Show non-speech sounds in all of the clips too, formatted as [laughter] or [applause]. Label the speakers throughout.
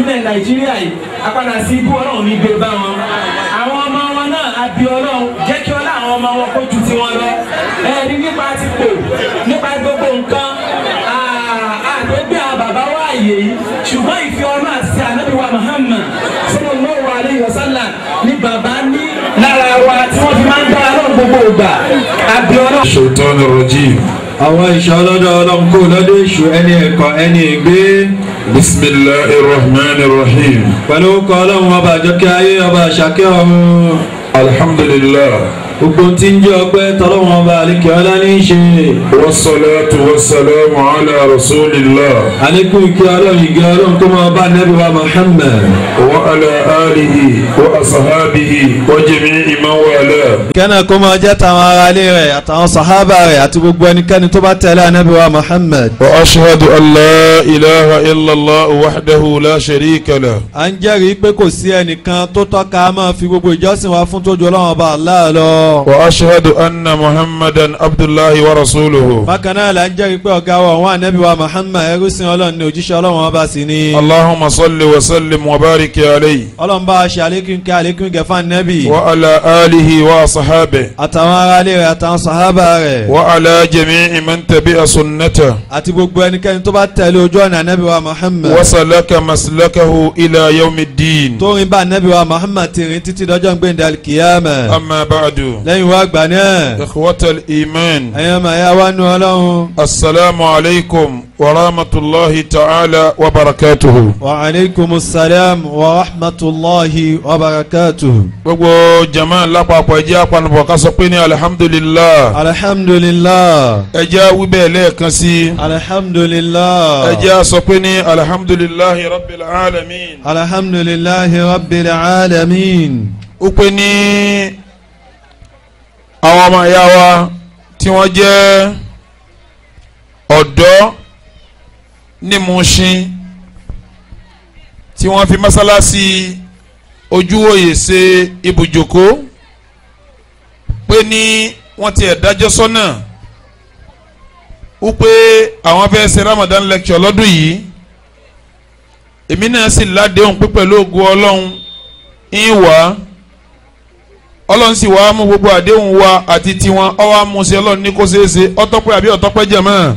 Speaker 1: ìtúlẹ̀ nàìjíríà yìí apadà sí ibú ọlọ́run ní gbé bá wọn àwọn ọmọ wọn náà àbí ọlọ́run jẹ́ kí ọlá àwọn ọmọ wọn kó ju tiwọn lọ ẹ̀rí nípa ti pò nípa gbogbo nǹkan àgbẹ̀gbẹ̀ bàbá wa àyè yìí ṣùgbọ́n ìfi ọlọ́run àti ànábì wa Muhammad sallallahu alaihi wasallam ní bàbá ní lára wa tí wọ́n fi máa ń dá ọlọ́run gbogbo ìgbà àbí ọlọ́run. ṣètò ọ̀nà àwọn ìṣọ́ ọlọ́dọ̀ ọlọ́run kò lọ́dọ̀ èṣù بسم الله الرحمن الرحيم. pẹ̀lú kọ́ ọlọ́run ọba àjọkẹ́ ayé ọba àṣàkẹ́ ọ̀run. alhamdulillah gbogbo tí ń jẹ́ ọgbẹ́ tọ́lọ́wọ́n ọba àlekè ọlá ní í ṣe. wasalaatu wasalaamu ala rasulillah. alekun ike ọlọ́run igi ọlọ́run tó máa bá nẹ́bí wa muhammed. wa ala alihi wa asahabihi wa jami'i man wala.
Speaker 2: kẹ́nà kó máa jẹ́ tàwọn ará ilé rẹ̀ àtàwọn sàhábà rẹ̀ àti gbogbo ẹnikẹ́ni tó bá tẹ̀lé
Speaker 3: ànẹ́bí wa muhammed. wa ashhadu an la ilaha illallah wahdahu la sharika la.
Speaker 2: à ń jẹ́rìí pé kò sí ẹnìkan tó tọ́ka máa fi gbogbo ìjọsìn wa fún tójú ọlọ́run ọba Allah lọ. الله وأشهد
Speaker 3: أن محمدا عبد الله ورسوله
Speaker 2: بكنا
Speaker 1: لأنجري بوغا وان نبي ومحمد يرسل الله نوجيش الله وباسيني اللهم صل وسلم وبارك عليه اللهم باش عليكم كعليكم جفان نبي وعلى آله
Speaker 2: وصحابه أتوار عليه أتوار صحابه وعلى
Speaker 3: جميع من تبع سنته
Speaker 2: أتبقى أنك أنتبت لوجونا نبي ومحمد وسلك مسلكه
Speaker 1: إلى يوم الدين تورين با نبي ومحمد ترين تتدجن بين القيامة أما بعد lẹ́yìn wá gbà náà. ikhwatal iman. ẹ̀yin ma ya wa nu ọlọ́run.
Speaker 3: asalaamu alaykum wa rahmatulahi ta'ala wa barakatuhu. wa aleykum salaam wa rahmatulahi wa barakatuhu. gbogbo jama lápapọ̀ ẹ jẹ́ apanubọ̀ ká sọ pé alihamdulilah. alihamdulilah. ẹ jẹ́ wíbẹ̀ lẹ́ẹ̀kan sí. alihamdulilah. ẹ jẹ́ sọ pé ní alihamdulilahi rabbil alamin.
Speaker 1: alihamdulilahi rabbil alamin. ó pé ní àwọn ọmọ ìyá wa tí wọ́n jẹ́
Speaker 3: ọ̀dọ́ ní Mùṣín tí wọ́n fi mọ́sálásí ojúwòye ṣe ibùjókòó pé ní wọ́n ti ẹ̀dájọ́ sọ́nà wípé àwọn fẹ́ ṣe Ramadan lecture lọ́dún yìí èmi náà sì ládéhùn pé pẹ̀lú ògo Ọlọ́run ń wá ọlọ́run sì wá mú gbogbo àdéhùn wa àti tiwọn ọwọ́ amúṣe ọlọ́run ní kó ṣeé ṣe ọtọ́pẹ́ àbí ọtọ́pẹ́ jẹ̀mọ́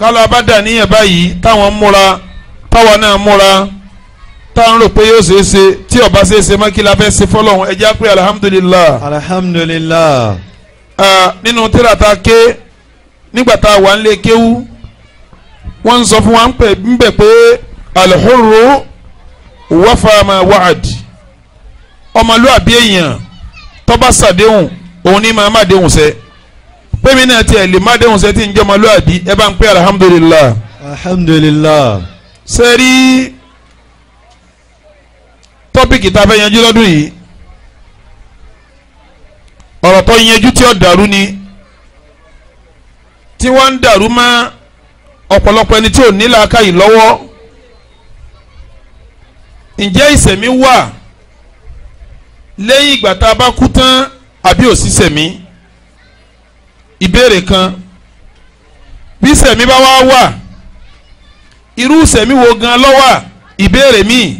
Speaker 3: kálá bá dà níyàn báyìí táwọn múra táwa náà múra táwọn rò pé yóò ṣeé ṣe tí ọba ṣeé ṣe mọ́ kí la fẹ́ ṣe fọlọ́run ẹja pé alihamudulilayi. alihamudulilayi. nínú tíra ta ké nígbà tá a wà ń lé kéwú wọ́n ń sọ fún wa ń bẹ̀ pé alihuru wàfàmà wàhádìí ọmọlúwàbí èèyàn tọ́ba sàdéhùn òun ní màá má déhùn sẹ́ pẹ́mi náà tiẹ̀ lè má déhùn sẹ́ tí ń jẹ́ ọmọlúwàbí ẹ bá ń pẹ́ alhamdulillah. alhamdulillah. sẹ́rí tọ́pìkì tá a fẹ́ yanjú lọ́dún yìí ọ̀rọ̀ tó yanjú tí ó dàrú ni tí wọ́n ń dàrú mọ́ ọ̀pọ̀lọpọ̀ ẹni tí ò ní làákàyè lọ́wọ́ ǹjẹ́ ìsẹ̀mí wà lẹ́yìn ìgbà tá a bá kú tán àbí òsì sẹ̀mí ìbéèrè kan bí sẹ̀mí bá wá wà irú sẹ̀mí wo gan ló wà ìbéèrè míì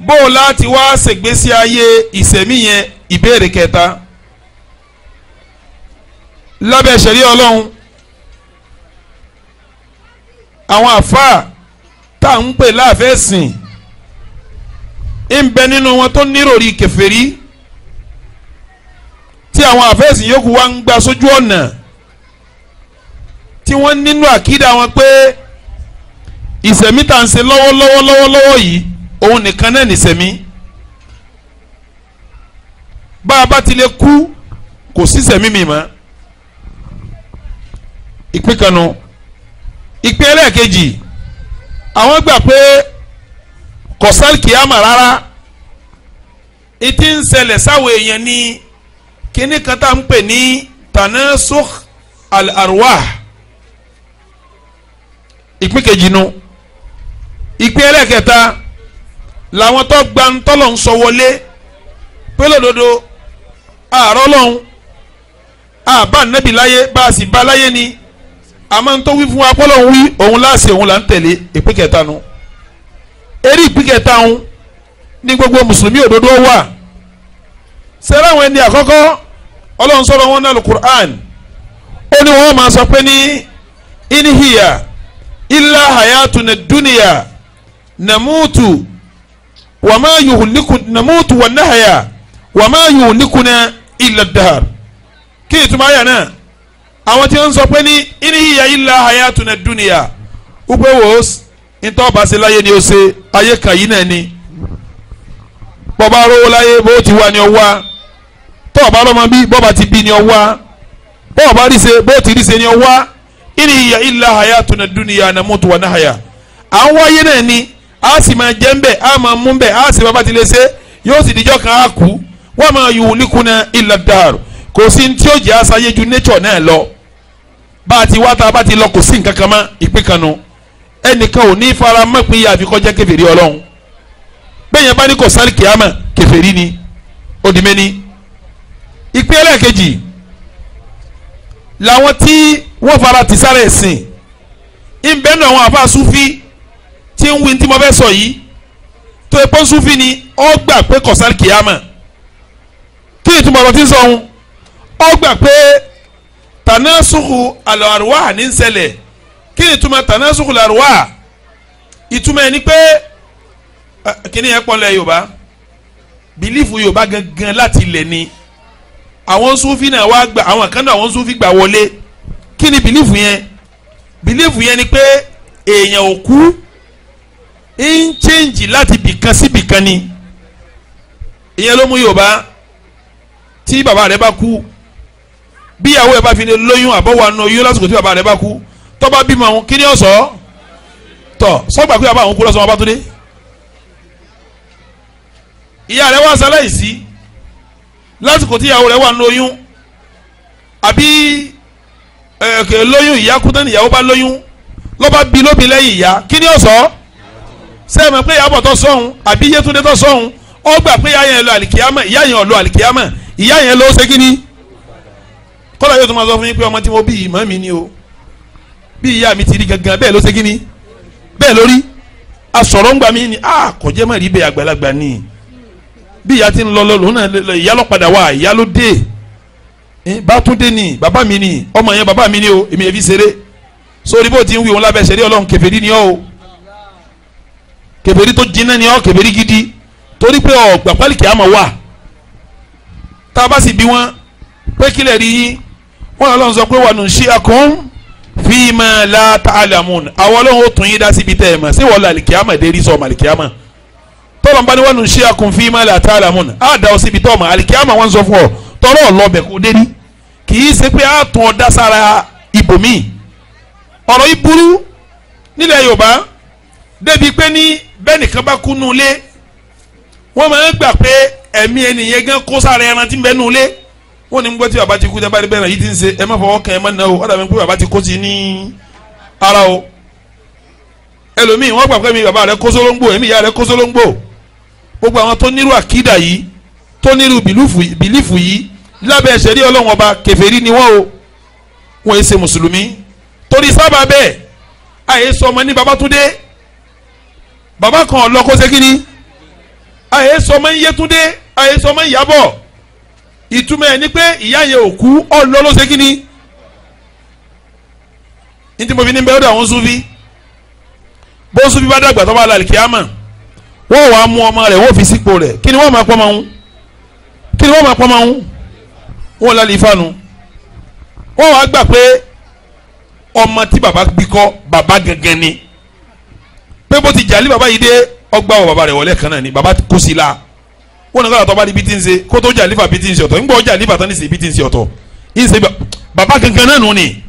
Speaker 3: bó o láti wá ṣègbésí ayé ìsẹ̀mí yẹn ìbéèrè kẹta lábẹ́ ṣẹ̀rí ọlọ́run àwọn àfáà tá à ń pè láàfẹ́ sìn ń bẹ nínú wọn tó níròrí kèfèrí tí àwọn àfẹ́sìn yòókù wa ń gba sójú ọ̀nà tí wọ́n nínú àkídà wọn pé ìsẹ̀mí tá à ń ṣe lọ́wọ́lọ́wọ́ lọ́wọ́lọ́wọ́ yìí òun nìkan náà nìsẹ̀mí bá a bá ti lè kú kò sí sẹ̀mí mi mọ́ ìpín kanu ìpín ẹlẹ́ẹ̀kejì àwọn gbà pé kọ̀sán kìámà rárá ìtí ń ṣẹlẹ̀ sáwọn èèyàn ní kíní kan tá à ń pè ní tanasukh al-arwah ìpín kejì nu ìpín ẹlẹ́kẹta làwọn tó gba ntọ́lọ̀ ń sọ wọlé pé lódodo àárọ̀ lọ́hùn àbá nẹ́bí láyé bá a sì bá láyé ni àmọ́ ntọ́wí fún wa pọ́lọ́ ń wí òun láàṣẹ òun là ń tẹ̀lé ìpín kẹta nu. No Eri ìpínkẹta ń ní gbogbo mùsùlùmí òdodo wà sẹ́rẹ́ àwọn ẹni àkọ́kọ́ ọlọ́run sọ̀rọ̀ wọn náà alukur'an ó ní wọ́n máa sọ pé ní inhiya illa hayatuna dunya namutu wàmá yuhulikuna namutu wa nahaya wàmá na illa dahar kí ìtumọ̀ ayà náà àwọn tí wọ́n sọ pé ní inhiya illa hayatuna dunya wípé wò ó nítorí ọba ṣe láyé ni ó ṣe ayé kan yìí náà ni bọba rówó láyé bó ti wá ni ọ wá tọ́ọ̀bá lọ́mọ bí bọ́ba ti bí ni ọ wá bọ́ọ̀bá rí bó ti rí ni ọ wá ìní ìyá illa hayatuna dunya namutu wa nahya à ń wáyé náà ni a sì máa jẹ́ ńbẹ̀ a máa mú ńbẹ̀ a sì bàbá ti lè ṣe yóò sì dijọ́ kan á kú wa ma yuhlikuna illa ad-dar kò sí ní tí ó jẹ́ àṣàyẹ́jú nature náà lọ bá a ti wá tá a ti lọ kò sí nǹkan kan mọ́ ìpín No ẹnìkan ò ní fara mọ́ pé yàfi kọjá kèfèrí ọlọ́run bẹ́ẹ̀yẹn bá ní kò sáré kìámà kèfèrí ni odìmẹ́ni ìpín ẹlẹ́ẹ̀kejì làwọn tí wọ́n fara ti sára ẹ̀sìn ìbẹ́nu àwọn àfa sufi tí ń wí tí mo fẹ́ sọ yìí tó epo sufi ni ó gbà pé kò sáré kìámà kí ni ìtumọ̀ ọ̀rọ̀ tí ń sọ gbà pé tànásùkù àlọ́ àrùwá ní ń kí ni ìtumọ̀ tanasukul arwa ìtumọ̀ ẹ̀ ni pé kíni yẹn pọ̀ lẹ̀ yorùbá bìlífù gangan láti lẹ̀ ni àwọn sufi náà wá gbà àwọn kan àwọn sufi gbà wọlé kí ni bìlífù yẹn bìlífù yẹn ni pé èèyàn ò ń chẹ́ǹjì láti bìkan sí bìkan ni ìyẹn ló mú yorùbá tí bàbá rẹ bá kú bíyàwó ẹ bá fi lóyún àbọ̀wọ̀ àna oyún lásìkò tí bàbá rẹ bá kú tọ́ba bímọ àwọn kí ni ọ̀sọ́ tọ̀ sọ́gbà pé bàbá àwọn kú lọ́sọ̀ Babátúndé ìyá rẹ̀ wá ṣaláìsí lásìkò tí ìyàwó rẹ̀ wà ní oyún àbí ẹ̀kẹ́ lóyún ìyá kú tán ìyàwó bá lóyún lọ́ba bí lóbi lẹ́yìn ìyá kí ni ọ̀sọ́ sẹ́ẹ̀mọ̀ pé ìyàbọ̀ tó sọ̀hún àbí Yétúndé tó sọ̀hún ó gbà pé ìyá yẹn lọ àlìkíyàmọ̀ ìyá yẹn lọ àlìkíyàmọ̀ ìyá yẹn ló ṣe kí ni kọ́lá yóò tún máa sọ fún yín pé ọmọ tí mo bí ìmọ̀ mi ni o bí ìyá mi ti rí gangan bẹ́ẹ̀ ló ṣe kí ni bẹ́ẹ̀ lórí asọ̀rọ̀ ń gbà mí ni a kò jẹ́ mọ̀ rí bẹ́ẹ̀ àgbàlagbà ni bí ìyá ti ń lọ lọ́lọ́ náà ìyá lọ padà wá ìyá ló dé bátúndé ni bàbá mi ni ọmọ yẹn bàbá mi ni o èmi èfi ṣeré sórí bó ti ń wí òun lábẹ́ ṣeré ọlọ́run kèfèrí ni ọ́ o kèfèrí tó jiná ni ọ́ kèfèrí gidi torí pé ọ̀gbà pálíkì àmọ̀ wà tá a bá sì bí wọn pé kílẹ̀ rí yín wọn lọ́n sọ pé wà nù ṣí akọ́n fíìmà láta alamun àwọn ọlọ́run ó tún yín dá síbi tẹ́ ẹ̀ mọ̀ sí wọ́n làlìkíyàmà dérí sọ màlìkíyàmà tọ́lọ̀ bá ní wọ́n nù ṣí akun fíìmà láta alamun á dá ọ síbi tọ́ ọmọ àlìkíyàmà wọ́n sọ fún ọ tọ́lọ̀ ọlọ́bẹ̀ kò dérí kì í ṣe pé á tún ọ dá sára ibòmíì ọ̀rọ̀ yìí Yorùbá débi pé ní bẹ́ẹ̀ nìkan bá kú nulẹ̀ wọ́n máa ń gbà pé ẹ̀mí ẹnìyẹn gan kó sára ẹran tí ń bẹ nulẹ̀ wọ́n ní gbọ́tí bàbá ti kú dábàá bẹ́ẹ̀ náà yìí ti ń ṣe ẹ má fọwọ́ kàn ẹ má nà o ọ̀dà mi pé bàbá ti ní ara o ẹlòmíì wọ́n gbà pé mi bàbá rẹ kó sólóńgbò èmi ìyá rẹ kó sólóńgbò gbogbo àwọn tó nírú àkídà yìí tó nírú bìlífù yìí lábẹ́ ṣẹ̀rí ọlọ́wọ́n ọba kèfèrí ni wọ́n o wọ́n ẹ ṣe mùsùlùmí torí sábà bẹ́ẹ̀ àyè sọ ọmọ ní Babátúndé bàbá kan àyè sọ ọmọ ń Yétúndé àyè sọ ọmọ ń ìtumọ̀ ẹ̀ ni pé ìyá yẹn ò kú ọ̀lọ́ ló ṣe kíni ní tí mo fi ní bẹ́ẹ̀ ó dà wọ́n súnfí bó súnfí bá dàgbà tó bá la àlìkíyàmà wọ́n wàá mú ọmọ rẹ̀ wọ́n fi sípò rẹ̀ kí ni wọ́n máa pọ́nmọ́ ń kí ni wọ́n máa pọ́nmọ́ ń wọ́n lálẹ́ ìfanu wọ́n wàá gbà pé ọmọ tí baba bí kọ́ baba gẹ́gẹ́ ni pé bó ti jàlí baba yìí dé ọgbà wọ baba rẹ̀ wọlé kan náà ni baba kó sí la wọn nìkan àtọ́ bá di bí ti ń ṣe kó tó jà lífà bí ti ń ṣe ọ̀tọ̀ ńgbọ́ jà lífà tán ní ṣe bí ti ọ̀tọ̀ ń ṣe bàbá kankan náà nù ni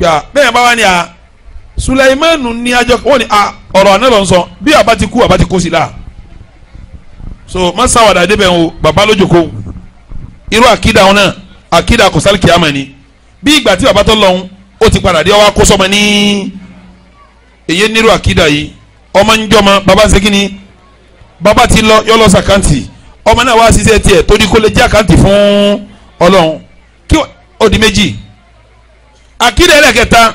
Speaker 3: bẹ́ẹ̀ bá wà ní a Sulaimanu ní ajọ wọn ni a ọ̀rọ̀ àná lọ sọ bí a bá ti kú a bá ti kú sí la so má sáwàdà débẹ̀ o bàbá lójoko irú àkídà wọn náà àkídà kò sálì ni bí ìgbà tí bàbá tó lọ́hún ó ti padà dé ọwọ́ akósọ́mọ ní èyí nírú àkídà yìí ọmọ ń jọmọ bàbá ń segin ni baba ti lọ yọ lọ sàkántì ọmọ náà wá ṣiṣẹ́ tiẹ̀ tó ní kó lè jẹ́ àkáǹtì fún ọlọ́run kí ó di méjì àkídà ẹlẹ́kẹta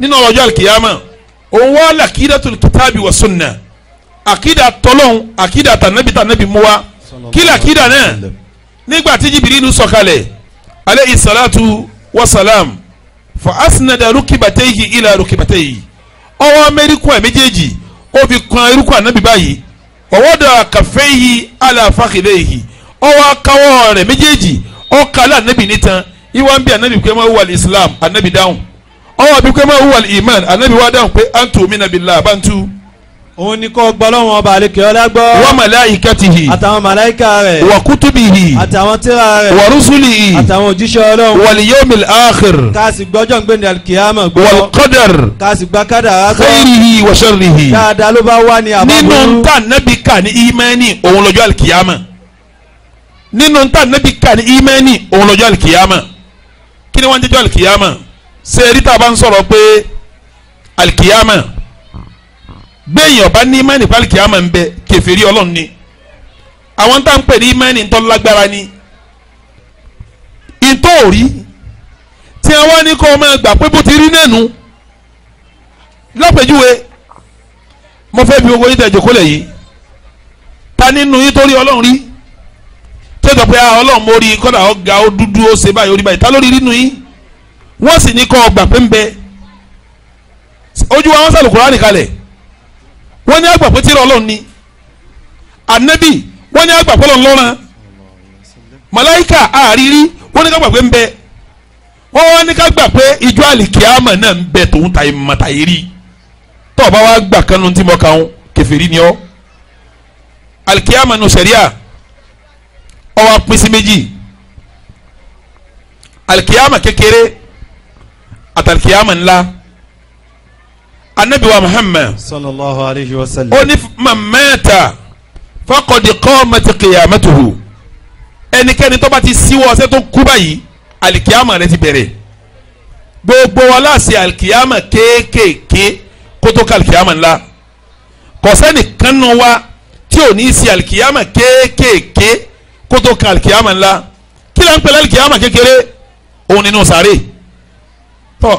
Speaker 3: nínú ọjọ́ àlùkìyàmọ̀ òun wá làkídà tó kìtàbí wà sunna àkídà tọ́lọ́hún àkídà tànàbí tànàbí mú wa kí làkídà náà nígbà tí jìbìrìlù sọ̀kalẹ̀ aleyhi salatu wa salam fa asinada rukibateyi ila rukibateyi ọwọ́ amẹ́ríkù ẹ̀ méjèèjì ó fi kan irúkọ ànábì báyìí wọ́wọ́dà kàfẹ́ yìí aláfàkìlẹ̀ yìí ọwọ́ akáwọ́ rẹ̀ méjèèjì ọkàlà anabi nítan ìwà ń bí anabi kò wà ní islam anabi dáhùn ọwọ́ àbí kò máa wà ní iman anabi wà dáhùn pé antu mi nàbí là bá ń òun ni kò gbọ́ lọ́wọ́ ọba àlekè ọlá gbọ́. wa malaikatihi. àtàwọn màláìka rẹ̀. wa
Speaker 2: kutubihi. àtàwọn tírà rẹ̀. wa rusulihi. àtàwọn òjíṣẹ́ ọlọ́run. wal yawmil akhir. káàsì
Speaker 3: gbọ́jọ́ ń gbé ní alikiyama gbọ́. wal qadar. káàsì gba kádàrá gbọ́. khairihi wa sharrihi. dáadáa ló bá wà ní àbábọ̀. nínú ta nẹ́bí bẹ́ẹ̀yìn ọba ní imáni pálíkì àmà ń bẹ kèfèrí ọlọ́run ni àwọn tá à ń pè ní imáni tó lágbára ni ìtòòrí tí a wá ní kó o máa gbà pé bó ti rí náà nu lápèjúwe mo fẹ́ bi owó yín tẹ̀jọ́ kólẹ̀ yìí ta nínú yín tó rí ọlọ́run rí tó jọ pé ah, ọlọ́run mo rí kọ́dà ọ̀gá ó dúdú ó ṣe báyìí ó rí báyìí ta ló rí nínú yín wọ́n sì ní kó o pé ń bẹ ojú wa wọ́n sàlùkùrọ̀ á nìkalẹ̀ wọ́n ní àgbà pé tírà Ọlọ́run ni ànábì wọ́n ní àgbà pé Ọlọ́run ló rán màláíkà àrírí wọ́n ní ká gbà pé ń bẹ wọ́n wá ní ká gbà pé ìjọ àlìkíámà náà ń bẹ tòun ta ìmọ̀ ta yìí rí tó o bá wá gbà kánú tí mo kàn ń kèfèrí ni ọ́ àlìkíámà nù sẹ̀ríà ó wá pín sí méjì àlìkíámà kékeré àtàlìkíámà ńlá anabi wa muhammad sallallahu alayhi wa sallam ó ní mamata fakọdi kọ́ọ̀mẹ́tì kìyàmẹ́tòhù ẹnikẹ́ni tó bá ti síwọ́ ọsẹ tó kú báyìí alikiyama rẹ ti bẹ̀rẹ̀ gbogbo wa láàṣẹ alikiyama kéékèèké kótó ká alikiyama ńlá kọ̀sẹ́nì kánú wa tí ò ní í alikiyama kéékèèké kótó ká alikiyama ńlá kí ló ń alikiyama kékeré òun nínú sàárè tọ́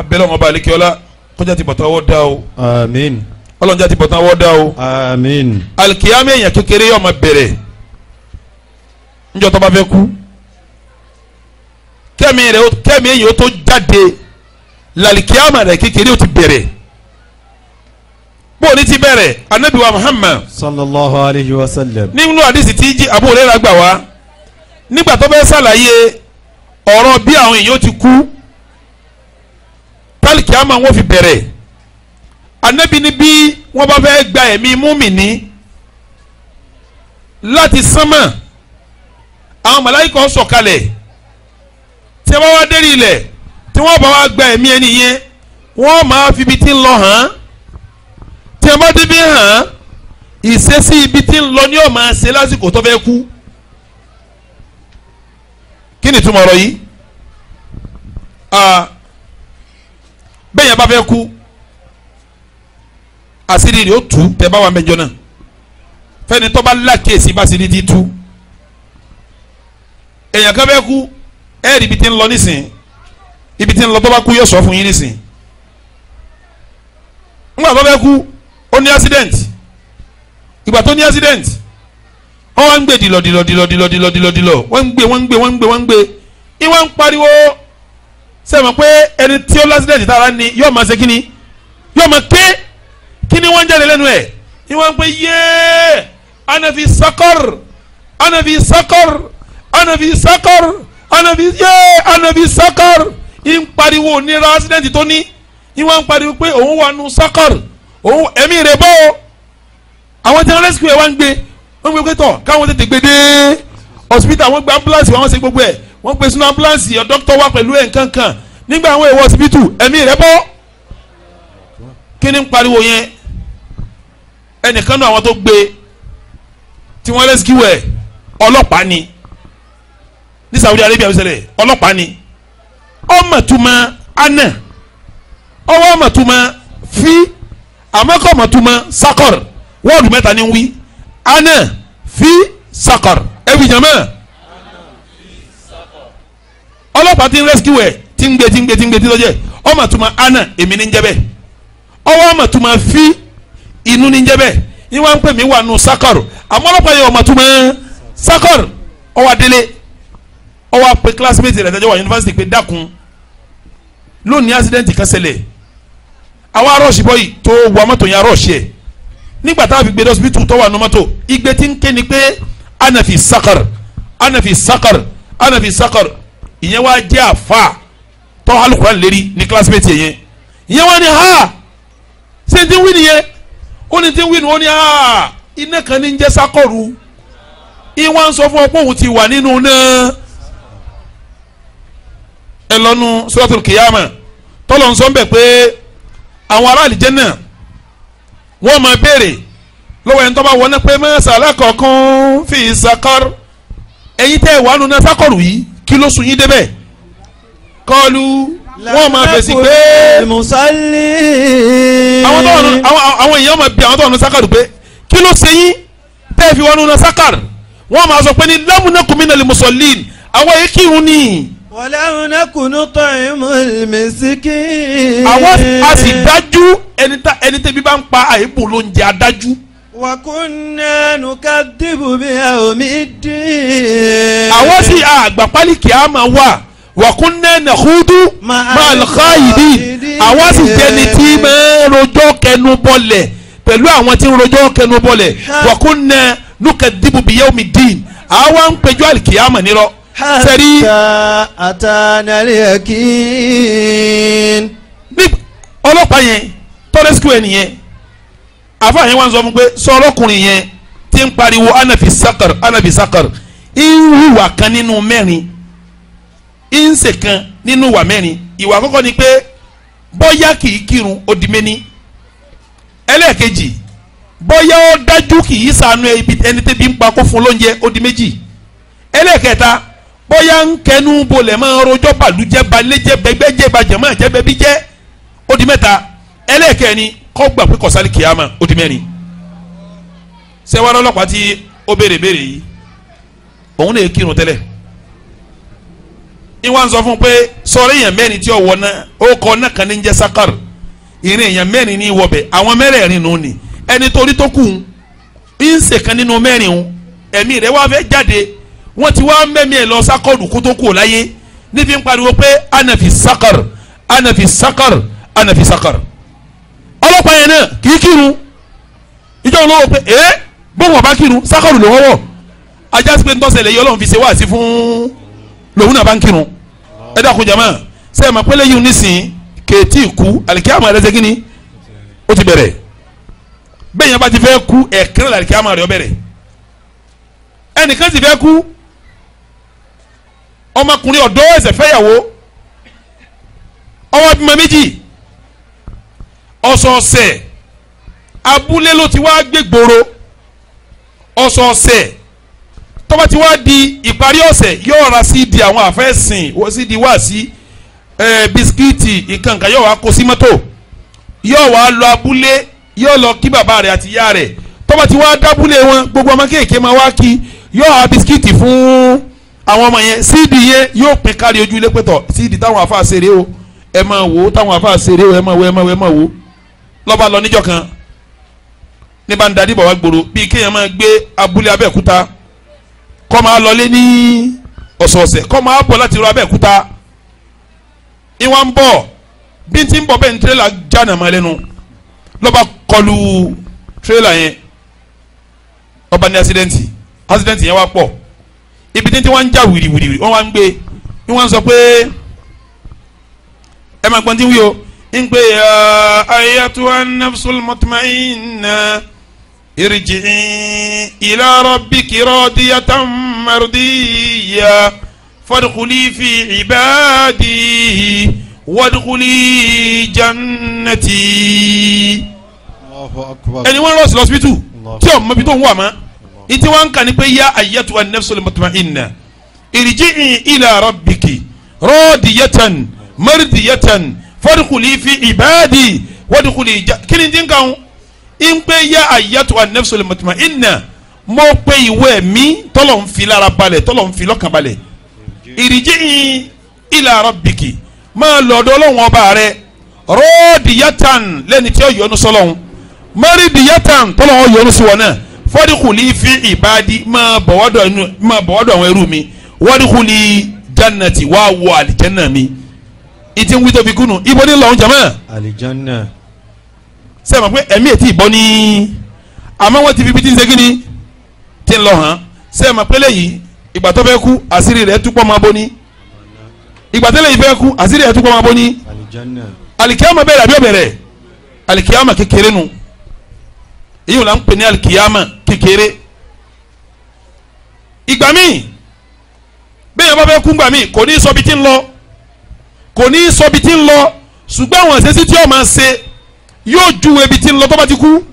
Speaker 3: abẹ́lẹ́ ọmọba alekiola kọjá ti bọ̀tán ọwọ́ dá o. àmín. ọlọ́njà ti bọ̀tán ọwọ́ dá o. àmín. alikiyami èèyàn kékeré yóò máa bẹ̀rẹ̀ níjọ́ tó bá fẹ́ kú kẹ́mi rẹ̀ kẹ́mi èèyàn tó jáde lalikiyama rẹ̀ kékeré ó ti bẹ̀rẹ̀ bó ti bẹ̀rẹ̀ anabi muhammad. sallallahu alayhi wa sallam. nínú àdìsí tí jí Abu Hurairah gbà wá nígbà tó fẹ́ sàlàyé ọ̀rọ̀ bí àwọn èèyàn ti kú Kali àmọ́ wọn fi bẹ̀rẹ̀ anabi ni bí wọ́n bá fẹ́ gba ẹ̀mí múmìnì láti sánmà àwọn màláíkà ń sọ̀kalẹ̀ tí wọ́n wá dérí ilẹ̀ tí wọ́n bá wá gba ẹ̀mí ẹni yẹn wọ́n máa fi ibi tí ń lọ hàn tí wọ́n bá débi hàn ìṣesí ibi tí ń lọ ni ó máa ṣe lásìkò tó fẹ́ kú kí ni ìtumọ̀ ọ̀rọ̀ yìí bẹ́ẹ̀ yẹn bá fẹ́ kú àṣírí rẹ̀ ó tú tẹ́ bá wà mẹ́jọ náà fẹ́ni tó bá lákèsí bá sì ní ti tú èèyàn kan fẹ́ kú ẹ̀ẹ́dì ibi tí ń lọ nísìn ibi tí ń lọ tó bá kú yóò sọ fún yín nísìn ńgbà tó fẹ́ kú ó ní accident ìgbà tó ní accident wọ́n wá ń gbé dìlọ̀ dìlọ̀ dìlọ̀ dìlọ̀ dìlọ̀ dìlọ̀ wọ́n ń gbé wọ́n ń gbé wọ́n ń gbé wọ́n ń gbé ìwọ́n ń pariwo sẹ́wọ̀n pé ẹni tí ó lásìdẹ̀ntì tára ni yóò máa ṣe kíni yóò máa ké kíni wọ́n ń jáde lẹ́nu ẹ̀ ni wọ́n ń pè yéé anafi sakor anafi sakor anafi sakor anafi yéé anafi sakor ń pariwo ní lásìdẹ̀ntì tó ní ni wọ́n ń pariwo pé òun wà nù sakor òun ẹ̀mí rẹ̀ bọ́ o àwọn tí wọ́n rescue ẹ̀ wá ń gbé wọ́n gbé pé tọ̀ káwọn tètè gbé dé hospital wọ́n gbé ambulance wọ́n ṣe gbogbo ẹ̀ wọ́n gbé sínú ambulance ọ̀ dókítà wá pẹ̀lú ẹ̀ nkankan nígbà àwọn èèwọ̀ síbítù ẹ̀mí rẹ̀ bọ́ kí ni ń pariwo yẹn ẹnìkan náà àwọn tó gbé tí wọ́n rescue ẹ̀ ọlọ́pàá ni ní Saudi Arabia ṣẹlẹ̀ ọlọ́pàá ni ọmọtuma anẹ ọwọ́ ọmọtuma fi amẹ́kọ̀ ọmọtuma sakọr wọ́ọ̀dù mẹ́ta ni wí anẹ fi sakọr ẹ̀wì jẹ́mẹ́ẹ̀ ọlọ́pàá ti ń rescue ẹ̀ ti ń gbé ti ń gbé ti ń gbé ti lọ́jẹ̀ ọmọ tó máa ana èmi ní jẹ́bẹ̀ ọwọ́ ọmọ tó fi inú ní jẹ́bẹ̀ ní wọ́n ń pè mí wà nù sakọr àmọ́ ọlọ́pàá yẹ ọmọ tó máa sakọr ọwọ́ adélé ọwọ́ apẹ classmate rẹ̀ tẹ́jọ́ wà yunifásitì pé dákun lónìí accident kan ṣẹlẹ̀ àwa rọ́ọ̀ṣì bọ́yì tó wà mọ́tò yẹn rọ́ọ̀ṣì ẹ̀ nígbà tá a fi gbé dọ́sibítù tó wà nù mọ́tò igbe ti ń ké ni pé anafi sakọr anafi sakọr anafi sakọr ìyẹn wá jẹ́ àfa tọ́ alukura lérí ní kílásímẹ́tì yẹn ìyẹn wá ní ha ṣé n ti wí nìyẹn ó ní ti wí nìyẹn ó ní ha iná kan ní ń jẹ́ sákọ̀rù ìwọ́n ń sọ fún ọ pé òun ti wà nínú náà ẹ lọ́nu suratul kìyàmà tọ́lọ̀ ń sọ bẹ́ẹ̀ pé àwọn ará àlìjẹ́nà wọ́n máa béèrè lọ́wọ́ ẹni tó bá wọlé pé mẹ́sàlá kọ̀ọ̀kan fi sàkọ́rù ẹ̀yin tẹ́ ẹ̀ wà náà sákọ̀rù yìí kí ló sùn yín débẹ̀ kọlu wọn máa fèsì pé àwọn tọ́wọ̀nù àwọn èèyàn máa bi àwọn tọ́wọ̀nù sákàrù pé kí ló ṣe yín tẹ́ ẹ fi wọnú náà sákàrù wọn máa sọ pé ní lámúnákùnmí náà lè mùsọ̀lìn àwọn èyí kírun ni. wọlé ọ̀nàkùnú tọ́ ìmú ìmísíkì. àwọn a sì dájú ẹni tẹ́bi bá ń pa àìbò ló ń jẹ adájú wàkúnnà nùkàdìbò bí a ò mí dín. àwọn sì àgbàpálí kìámà wà wàkúnnà nàkúdú màlúkàyìdì àwọn sì jẹni tí máa ń rojọ́ kẹnu bọlẹ̀ pẹ̀lú àwọn tí ń rojọ́ kẹnu bọlẹ̀ wàkúnnà nùkàdìbò bí a ò mí àwọn ń pẹjọ́ àlìkìámà nírọ́ sẹ́rí. àtànàlẹ́kìn. ọlọ́pàá yẹn tọ́lẹ́sìkú ẹ̀ nìyẹn àfáà yẹn wá ń sọ fún pé sọ ọlọ́kùnrin yẹn ti ń pariwo anabi sakar anabi sakar ìhùwà kan nínú mẹ́rin ìǹsẹ̀ kan nínú ìwà mẹ́rin ìwà àkọ́kọ́ ni pé bọ́yá kìí kírun ó di méní ẹlẹ́ẹ̀kejì bọ́yá ó dájú kìí sànú ẹni tẹ́bi ń pa kó fún lóúnjẹ ó di méjì ẹlẹ́ẹ̀kẹta bọ́yá ń kẹnu bolẹ̀ máa rojọ́ bàlújẹ́ balẹ́jẹ́ bẹgbẹ́jẹ́ bàjẹ́mọ́ àjẹ́bẹ́bíjẹ́ ó di mẹ́ta ẹlẹ́ẹ̀kẹrin kọ́ gbà pé kọ̀sálì kìámà ó di mẹ́rin sẹ́wọ́n ọlọ́pàá tí ó béèrè béèrè yìí òun lè kírun tẹ́lẹ̀ ìwọ ń sọ fún pé sọ̀rọ̀ èèyàn mẹ́rin tí ọ̀wọ́ náà ó kọ́ náà kan ní jẹ́ sakar ìrìn èèyàn mẹ́rin ní ìwọ̀bẹ̀ àwọn mẹ́rẹ̀ẹ̀rin nù ni ẹni torí tó kù ń ṣe kan nínú mẹ́rin ń ẹ̀mí rẹ̀ wá fẹ́ jáde wọ́n ti wá mẹ́mí ẹ̀ lọ sakọ́ọ̀dù kó tó kù láyé níbi ń pariwo pé anafi sakar anafi sakar anafi sakar ọlọ́pàá yẹn náà kì í kírun ìjọ òun ló wò pé ẹ bóun ọba kírun sákọ̀rù ló wọ́wọ́ ajá sí pé ń tọ́sẹ̀lẹ̀ yìí ọlọ́run fi ṣe wáàsí fún lòun náà bá ń kírun ẹ dákun jama sẹ́yìn máa pélé yìí nísìn kéétì ikú alikiyama rẹ ṣẹ́gínní ó ti bẹ̀rẹ̀ bẹ́ẹ̀ yẹn bá ti fẹ́ ku ẹ̀kẹ́rẹ́ l'alikiyama rẹ ó ẹnìkan ti fẹ́ ku ọmọkùnrin ọ̀dọ́ ẹ̀sẹ̀ fẹ́yàwó ọwọ́ bímọ méjì ọ̀sọ̀ọ̀sẹ̀ abúlé ló ti wá gbégboro ọ̀sọ̀ọ̀sẹ̀ tó bá ti wá di ìparí ọ̀sẹ̀ yóò ra sí di àwọn àfẹ́sìn sí di wá sí ẹ bisikíìtì nǹkankan yóò wá kó sí mọ́tò yóò wá lọ abúlé yóò lọ kí bàbá rẹ̀ àti ìyá rẹ̀ tó bá ti wá dábúlé wọn gbogbo ọmọ kéèké máa wá kí yóò wá bisikíìtì fún àwọn ọmọ yẹn síìdì yẹn yóò pín kárí ojú ilé pẹ̀tọ̀ síìdì táwọn afáàṣeré o ẹ máa wò ó táwọn afáàṣeré o ẹ máa wò ẹ máa wò ẹ máa wò lọ́ba lọ níjọ́ kan ní bá ń darí bọ̀ wá gbòòrò bíi kéèyàn máa gbé abúlé abẹ́ẹ̀kúta kọ́ máa lọlé ní ọ̀sọ̀ọ̀sẹ̀ kọ́ máa bọ̀ láti rọ abẹ́ẹ̀kúta ìwọ̀n ń bọ̀ bí ti ń bọ̀ bẹ́ẹ̀ ní tírélà jáàna máa lẹ́nu lọ́ba kọlu tírélà yẹn ọba ní asidẹ́ntì asidẹ́ntì yẹn wá pọ̀ ibi tí wọ́n ń já wìrìwìrì wọ́n wá ń gbé wọ́n sọ pé ẹ máa gbọ́n tí ń wí o ìgbé ya ayatuwa nafsul mutmainna irji'i ila rabbiki radiyatan mardiya fadkhuli fi ibadi wadkhuli jannati. ẹni wọn lọ sí lọsibítù tí o mọbi tó ń wà mọ ìtí wọn kàn ní pé ya ayatuwa nafsul mutmainna irji'i ila rabbiki radiyatan mardiyatan fọdùkùlì fi ìbáàdì wọdùkùlì ìjà kí ni dínkà ń ń pé yá àyàtọ̀ an-nafsul mutma'inna mo pe ìwé mi tọ́lọ̀ ń fi lára balẹ̀ tọ́lọ̀ ń fi lọ́kàn balẹ̀ irji'i ila rabbiki máa lọ́dọ̀ ọlọ́run ọba rẹ rọ́ọ̀dìyàtàn lẹ́ni tí ó yọ́nú sọ́lọ́run mọ́rìdìyàtàn tọ́lọ̀ ó yọ́nú sí wọn náà fọ́díkùlì fi ìbádi máa bọ̀wọ́dọ̀ àwọn ẹrú mi wọ́díkùlì jannati wá wọ àlìjẹ́nà mi ìtì ń wí tóbi kùnú ibo ní lọ́hún jama.
Speaker 2: alijanna.
Speaker 3: sẹ́wọ̀n pé ẹ̀mí ètí ìbọn ní àmọ́ wọ́n ti fi bíi ṣe kíni tí ń lọ hàn sẹ́wọ̀n pé lẹ́yìn ìgbà tó fẹ́ kú àṣírí rẹ̀ túpọ̀ máa bọ́ ní ìgbà tó lẹ́yìn fẹ́ kú àṣírí rẹ̀ túpọ̀ máa bọ́ ní. alijanna. alikiyama bẹ̀rẹ̀ àbí ọ̀bẹ̀rẹ̀ alikiyama kékeré nu èyí wọ́n ń pè ní alikiyama kékeré ìgbà míì bẹ́ẹ̀ bá fẹ́ kú gbà kò ní í sọ ibi tí ń lọ ṣùgbọ́n àwọn àṣẹ́sí tí ó máa ṣe yóò ju ibi tí ń lọ tó bá ti kú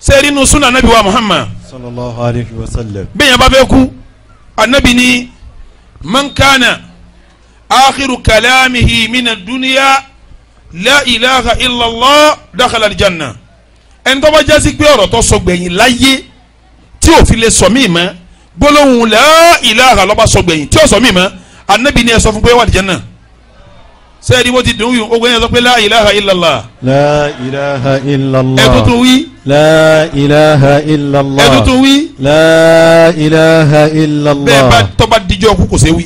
Speaker 3: ṣe rí inú súnà anabi wa muhammad
Speaker 2: sallallahu alayhi wa sallam
Speaker 3: bẹ́ẹ̀ yẹn bá fẹ́ kú anabi ni mankana akhiru kalamihi mina duniya la ilaha illallah dakhala aljanna ẹni tó bá jásí pé ọ̀rọ̀ tó sọ gbẹ̀yìn láyé tí ò fi lè sọ mí mọ́ gbólóhùn la ilaha ló sọ gbẹ̀yìn tí ò sọ mí mọ́ anabi ni ẹ sọ fún pé wà aljanna sẹ́ẹ̀dì bó ti dùn wí ogun yẹn sọ pé la ilaha illallah.
Speaker 2: la ilaha illallah. ẹ̀dùtù wí. la ilaha illallah. ẹ̀dùtù wí. la ilaha
Speaker 3: illallah. bẹ́ẹ̀ bá tọ́ba dijọ́ kú kò sé wí.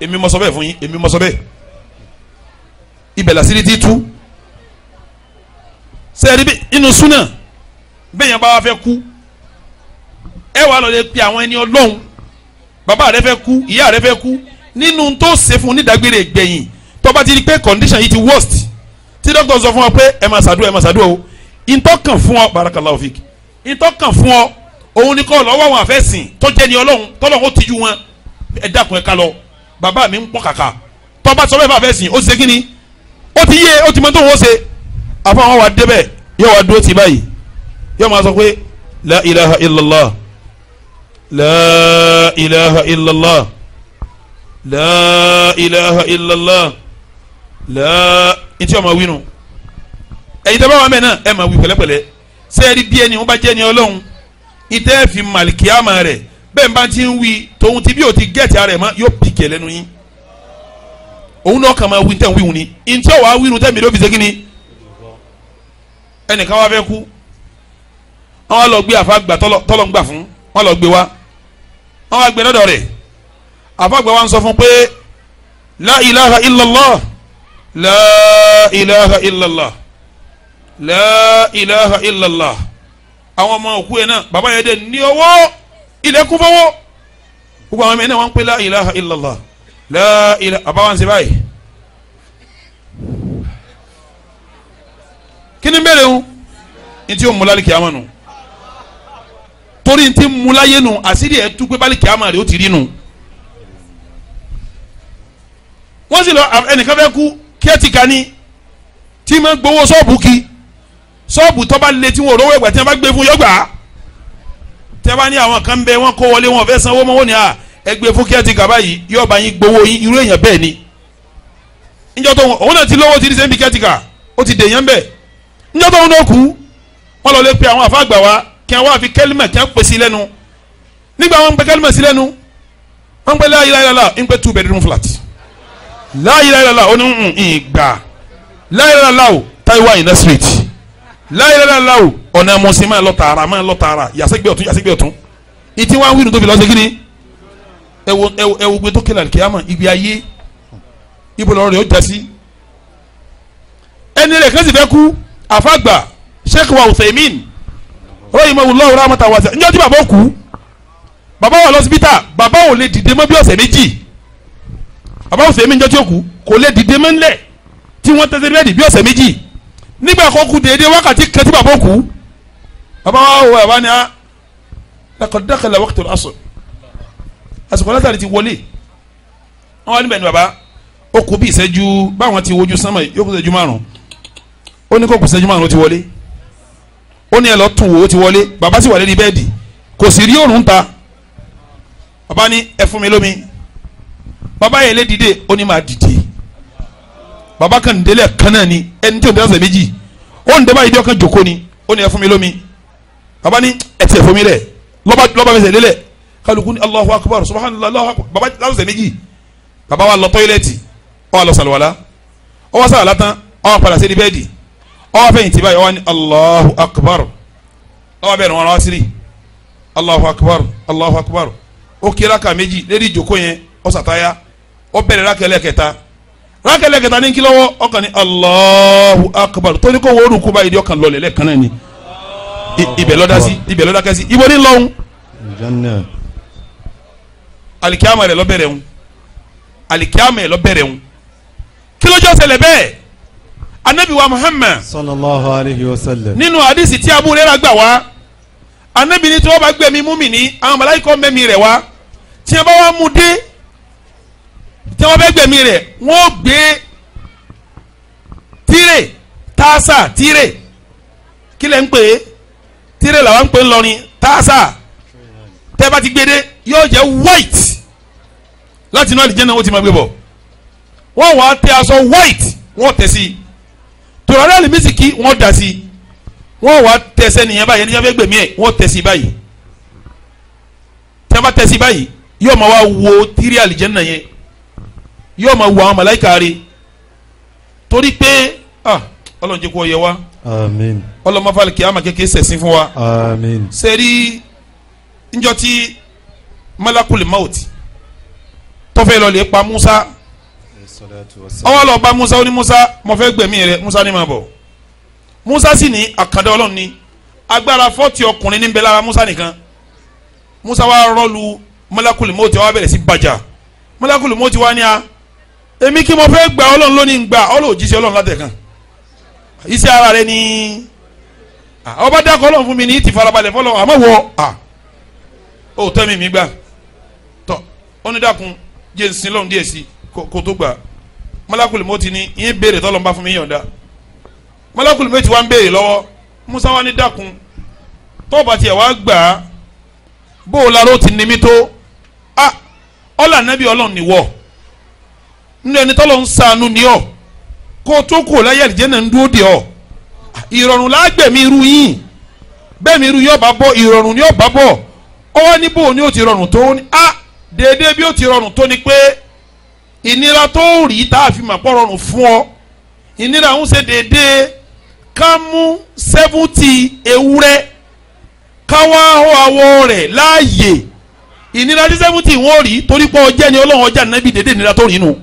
Speaker 3: èmi mọ̀ sọ bẹ́ẹ̀ fún yín èmi mọ̀ sọ bẹ́ẹ̀. ibẹ̀ làsírí ti tú. sẹ́ẹ̀dì bí inú súnà bẹ́ẹ̀ yẹn bá wá fẹ́ kú. ẹ wàá lọ lè pe àwọn ẹni ọlọ́run bàbá rẹ fẹ́ kú ìyá rẹ fẹ́ kú nínú tó ṣe fún onídàgbére gbẹ̀yìn bá ti di pé condition yìí ti worst tí doctor sọ fún ọ pé ẹ máa ṣàdúrà ẹ máa ṣàdúrà o ìtọ́kàn fún ọ barakallahu fik ìtọ́kàn fún ọ òun ni kọ́ lọ́wọ́ àwọn àfẹ́sìn tó jẹ́ ni ọlọ́run tọ́lọ́run ó tijú wọn ẹ dákun ẹ ká lọ bàbá mi ń pọ́n kàkà tọ́ba sọ bẹ́ẹ̀ fún àfẹ́sìn ó ti ṣe kí ni ó ti yé ó ti mọ tó wọ́n ṣe àfọwọ́n wa débẹ̀ yóò wá dúró tì báyìí yóò máa sọ pé la ilaha illallah la ilaha illallah la ilaha illallah lẹ́ẹ̀ etí ọmọ wínú ẹ̀yin tẹ́ bá wà mẹ́ẹ̀ náà ẹ̀ máa wí pẹ̀lẹ́pẹ̀lẹ́ sẹ́ẹ̀rí bí ẹni wọ́n bá jẹ́ ni ọlọ́run ìtẹ́ fi màlìkíyàmà rẹ̀ bẹ́ẹ̀ bá ti ń wí tòun ti bí o ti gẹ̀ẹ́tì ara rẹ̀ mọ́ yóò pìkẹ́ lẹ́nu yín òun náà kàn máa wí tẹ̀ ń wíwù ni ntí ọ̀wá wíwù tẹ̀ mí ló fi ṣe kí ni ẹnìkan wá fẹ́ kú wọ́n lọ gbé àfa gbà tọ́lọ̀ ń gbà fún wọ́n lọ gbé wá wọ́n wá gbé lọ́dọ̀ rẹ̀ àfa gbà wá ń sọ fún pé la ilaha illallah la ilaha illallah la ilaha illallah àwọn ọmọ òkú yẹn náà bàbá yẹn dẹ ní ọwọ́ ilẹ̀kùn fọwọ́ gbogbo àwọn ọmọ yẹn náà wọ́n ń pè la ilaha illallah la ilaha bàbá wọn ṣe báyìí kí ni bẹ́ẹ̀ lẹ́hùn ní tí yóò mú lálẹ́ kìámà nù torí ní tí mú láyé nù àṣírí ẹ̀ tú pé bálẹ̀ kìámà rẹ̀ ó ti rí nù wọ́n sì lọ ẹnìkan fẹ́ kú kẹ́tìkà ni tí ma gbowó sọ́ọ̀bù kí sọ́ọ̀bù tó bá le tí wọn ò rówó ẹ̀gbà tí wọn bá gbé fún yọgbà tẹ́ bá ní àwọn kan bẹ wọn kó wọlé wọn fẹ́ sanwó mọ́wó ni à ẹ gbé fún kẹ́tìkà báyìí yóò bá yín gbowó yín irú èèyàn bẹ́ẹ̀ ni níjọ́ tó òun náà ti lówó ti di sẹ́ńbì kẹ́tìkà ó ti dèèyàn bẹ́ẹ̀ níjọ́ tó òun náà kú wọn lọ lè pe àwọn àfáàgbà wa kí wọn fi kẹ́límà kí wọn pè sí lẹ́nu nígbà wọn pe kẹ́límà sí lẹ́nu wọn pe láyé láyé lọ́la ń pe two bedroom flat láyìláyìlá ó ní ń mm, mm, ìgbà láyìláyìlá o taiwa iná street láyìláyìlá o ọ̀nà mọ̀sí máa lọ tààrà máa lọ tààrà yàsẹ́gbẹ́ ọ̀tún yàsẹ́gbẹ́ ọ̀tún ìtí wá ń wí nu tó fi lọ sí kíni ẹwọ ẹwọ ẹwọ gbé tó kéla kíámà ibi ayé ibo lọrọ rẹ ó jásí ẹni rẹ kẹsì fẹ kú àfàgbà Sheikh wa Uthaymin rọyìn mọ wùlọ ọrọ àmọta wàsẹ ǹjọ́ tí bàbá kú bàbá wà lọ́sibítà bàbá ò lè dìde mọ́ ọ̀sẹ̀ méjì bàbá ọ̀sẹ̀ mi ń jẹ́ tí ó kú kò lè dìde mọ́ nílẹ̀ tí wọ́n tẹ́tẹ́ bẹ́ẹ̀dì bí ọ̀sẹ̀ méjì nígbà kan kú déédéé wákàtí kan bàbá kú bàbá wa wọ ẹ̀ wá ní a ah, laqad dakhala waqtul asr àsìkò látàrí ti wọlé wọn wá níbẹ̀ ni bàbá ó kú bí ìṣẹ́jú báwọn ti wojú sánmà yóò kú ìṣẹ́jú márùn ó ní kó kú ìṣẹ́jú márùn ó ti wọlé ó ní ẹ lọ tún wò ó ti wọlé bàbá sì wà lórí bẹ́ẹ̀dì kò sì rí òórùn ta bàbá ní ẹ fún mi lómi baba yẹn lé dìde ó ní máa dìde baba kan délé kan náà ni ẹni tí o dẹ́sẹ̀ méjì ó ń dẹ́bàá yìí dẹ́wọ́ kan jòkó ni ó ní ẹ fún mi lómi baba ní ẹ tiẹ̀ fún mi rẹ̀ lọ́ba lọ́ba fẹsẹ̀ lélẹ̀ kálukú ní Allahu akbar subhanallah Allahu akbar baba lásìsẹ̀ méjì baba wa lọ tọ́ílẹ̀tì ó wá lọ sàlùwàlá ó wá sàlùwàlá tán ó wá padà sí ní bẹ́ẹ̀dì ó wá fẹ̀yìntì báyìí ó wá ní Allahu akbar ó wá bẹ̀rẹ̀ wọn wá sírí Allahu akbar Allahu akbar ó kí rákà méjì lédi ìjòkó yẹn ó sàtáyà ó bẹ̀rẹ̀ rákẹ́lẹ́ kẹta rákẹ́lẹ́ kẹta ní kílọ́wọ́ ọkàn ní Allahu Akbar tó ní kó wọ́ọ́rù kú báyìí ọkàn lọ lẹ́lẹ́ kan náà ni ibẹ̀ lọ́dá sí ibẹ̀ lọ́dá kẹ́sí ibo ní lọ́hùn alikiyama rẹ̀ lọ́bẹ̀rẹ̀ ń alikiyama rẹ̀ lọ́bẹ̀rẹ̀ ń kílójọ́ ṣẹlẹ̀ bẹ́ẹ̀ anabi wa Muhammad
Speaker 2: sallallahu alayhi wa sallam
Speaker 3: nínú hadisi tí Abu Hurairah gbà wá anabi ní tí wọ́n bá gbẹ̀mí múmi ní àwọn màláíkà mẹ́mí rẹ̀ wá tí wọ́n bá wá mú dé tí wọ́n fẹ́ gbẹ̀mí rẹ̀ wọ́n gbé tírè táàsà tírè kí lẹ̀ ń pè é tírè làwọn ń pè é ńlọrin táàsà tẹ́ bá ti gbé dé yóò jẹ́ white láti inú àlìjẹ́ náà ó ti máa gbé bọ̀ wọ́n wá tẹ aṣọ white wọ́n tẹ̀ sí tòrọ̀rẹ́ àlìmísìkì wọ́n dà sí wọ́n wá tẹ̀sẹ̀ nìyẹn báyìí ẹni tí wọ́n fẹ́ gbẹ̀mí ẹ̀ wọ́n tẹ̀ sí báyìí tí wọ́n bá tẹ̀ sí báyìí yóò máa wá wo tírè àlìjẹ́ náà yẹn yóò máa wo àwọn màláíkà rí torí pé ah, ọlọ́run jẹ́ kó ọ yẹ wá àmín ọlọ́run máa falẹ̀ kí ama kékeré sẹ̀sìn fún wa àmín sẹ́rí njọ́ tí malakul maut tọ́fẹ́ lọ lè pa Musa ọwọ́ lọ bá Musa ó ní Musa mo fẹ́ gbẹ̀mí rẹ Musa ní ma bọ̀ Musa sì ní àkàndá ọlọ́run ní agbára fọ́ọ̀tì ọkùnrin níbẹ̀ lára Musa nìkan Musa wa rọ́ọ̀lù malakul maut wa bẹ̀rẹ̀ sí bàjá malakul maut wa ní a. Ah, èmi kí mo fẹ́ gbà ọlọ́run lónìí ń gbà ọlọ́run òjíṣẹ́ ọlọ́run látẹ̀kan iṣẹ́ ara rẹ ni ọba dákọ̀ ọlọ́run fún mi ní ti farabalẹ̀ fọlọ́run àmọ́ wọ à ó tẹ́ mi mi gbà tọ́ onídàkùn jẹ́ ń sin lọ́run díẹ̀ sí kó tó gbà malakuli mo ti ní ìyẹn béèrè tọ́lọ́mbà fún mi yọ̀ǹda malakuli mo ti wá ń béèrè lọ́wọ́ musa wa ní dákun tọ́ọ̀bà tiẹ̀ wá gbà á bó o laró ti ní mi tó a ọ̀là ọlọ́run ni wọ́ọ̀ nínú ẹni tọ́lọ̀ ń sànù ní ọ kó o tó kù ọ láyé àlìjẹ́ náà ń dúró de ọ ìrọ̀rùn lágbẹ̀mí irú yín bẹ́ẹ̀mí irú yóò bá bọ̀ ìrọ̀rùn yóò bá bọ̀ ọwọ́ níbo ni ó ti rọrùn tó ní a déédéé bí ó ti rọrùn tó ni pé ìnira tó rí tá a fi mà pọ̀ rọrùn fún ọ ìnira ń ṣe déédéé ká mú sẹ́fúntì ewúrẹ́ ká wá àwọ̀ rẹ̀ láàyè ìnira tí sẹ́fúntì wọ́n rí torí pé ọjẹ́ ni ọlọ́run ọjà nàbí déédéé ìnira tó rí nù. No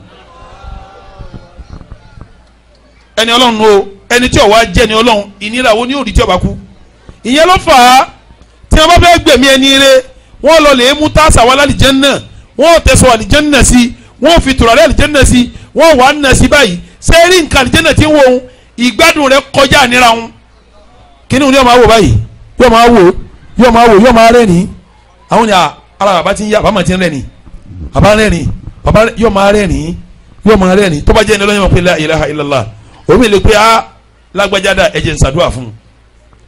Speaker 3: ẹni ọlọ́run o ẹni tí ọ̀wá jẹ́ ni ọlọ́run ìnira wo ni yóò di tí ọba kú ìyẹn ló fà á tí wọn bá fẹ́ gbẹ̀mí ẹni rẹ wọn lọ lè mú tásà wá lálìjẹ́nà wọn tẹ̀sọ̀ àlìjẹ́nà sí wọn fi tùràrí àlìjẹ́nà sí wọn wà á nà sí báyìí sẹ́ẹ̀rì nǹkan àlìjẹ́nà ti ń wo òun ìgbádùn rẹ kọjá nira òun kíni òun yóò máa wò báyìí yóò máa wò yóò máa wò yóò máa rẹ́ ni àwọn ni ara bàbá ti ń yá bàbá ti ń rẹ́ ni bàbá rẹ́ bàbá yóò máa rẹ́ yóò máa rẹ́ tó bá jẹ́ ẹni lọ́yìn pé ilaha illallah omi lè pe ah lágbájáda ẹ̀jẹ̀ nsàdúrà fún un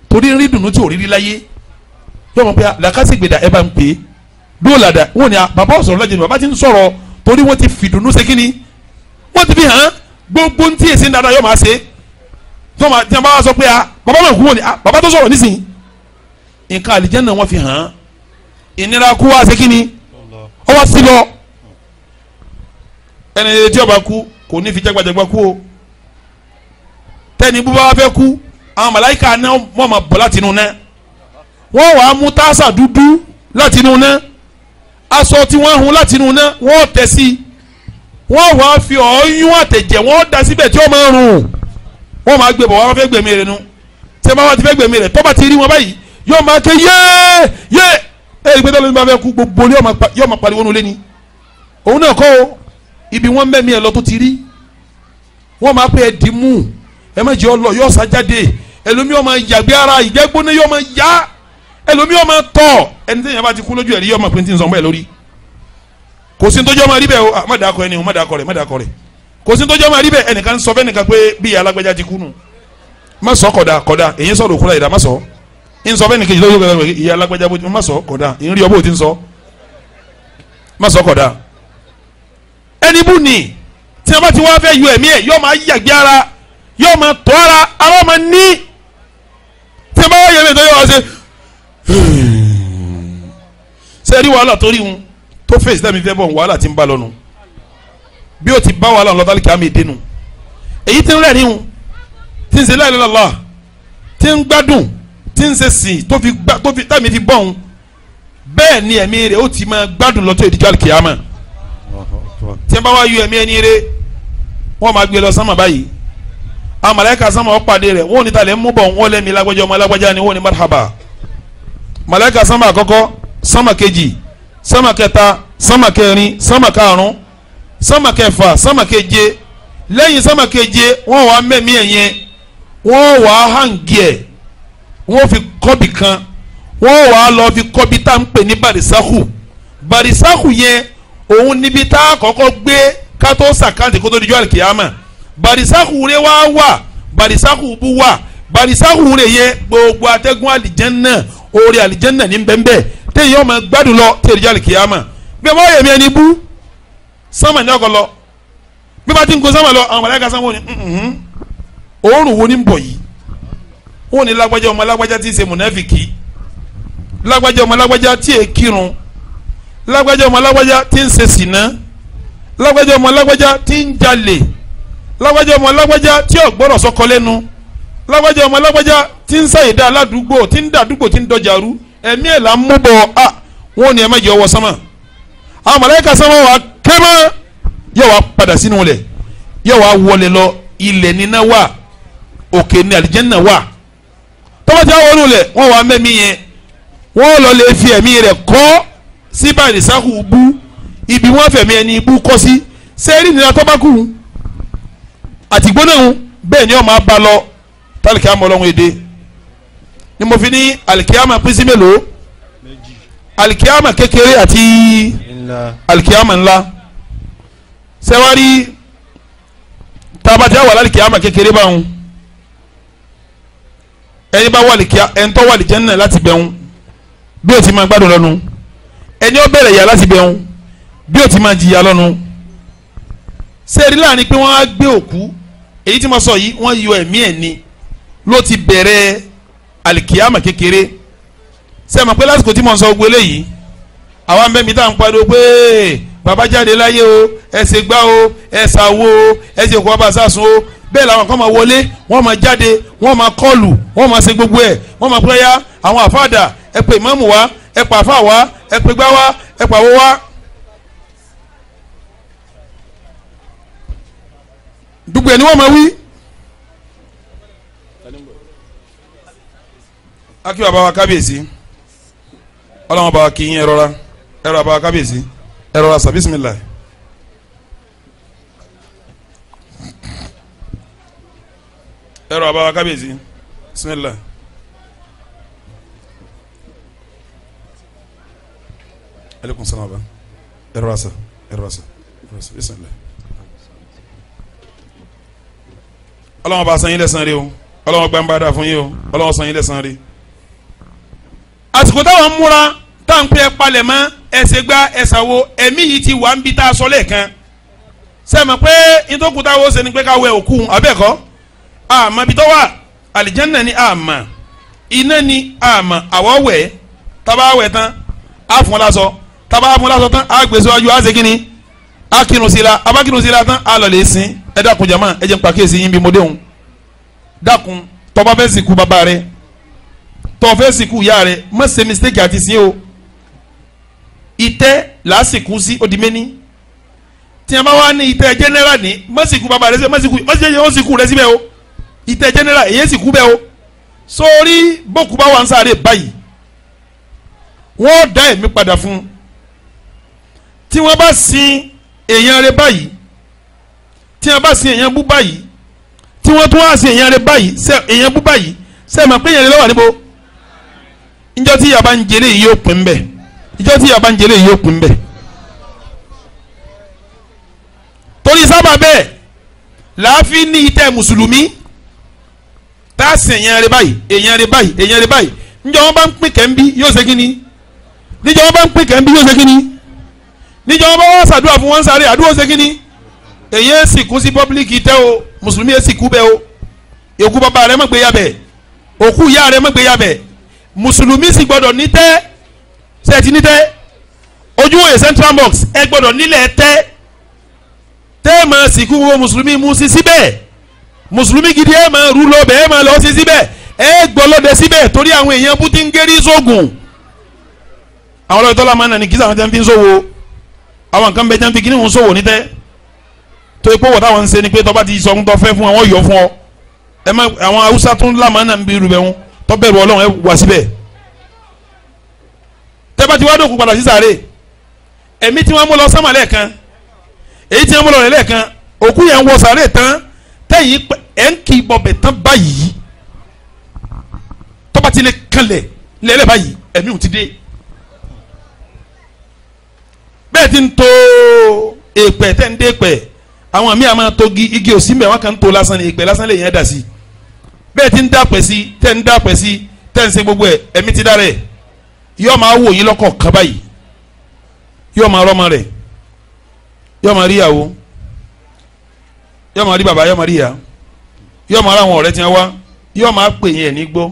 Speaker 3: torí rí dùnú tí ò rí rí láyé yóò mọ̀ pé ah làkàsì gbèdà ẹ bá ń pè é dóòlà dà wọ́n ní ah bàbá ọ̀sọ̀rọ̀ lọ́jọ́ ni bàbá ti ń sọ̀rọ̀ torí wọ́n ti fi dùnú ṣe kíni wọ́n ti fi hàn gbogbo ntí èsì ń dáadáa yóò máa ṣe tó máa tí wọ́n bá wá sọ pé ah bàbá náà kú wọ́n ni ah bàbá tó sọ̀rọ̀ nísìnyí nǹkan àlìjẹ́nà wọn fi hàn ìnira kú wá ṣe kíni ọwọ́ sí lọ ẹni tí ọba kú kò ní fi jágbàjàgbà kú o tẹ́ni bó bá fẹ́ kú àwọn màláìka náà wọ́n máa bọ̀ láti inú náà wọ́n wàá mú táàsà dúdú láti inú náà aṣọ tí wọ́n hun láti inú náà wọ́n tẹ̀ sí i wọ́n wàá fi ọ̀ọ́yún àtẹ̀jẹ̀ wọ́n da síbẹ̀ tí ó máa rùn wọ́n máa gbé bọ̀ wọ́n fẹ́ gbẹ̀mí rẹ̀ nu tẹ́ bá wà ti fẹ́ gbẹ̀mí rẹ̀ tọ́ bá ti rí wọn báyìí yóò máa ké yéé yéé ẹ̀ ìgbẹ́ tọ́lọ́ ní bá fẹ́ kú gbogbo yóò máa pariwo nulẹ̀ ni òun náà kọ́ ibi wọ́n mẹ́mí ẹ̀ lọ tó ti rí wọ́n máa pẹ́ ẹ̀ dì mú ẹ má jẹ́ ọ lọ yọ ọ̀sá jáde ẹlòmíì ọmọ ìjàgbé ara ìjẹ́gbóná yọ ọmọ ìjà ẹlòmíì ọmọ tọ̀ ẹni tẹ́yìn bá ti kú lójú ẹ̀rí yọ ọmọ pé ti ń sọmọ ẹ lórí kò sí tójọ́ máa rí bẹ́ẹ̀ o ah, má dàkọ ẹni o má dàkọ rẹ̀ má dàkọ rẹ̀ kò sí tójọ́ máa rí bẹ́ẹ̀ ẹnìkan sọ fẹ́ nìkan pé bí alágbèjà ti kú nù má sọ kódà kódà èyí sọ̀rọ̀ òkúra ìdá má sọ ń sọ fẹ́ nìkan ìjọba ìjọba ìjọba ìyá alágbèjà má sọ kódà ń rí ọ yóò máa tọ́ ara ara máa ní tí bá yẹ mi tó yọ wá ṣe hmm. ṣe rí wàhálà tó rí wọn tó fèsì tẹ́mi fẹ́ bọ̀ wàhálà ti ń bá lọ́nu bí o ti bá wàhálà lọ́tàlì kàmi dénú èyí ti ń rẹ̀ níhun tí ń ṣe la ilaha illallah tí ń gbádùn tí ń ṣe sìn tó fi gbá tó fi tẹ́mi fi bọ̀ ọ́n bẹ́ẹ̀ ni ẹ̀mí rẹ̀ ó ti máa gbádùn lọ́tọ̀ ìdíjọ́ àlùkìyàmà tí wọ́n bá wá yọ ẹ̀mí ẹni rẹ̀ wọ́n máa gbé lọ sánmà báyìí amalẹ́ka sama ọ̀pàdé rẹ̀ wọ́n ní talẹ̀ ń mú bọ̀ wọ́n lẹ́mi lágbájá ọmọ lágbájá ni wọ́n ní marhaba malẹ́ka sama àkọ́kọ́ sama kejì sama kẹta sama kẹrin sama karùn sama kẹfà sama keje lẹ́yìn sama keje wọ́n wa mẹ́mí ẹ̀ yẹn wọ́n wa hangi ẹ̀ wọ́n fi kọ́bì kan wọ́n wa lọ fi kọ́bì tá à ń pè ní barisahu barisahu yẹn òun níbi tá a kọ́kọ́ gbé kátó sàkáǹtì kótó dijọ́ àlìkìyàmà barisaku rẹ wa, wà barisaku bu wà barisaku rẹ yẹ gbogbo atẹ́gùn àlìjẹ́nà orí àlìjẹ́nà ní bẹ́ńbẹ́ téyì ọmọ gbádùn lọ téyì jáde kìyàmà bí wọ́n ẹni bú sánmà ní lọ bí ti ń ko sánmà lọ àwọn mọ̀lẹ́ka sánmà wọn ni òórùn wo ni ń bọ̀ yìí wọn ni lágbájá ọmọ lágbájá ti ṣe mùnáfìkì lágbájá ọmọ lágbájá ti è kírun lágbájá ọmọ lágbájá ti ń ṣe sìnà lágbájá ọmọ lágbájá ti ń jalè lágbájá ọmọ lágbájá tí ò gbọ́dọ̀ sọkọ lẹ́nu lágbájá ọmọ lágbájá tí ń ṣàyèdá aládùúgbò tí ń dàdúgbò tí ń dọjàrú ẹ̀mí ẹ̀ là ń mú bọ̀ a wọn ò ní ẹ má jẹ́ ọwọ́ sánmà àwọn màláíkà sánmà wà kẹ́mọ́ yóò wá padà sínú rẹ̀ yóò wá wọlé lọ ilẹ̀ níná wà òkè ní àlìjẹ́nà wà tọ́wọ́jà wọnú rẹ̀ wọ́n wà mẹ́mí yẹn wọ́n lọ lè fi ẹ̀mí rẹ̀ kọ́ sí sáhùn bú ibi wọ́n fẹ̀mí ẹni bú kọ́ sí sẹ́ẹ̀rì nìyà tọ́bákùn àtìgbóná òun bẹ́ẹ̀ ni ó máa bá lọ tálíkàmù ọlọ́run èdè ni mo fi ní alikiyama pínsí mélòó alikiyama kékeré àti alikiyama ńlá sẹ́wárí tabatẹ́ wà lálikiyama kékeré báwọn ẹni bá wà lìkíá ẹni tó wà lìkíá nínú láti bẹ̀rù bí o ti máa gbádùn lọ́nu ẹni ó bẹ̀rẹ̀ yà láti bẹ̀rù bí o ti máa jìyà lọ́nu ṣé láàrin pé wọ́n á gbé òkú èyí tí mo sọ yìí wọ́n yọ ẹ̀mí ẹ̀ ni ló ti bẹ̀rẹ̀ alikiyama kékeré sẹ́mi pé lásìkò tí mo sọ gbélé yìí àwa mẹ́mi tá à ń pariwo pé bàbá jáde láyé o ẹ ṣe gbá o ẹ ṣàwo o ẹ ṣe kó ọba sàṣun o bẹ́ẹ̀ làwọn kan máa wọlé wọ́n máa jáde wọ́n máa kọlù wọ́n máa ṣe gbogbo ẹ̀ wọ́n máa pẹ́ ya àwọn àfáàdà ẹ pè mọ́mù wa ẹ pàfà wa ẹ pè gbá wa ẹ pàwọ́ wa. gbogbo ẹ̀ ni wọ́n máa wí. akíwà bá wa kábíyèsí ọlọ́wọ́n bá wa kí yín ẹ rọra ẹ rọra bá wa kábíyèsí ẹ rọra sà bísímìlà. ẹ rọra bá wa kábíyèsí bísímìlà. aleykum salaam wa rahmatulah ẹ rọra sà ẹ ọlọ́wọ́n bá san yín lẹ́san rí o ọlọ́wọ́n gbàǹbà dà fún yín o ọlọ́wọ́n san yín lẹ́san rí. àsìkò táwọn múra táwọn pé ẹ palẹ̀ mọ́ ẹsẹ̀ gbá ẹsẹ̀ wo ẹ̀mí yìí ti wà ń bi tá a sọ lẹ́ẹ̀kan sẹ́mi pé nítòkùn táwọn ó ni pé ká wẹ òkú abẹ́ẹ̀kọ́ àmọ́ ibi tó wà àlìjẹ́nà ni àmọ́ iná ni àmọ́ àwọ̀ wẹ̀ tábà wẹ̀ tán àfọ̀n tábà àfọ̀n tán àgbèsè ọjọ́ àṣegínní a kírun sí la a bá la tán a lọ sin ẹ dákun jama ẹ jẹ́ n pàkíyèsí yín bí mo déhùn dákun tó bá fẹ́ sìnkú bàbá rẹ tó fẹ́ sìnkú ìyá rẹ mistake àti sin o ìtẹ́ làásìkú sí ó di méní tí a bá wá ní general ni má sìnkú bàbá rẹ sí má sìnkú má sìnkú yẹn ó sìnkú o ìtẹ́ general èyí sìnkú bẹ́ẹ̀ o sórí bókú bá wà ń sáré báyìí wọ́n dá ẹ̀mí padà fún un sin èèyàn rẹ báyìí tí wọ́n bá sin èèyàn bú báyìí tí wọ́n tún wá sin èèyàn rẹ báyìí sẹ èèyàn bú báyìí sẹ mọ̀ pé èèyàn rẹ lọ́wọ́ níbo ìjọ tí yaba ń jẹlé yìí yóò pín bẹ́ẹ̀ ìjọ tí yaba ń jẹlé yìí yóò pín bẹ́ẹ̀ torí sábà bẹ́ẹ̀ làáfi ní ìtẹ́ mùsùlùmí tá a sin èèyàn rẹ báyìí èèyàn rẹ báyìí èèyàn rẹ báyìí níjọ́ wọ́n bá ń pín kẹ́ńbí yóò ṣe kí ni níjọ́ wọ́n bá ń pín kẹ́ńbí yóò ṣe kí ni níjọba bá wá sàdúrà fún wọn sáré àdúró ṣe kínní èyí ẹ sì kú sí pọ́bílíkì tẹ́ o mùsùlùmí ẹ sì kú bẹ́ẹ̀ o òkú bàbá rẹ mọ̀gbé yabẹ̀ òkú ìyá rẹ mọ̀gbé yabẹ̀ mùsùlùmí sì gbọ́dọ̀ ní tẹ́ ṣe ti ní tẹ́ ojúwòye central box ẹ gbọ́dọ̀ nílẹ̀ tẹ́ tẹ́ ẹ máa sìnkú wo mùsùlùmí mú sí síbẹ̀ mùsùlùmí gidi ẹ máa rú lọ bẹ̀ ẹ máa lọ sí síbẹ̀ ẹ gbọ́lọ́dẹ síbẹ̀ torí àwọn èèyàn bú ti ń gérí sógun àwọn ọlọ́dọ̀ tó lámà náà ní kí sàwọn tẹ́ ń fi ń sówó àwọn nǹkan bẹ jẹun fi kíní wọn sòwò ní tẹ tó ipò wọ táwọn ń ṣe ni pé tọba ti sọ ńtọ fẹ fún wọn wọn yọ fún ọ ẹ má àwọn haúsá tún lámàánà ń bí irú bẹ wọn tọbẹrù Ọlọ́run ẹ wà síbẹ̀ tẹbà tí wàá dòkú padà sí sàárè ẹ̀mí tí wọn mú lọ sánmà lẹ́ẹ̀kan èyí tí wọn mú lọ lẹ́ẹ̀kan òkú yẹn ń wọ sàárè tán tẹyìn ẹ ń kì í bọbẹ tán báyìí tọba ti lè kanlẹ̀ lẹlẹ báyìí ẹ̀mí ò ti dé bẹ́ẹ̀ ti ń to èpẹ̀ tẹ́ ń dé pẹ̀ àwọn míì a máa to igi igi òsì mbẹ̀ wọ́n kàn ń to lásán ní èpẹ̀ lásán lè yẹn dà sí bẹ́ẹ̀ ti ń dàpẹ̀ sí tẹ́ ń dàpẹ̀ sí tẹ́ ń ṣe gbogbo ẹ̀ ẹ̀mí ti dára ẹ̀ yóò máa wò yín lọ́kọ̀ kaba yìí yóò máa rọ́mọ rẹ̀ yóò máa rí ìyàwó yóò máa rí bàbá yóò máa rí ìyá yóò máa ráwọn ọ̀rẹ́ tí wá yóò máa pè yín ní gbọ́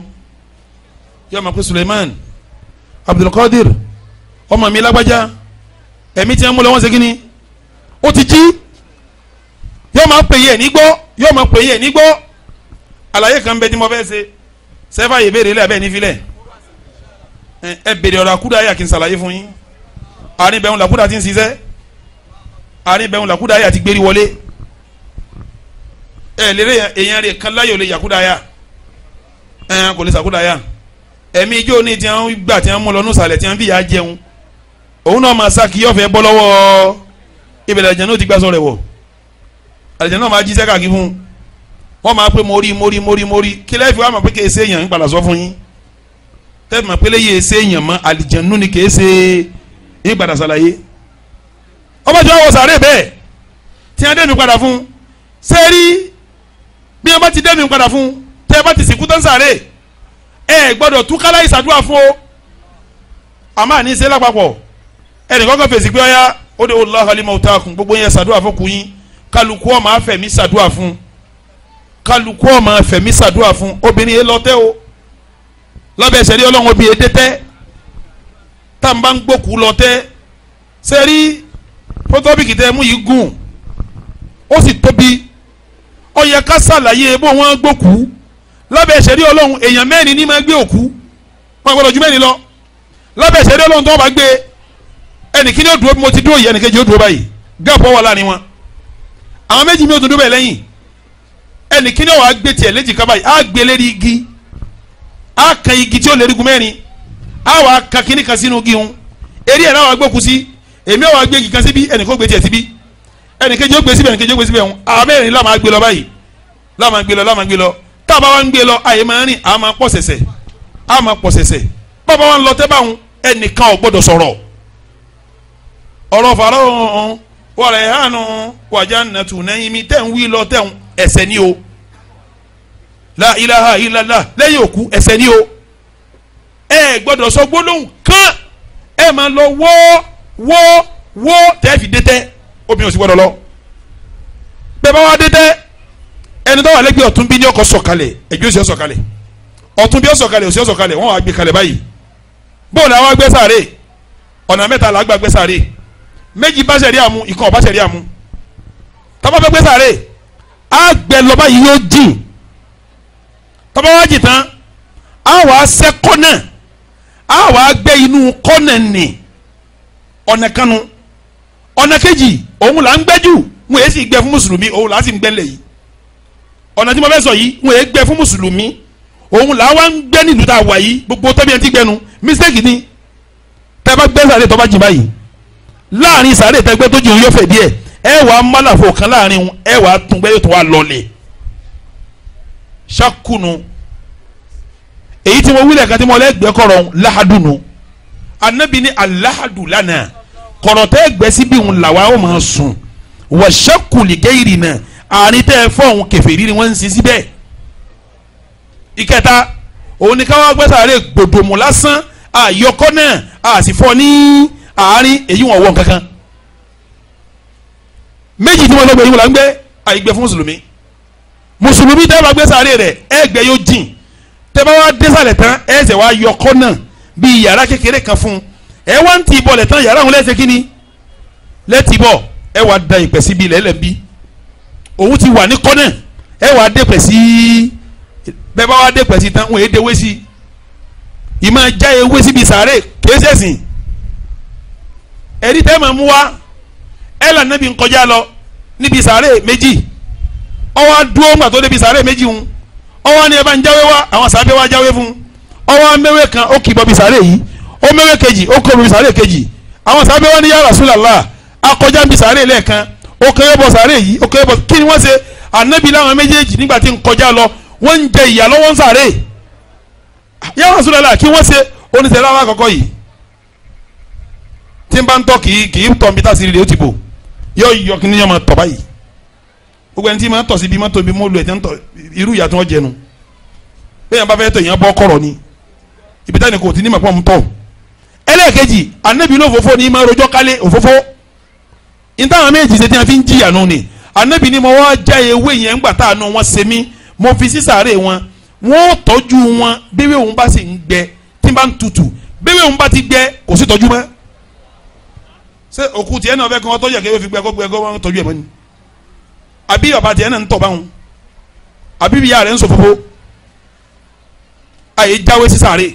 Speaker 3: yóò máa pè Suleiman Abdulkadir ọmọ mi lágbájá ẹ̀mí tí wọ́n mú lọ wọ́n ṣe kí ni ó ti jí yóò máa pè yẹ nígbọ́ yóò máa pè yẹ nígbọ́ àlàyé kan bẹ tí mo fẹ́ ṣe sẹ́fà yìí béèrè lẹ́ abẹ́ nífilẹ̀ ẹ béèrè ọ̀rọ̀ àkúdà yà kí n ṣàlàyé fún yín àárín bẹ́ẹ̀ ń làkúdà ti ń ṣiṣẹ́ àárín bẹ́ẹ̀ ń làkúdà yà ti gbérí wọlé ẹ lérè èèyàn rẹ̀ kan láyò lè yàkúdà yà ẹ kò lè ṣàkúdà yà ẹ̀mí ijó ní tí wọ́n gbà tí wọ́n mú lọ nù sàlẹ̀ tí wọ́n fi yà jẹun òun náà máa sá kí yọ̀fẹ́ bọ́ lọ́wọ́ ìbẹ̀rẹ̀ àjẹ́ náà ti gbàsọ rẹ̀ wọ̀ àjẹ́ náà máa jíṣẹ́ kàkí fún un wọ́n máa pé mórí mórí mórí mórí kí lẹ́yìn fi wá máa pé kì í ṣe èèyàn ń padà sọ fún yín tẹ́ẹ̀ máa pé léyè ṣe èèyàn mọ́ àlìjẹ̀nú ni kì í ṣe ń padà ṣàlàyé ọba tí wọ́n wọ sàárè bẹ́ẹ̀ tí wọ́n dẹ́mi padà fún ṣé bí wọ́n bá ti dẹ́mi padà fún tẹ́ ẹ bá ti sìnkú tán sàárè ẹ gbọ́dọ̀ túkálá ìsàdúrà fún o àmọ́ àní ṣe lápapọ̀ ẹnì kọ́kọ́ fèsì pé ọ̀yá ó de Allahu li mautakum gbogbo yẹn sàdúrà fún kùyìn kálukú ó máa fẹ̀mí sàdúrà fún kálukú ó máa fẹ̀mí sàdúrà fún obìnrin yẹn lọ́tẹ́ o lábẹ́ ìṣẹ̀lẹ̀ ọlọ́run obìnrin yẹn dẹ́tẹ́ tá n bá ń gbókù lọ́tẹ́ sẹ́rí pọ́tọ́bìkì tẹ́ mú yìí gùn ó sì tóbi ó yẹ ká ṣàlàyé bó wọ́n gbókù lábẹ́ ìṣẹ̀lẹ̀ ọlọ́run èèyàn mẹ́rin ní máa gbé òkú wọn gbọ́dọ̀ ju mẹ́rin lọ lábẹ́ ìṣẹ̀lẹ̀ ọlọ́run tó bá gbé e ẹnìkíní òdúró bí mo ti dúró yìí ẹnìkejì òdúró báyìí gáàpù wà láàrin wọn àwọn méjì mi ò tún dúró báyìí lẹ́yìn ẹnìkíní ọ̀wá gbé tiẹ̀ léjìká báyìí á gbé lérí igi á kan igi tí ó lérí gun mẹ́rin á wà kan kíní kan sínú igi hun eré ẹ̀ náà wà gbókun sí èmi ọ̀wá gbé igi kan síbi ẹnìkó gbé tiẹ̀ síbi ẹnìkejì ó gbé síbẹ̀ ẹnìkejì ó gbé síbẹ̀ hun àwọn mẹ́rin láwọn á gbé lọ báyìí láwọn á gbé lọ láwọn á gbé lọ ọ̀rọ̀ fàrọ̀hún wọ̀rẹ̀ hànú wàjà nàtú nẹ́yìnmí tẹ̀ ń wí lọ tẹ̀ ń ni o la ilaha illallah lẹ́yìn òkú ẹ̀ṣẹ̀ ni o ẹ gbọ́dọ̀ sọ gbólóhùn kán ẹ máa lọ wọ́ wọ́ wọ́ tẹ́ fi dé tẹ́ obìnrin ò sì gbọ́dọ̀ lọ bẹ́ẹ̀ bá wá dé tẹ́ ẹni tó wà lẹ́gbẹ̀ẹ́ ọ̀tún bí ní ọkọ̀ sọ̀kalẹ̀ ẹ̀jú òsì ọ̀sọ̀kalẹ̀ ọ̀tún bí ọ̀sọ̀kalẹ̀ òsì ọ̀sọ̀kalẹ̀ wọ́n wá gbé kalẹ̀ báyìí bóòlù àwọn agbẹ́sàrè ọ̀nà mẹ́ta là á gbà méjì bá sẹ̀rí àmú ìkan ọ̀bá sẹ̀rí àmú tọ́ba fẹ́ gbé sàré àgbẹ̀ lọ́ba yìí yóò jìn tọ́ba wá jìn tán á wà á sẹ́ kọ́nà á wà á gbẹ́ inú kọ́nà nì ọ̀nà kanu ọ̀nà kejì òun là ń gbẹ́ jù wọn èsì gbẹ́ fún mùsùlùmí òun là á sì ń gbẹ́ lẹ̀ yìí ọ̀nà tí mo fẹ́ sọ yìí wọn èé gbẹ́ fún mùsùlùmí òun là á wá ń gbẹ́ nílùú wà yìí gbogbo tọ́bi ẹni tí gbẹ́nu mistake ni tẹ́ bá gbẹ́ sàré tọ́ba jìn báyìí láàrin sàárè tẹgbẹ́ tó jù yóò fẹ̀ díẹ̀ ẹ wà á málàfo kan láàrin wọn ẹ wà á tún gbẹ́ yóò tún wà lọlẹ̀ ṣakunu èyí tí mo wílẹ̀ kan tí mo lẹ́gbẹ̀ẹ́ kọ̀rọ̀ láhadùnú anabi ni alahadu lana kọ̀rọ̀ tẹ́ gbẹ́ síbi ń là wá ó máa sùn wà ṣakuli gẹ́yìrì náà àárín tẹ́ ẹ fọ́ òun wọ́n ń sin síbẹ̀ ìkẹta òun ni káwá gbẹ́sàárè gbòdòmù lásán àyọkọ́ náà àsìfọ́ ní àárín èyí wọn wọ kankan méjì tí wọn lọ gbé yìí wọn là ń gbé àìgbẹ fún mùsùlùmí mùsùlùmí tẹ́ bá gbé sàárè rẹ̀ ẹ̀gbẹ́ yóò jìn tẹ́ bá wá désàlẹ̀ tán ẹ̀sẹ̀ wá yọ kọ́nà bíi yàrá kékeré kan fún un ẹ wá ń ti bọ̀ lẹ̀ tán yàrá òun lẹ́sẹ̀ kínní lẹ́tì bọ̀ ẹ wá da ìpẹ́ síbi lẹ́lẹ̀ bí òun ti wà ní kọ́nà ẹ wá dépẹ̀ sí bẹ́ẹ̀ bá wá dépẹ̀ sí tán òun èé dewé sí ìmọ̀ já ewé síbi sàárè kéésẹ̀sìn ẹ̀rí tẹ́ máa mú wá ẹ̀ là nàbí nkọjá lọ níbi sàárè méjì ọwọ́ dúró ńgbà tó débi sàárè méjì ń ọwọ́ ni ẹ bá ń jáwé wá àwọn sàábẹ́ wá jáwé fún ọwọ́ mẹ́wé kan ó kì í bọ́bi sàárè yìí ó mẹ́wé kejì ó kọ́ bọ́bi sàárè kejì àwọn sàábẹ́ wá ní ya Rasulullah akọjá níbi sàárè lẹ́ẹ̀kan ó kéré bọ́ sàárè yìí ó kéré bọ́ kí ni wọ́n ṣe ànábì láwọn méjèèjì nígbà tí ń kọjá lọ wọ́n ń jẹ ìyà lọ́wọ́ ń sàárè ya kí wọ́n ṣe oníṣẹ́ láwọn àkọ́kọ́ yìí tí n bá ń tọ́ kì í kì í tọ́ nbí tásìrì rẹ̀ ó ti bò yóò yọ kí ni yóò máa tọ́ báyìí gbogbo ẹni tí máa tọ̀ sí bí máa tóbi mọ́ lu ẹ̀ tí ń tọ̀ irú ìyá tí wọ́n jẹnu bẹ́ẹ̀ bá fẹ́ tọ̀ yẹn bọ́ kọ̀rọ̀ ni ibi táyà ni kò tí ní màpọ̀ mu tọ̀ ẹlẹ́ẹ̀kejì anabi ló fòfó ni máa rojọ́ kálé òfófó ìtàn méjì ṣe tí wọ́n fi ń jìyà nù ni anabi ni mo wá já ewé yẹn ńgbà tá àánú wọn ṣe mí mo fi sí sàárè wọn wọn ò tọ́jú wọn bẹ́ẹ̀ òun bá sì ń gbẹ tí n bá ń tutù bẹ́ẹ̀ òun bá ti gbẹ kò sí tọ́jú mọ́ ṣé òkú tiẹ̀ náà fẹ́ kí wọ́n tọ́jú ẹ̀kẹ́ fi gbẹ kó gbẹ kó wọ́n tọ́jú ẹ̀ mọ́ni àbí bàbá tiẹ̀ náà ń tọ̀ báwọn àbí ìyá rẹ̀ ń ṣòfófó àyè jáwé sísàrè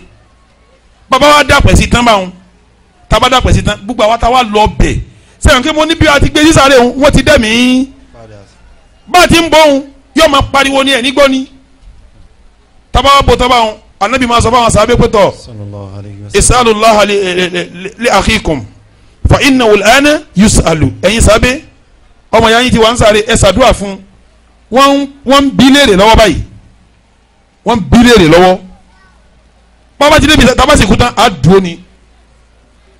Speaker 3: bàbá wa dàpẹ̀ sí tán báwọn tábà dàpẹ̀ sí tán gbogbo àwa tá wa lọ bẹ̀ sẹ́yìn kí mo ní bí a ti gbé sísàrè òun wọ́n ti dẹ̀ mí bá a ti ń bọ̀ òun yóò máa pariwo ní ẹ̀ nígbọ́ ni tábà wa bọ̀ tábà òun anabi máa sọ fáwọn sábẹ́ pẹ́tọ̀ ìsàlùláhà lè àkíkùn fa inna wòle ẹni yusalu ẹ̀yin sábẹ́ ọmọ yẹn ti wà ń sáré ẹ ṣàdúrà fún wọn wọn ń bí léèrè lọ́wọ́ báyìí wọn ń bí léèrè lọ́wọ́ bàbá ti débi tàbá sì kú tán á dúró ni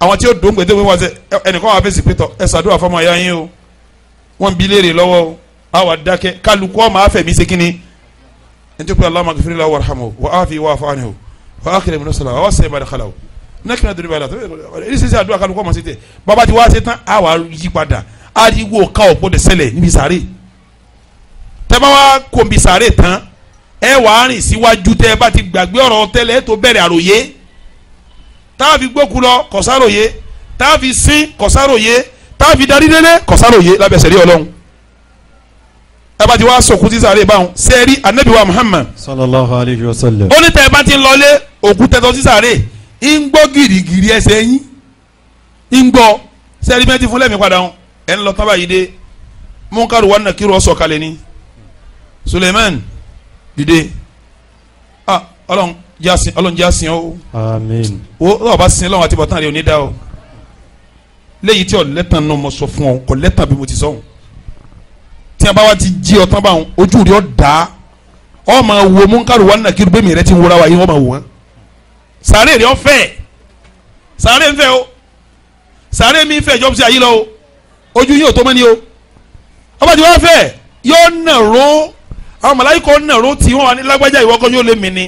Speaker 3: àwọn tí ó dùn gbèdéwé wọn sẹ ẹnìkan wà fèsì pétọ ẹ ṣàdúrà fọmọ ya yín o wọn ń bí léèrè wà dákẹ́ kálukú ọmọ afẹ́mi sekínì ẹni tó pe Allahumma ghfir lahu warhamhu wa afi wa o wa akérèmínú sọlá wà sẹ́yìn bá o ne kìnnà dunu bala ẹni sẹsẹ àdúrà kálukọ ọmọ sẹtẹ bàbá ti wá sẹtàn á wà yí padà á yí wò ká ọ̀pọ̀ dẹ̀ ṣẹlẹ̀ níbi sàárè tẹ́bá wá kòmbi sàárè tán ẹ wà á rìn síwájú tẹ́ ẹ bá ti gbàgbé ọ̀rọ̀ tẹ́lẹ̀ ẹ tó bẹ̀rẹ̀ àròyé táàfi gbókù lọ kọ̀sáròyé táàfi sín kọ̀sáròyé táàfi darí délé kọ̀sáròyé lábẹ́sẹ̀ rí ọlọ́run ẹ bá ti wá sọ̀kú sí sàárè báwọn anabiwa Muhammad. sallallahu alayhi wa sallam. ó ní tẹ́ ẹ bá ti ń lọlé òkú tẹ́tọ́ sí ń gbọ́ gìrìgìrì ẹsẹ̀ yín ń gbọ́ sẹ́rìmẹ́tì fún lẹ́mìí padà ẹ̀ ń lọ tábà yìí dé munkaru wa nakiru ọsọ kalẹ̀ ni Suleiman dìde ah Ọlọ́run jasin Ọlọ́run jasin Amen. àmín o ọba sin Ọlọ́run àti bọtán rẹ ò ní da o léyìí tí ọlẹ́tàn náà mo sọ fún ọ kò lẹ́tàn bí mo ti sọ ọ tí a bá wa ti jí ọtán báwọn ojú rẹ ọ dá ọ máa wo munkaru wa nakiru bẹ́ẹ̀ mi rẹ ti ń wa yìí ọ máa wò sàárè rẹ ọ̀fẹ́ sàárè ń fẹ́ o sàárè mi ń fẹ́ ìjọba sí ayé lọ o ojú yóò tó mọ́ ni o ọba tí wọ́n fẹ́ yóò nàró àwọn màláyíkọ́ nàró tí wọ́n wà ní lágbájá ìwọ́kọ́ yóò lé mi ni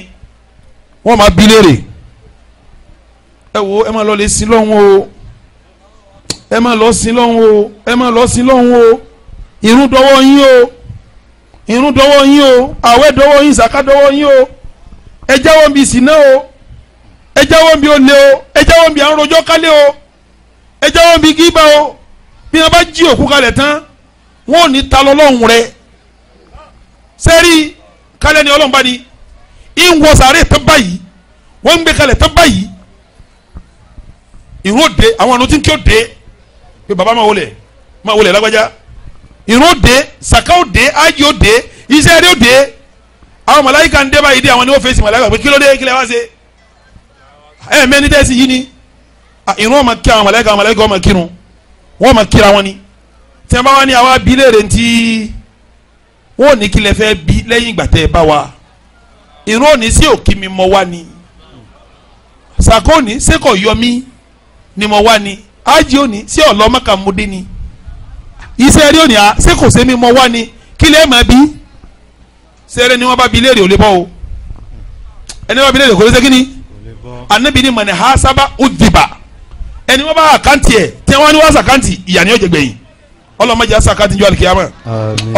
Speaker 3: wọ́n máa bí léèrè ẹ wo ẹ máa lọ lè sin lọ́hún o ẹ máa lọ sin lọ́hún o ẹ máa lọ sin lọ́hún o irun dọwọ́ yín o irun dọwọ́ yín o àwẹ̀ dọwọ́ yín sàká dọwọ́ yín o ẹ jáwọ́ bí sí náà o ẹ jáwọ́ bí ó lé o ẹ jáwọ́ bi à ń rojọ́ kálé o ẹ jáwọ́ bí gíba o bí wọn bá jí òkú kalẹ̀ tán wọn ò ní ta lọ́lọ́run rẹ sẹ́rí kálẹ̀ ni ọlọ́run bá ní ìwọ sàárè tán báyìí wọ́n ń gbé kalẹ̀ tán báyìí ìró de àwọn àrùn tí ń kí ó de pé baba máa wọlé máa wọlé lágbájá ìró de sàkáwó de ájì ó de iṣẹ́ rẹ̀ ó de àwọn màláyíkà ń dé báyìí dé àwọn ni wọ́n fèsì màláyíkà pé kí ló dé kí lè wá ṣe ẹ mẹ́ni tẹ́sí yìí ni ìrún ọmọ kí àwọn mọ̀lẹ́kà àwọn mọ̀lẹ́kà ọmọ kírun wọ́n ọmọ kíra wọn ni tí wọ́n bá wá ní àwa bí léèrè ntí wọ́n ní kí lẹ fẹ́ bí lẹ́yìn ìgbà tẹ́ ẹ bá wa ìrún òní sí òkì mi mọ wá ni sàkóòní sẹ́kọ̀ yọ mí ni mo wá ni ájì òní sí ọ̀lọ́ mọ́kàmúdé ni iṣẹ́ rí òní à sẹ́kọ̀ mọ wá ni kí lẹ́ẹ̀ máa bí sẹ́rẹ́ ni wọ́n bá bí léèrè ò lè bọ́ o ẹni wọ́n bí léèrè kò lè ṣe kí ni anabi ni mọ̀nì hasaba udiba ẹni wọ́n bá àkáǹtì ẹ̀ tí wọ́n ní wọ́n sàkáǹtì ìyà ni ó jẹ gbẹ̀yìn ọlọ́mọdé asàkáǹtì ní ọjọ́ alikiyama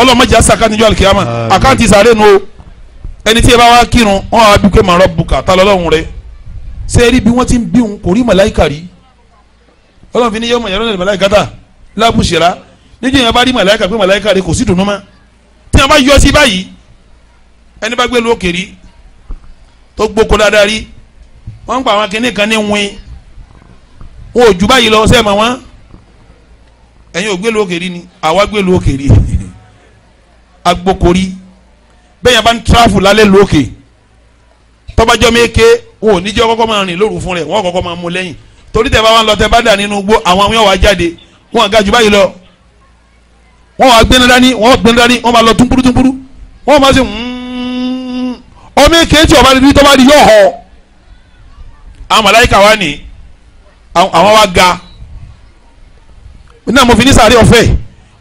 Speaker 3: ọlọ́mọdé asàkáǹtì ní ọjọ́ alikiyama àkáǹtì sàrẹ́ nu o ẹni tí ẹ bá wá kírun wọn á bí pé màá rọ́bùkà tá lọ́lọ́run rẹ sẹ́ẹ̀rí bí wọ́n ti ń bí òun kò rí màláìkà rí ọlọ́run fi ní yẹ́wọ́n yẹ́rọ́ màláìkà tà lábùsẹ̀rá níjẹ́ yẹn bá rí wọ́n ń pa àwọn kinní kan ní win wọn ò ju báyìí lọ sẹ́ẹ̀ mọ̀ wọ́n ẹ̀yin ò gbé lu òkèrí ni àwa gbé lu òkèrí [laughs] agbókorí bẹ́ẹ̀ yẹn bá ń tíráfù lálẹ́ lu òkè tọ́bajọ́ méke wọn ò níjọ́ kọ́kọ́ máa rìn lóru fún rẹ̀ wọ́n kọ́kọ́ máa mú lẹ́yìn torí tẹ̀ bá wà ń lọ tẹ̀ bá dà nínú gbó àwọn àwọn yẹn jáde wọn àga ju báyìí lọ wọn wà gbẹ́ni dání wọn gbẹ́ni dání wọn bá lọ túnpúrú túnpúrú wọn bá ṣe hmm. ọmọ èké tí ọba rí tọ́ba rí yóò họ àwọn màláyíkà wa ní àwọn wa ga náà mo fi ní sàárè ọ̀fẹ́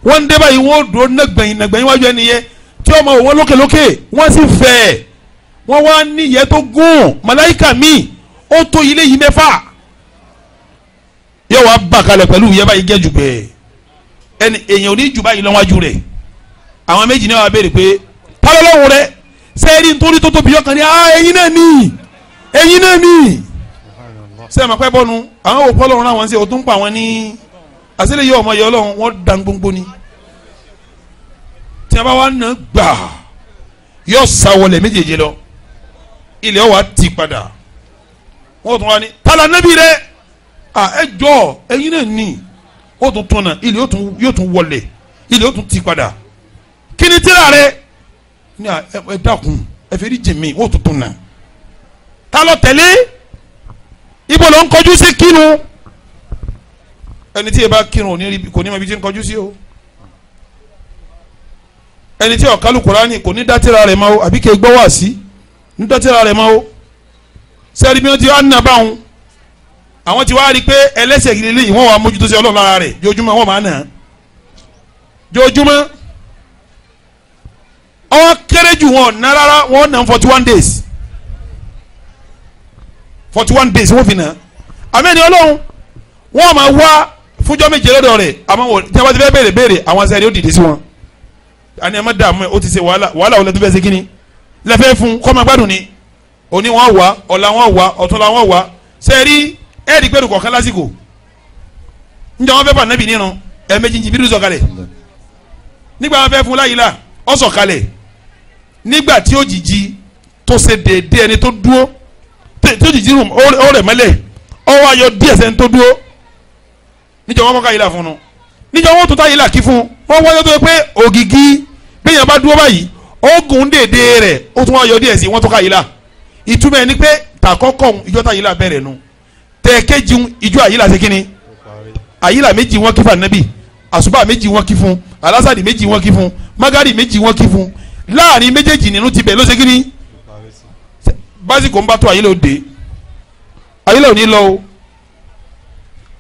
Speaker 3: wọ́n ń dé báyìí wọ́n ó dúró nàgbẹ̀yìn nàgbẹ̀yìn wájú ẹni yẹn tí ọmọ òun lókèlókè wọ́n sì fẹ̀ wọ́n wá níyẹ́ tó gùn màláyíkà míì ó tó ilé yìí mẹ́fà yóò wá bà kalẹ̀ pẹ̀lú yẹ́ báyìí jẹ́ jù bẹ́ẹ̀ ẹni èèyàn ò ní jù báyìí lọ́wájú rẹ̀ àwọn méjì náà wà béèrè pé pálọ́lọ́hùn rẹ̀ sẹ́ẹ̀rì nítorí tó tóbi ọkàn ní ah, ẹ̀yin náà ní ẹ̀yin náà ní sẹ́yìn àpẹ́ bọ́nu àwọn òpó ọlọ́run náà wọ́n ṣe òtún pa wọn ní àṣírí yìí ọmọ yẹ ọlọ́run wọ́n dan gbogbo ni tí a bá wà ná gbà yọ sàwọlẹ̀ méjèèjì lọ ilẹ̀ wa ti padà wọ́n tún wá ní tala nẹ́bí rẹ̀ à ẹ jọ ẹyin náà nì ó tún tún náà ilẹ̀ yóò tún wọlé ilẹ̀ yóò tún ti padà kí ni tíra rẹ̀ ní à ẹ dákun ẹ fẹ́ rí jẹ̀mí ó tún tún náà ta tẹ̀lé ibo ló ń kọjú sí kírun ẹni tí yẹ bá kírun kò ní mọ ibi tí ń kọjú sí o ẹni tí ọ̀kálù kùránì kò ní dátìrà rẹ̀ máa o àbí kí ẹ gbọ́ wá sí ní dátìrà rẹ̀ máa o sẹ́ẹ̀rì bí wọ́n ti wá nà báwọn àwọn ti wá rí i pé ẹlẹ́sẹ̀ gidi lè wọ́n wà mójútó sí ọlọ́run lára rẹ̀ jojúmọ́ wọ́n máa nà án jojúmọ́ ọwọ́ kéré jù wọn ná rárá wọn nà án forty one days forty one days wọ́n fi nà àmì ẹni ọlọ́run wọ́n máa wá fúnjọ́ méje lọ́dọ̀ rẹ̀ àmọ́ wọ́n tí wọ́n ti fẹ́ béèrè béèrè àwọn asẹ́rẹ́ yóò dìde sí wọn àní ẹ má dààmú ẹ ó ti ṣe wàhálà wàhálà ò lẹ́tọ́ fẹ́ ṣe kíni lẹ́fẹ́ fún kọ́mọ gbádùn ni òní wọn wà ọ̀la wọn wà ọ̀túnla wọn wà sẹ́ẹ̀rí ẹ̀ẹ́dì pẹ̀lú kọ̀ọ̀kan lásìkò njẹ́ wọn fẹ́ fún anabi nínú ẹ̀ẹ́mẹ́jì jìbìrì sọ̀kalẹ̀ nígbà wọn fẹ́ fún láyìlá ó sọ̀kalẹ̀ nígbà tí ó jìjì tó ṣe déédéé ẹni tó dúró tó ti jírùm ó rẹ̀ mẹ́lẹ̀ ọwọ́ ayọ̀ díẹ̀ sẹ́ni tó dúró níjọ wọn kọ́ka yìí là fún un níjọ wọn tó tá yìí là kí fún un wọn wáyọ tó yẹ pé ògìgí bẹ́yìn bá dúró báyìí oògùn dèdè rẹ̀ ó tún ayọ̀ díẹ̀ sí wọn tó ká yìí là ìtumọ̀ ni pé tàkọ́kọ́ ìjọ tá yìí là bẹ̀rẹ̀ nu tẹ̀kẹ́jì ìjọ àyílà ṣe kíni àyílà méjì wọn kí fún anabi àṣùbà méjì wọn kí fún alásàdì méjì wọn kí fún magari méjì wọn kí fún láàrin méjèèjì nínú ti bẹ̀ ló ṣe kíni básìkò ń bá tó ayílẹ̀ òde ayílẹ̀ òní lọ o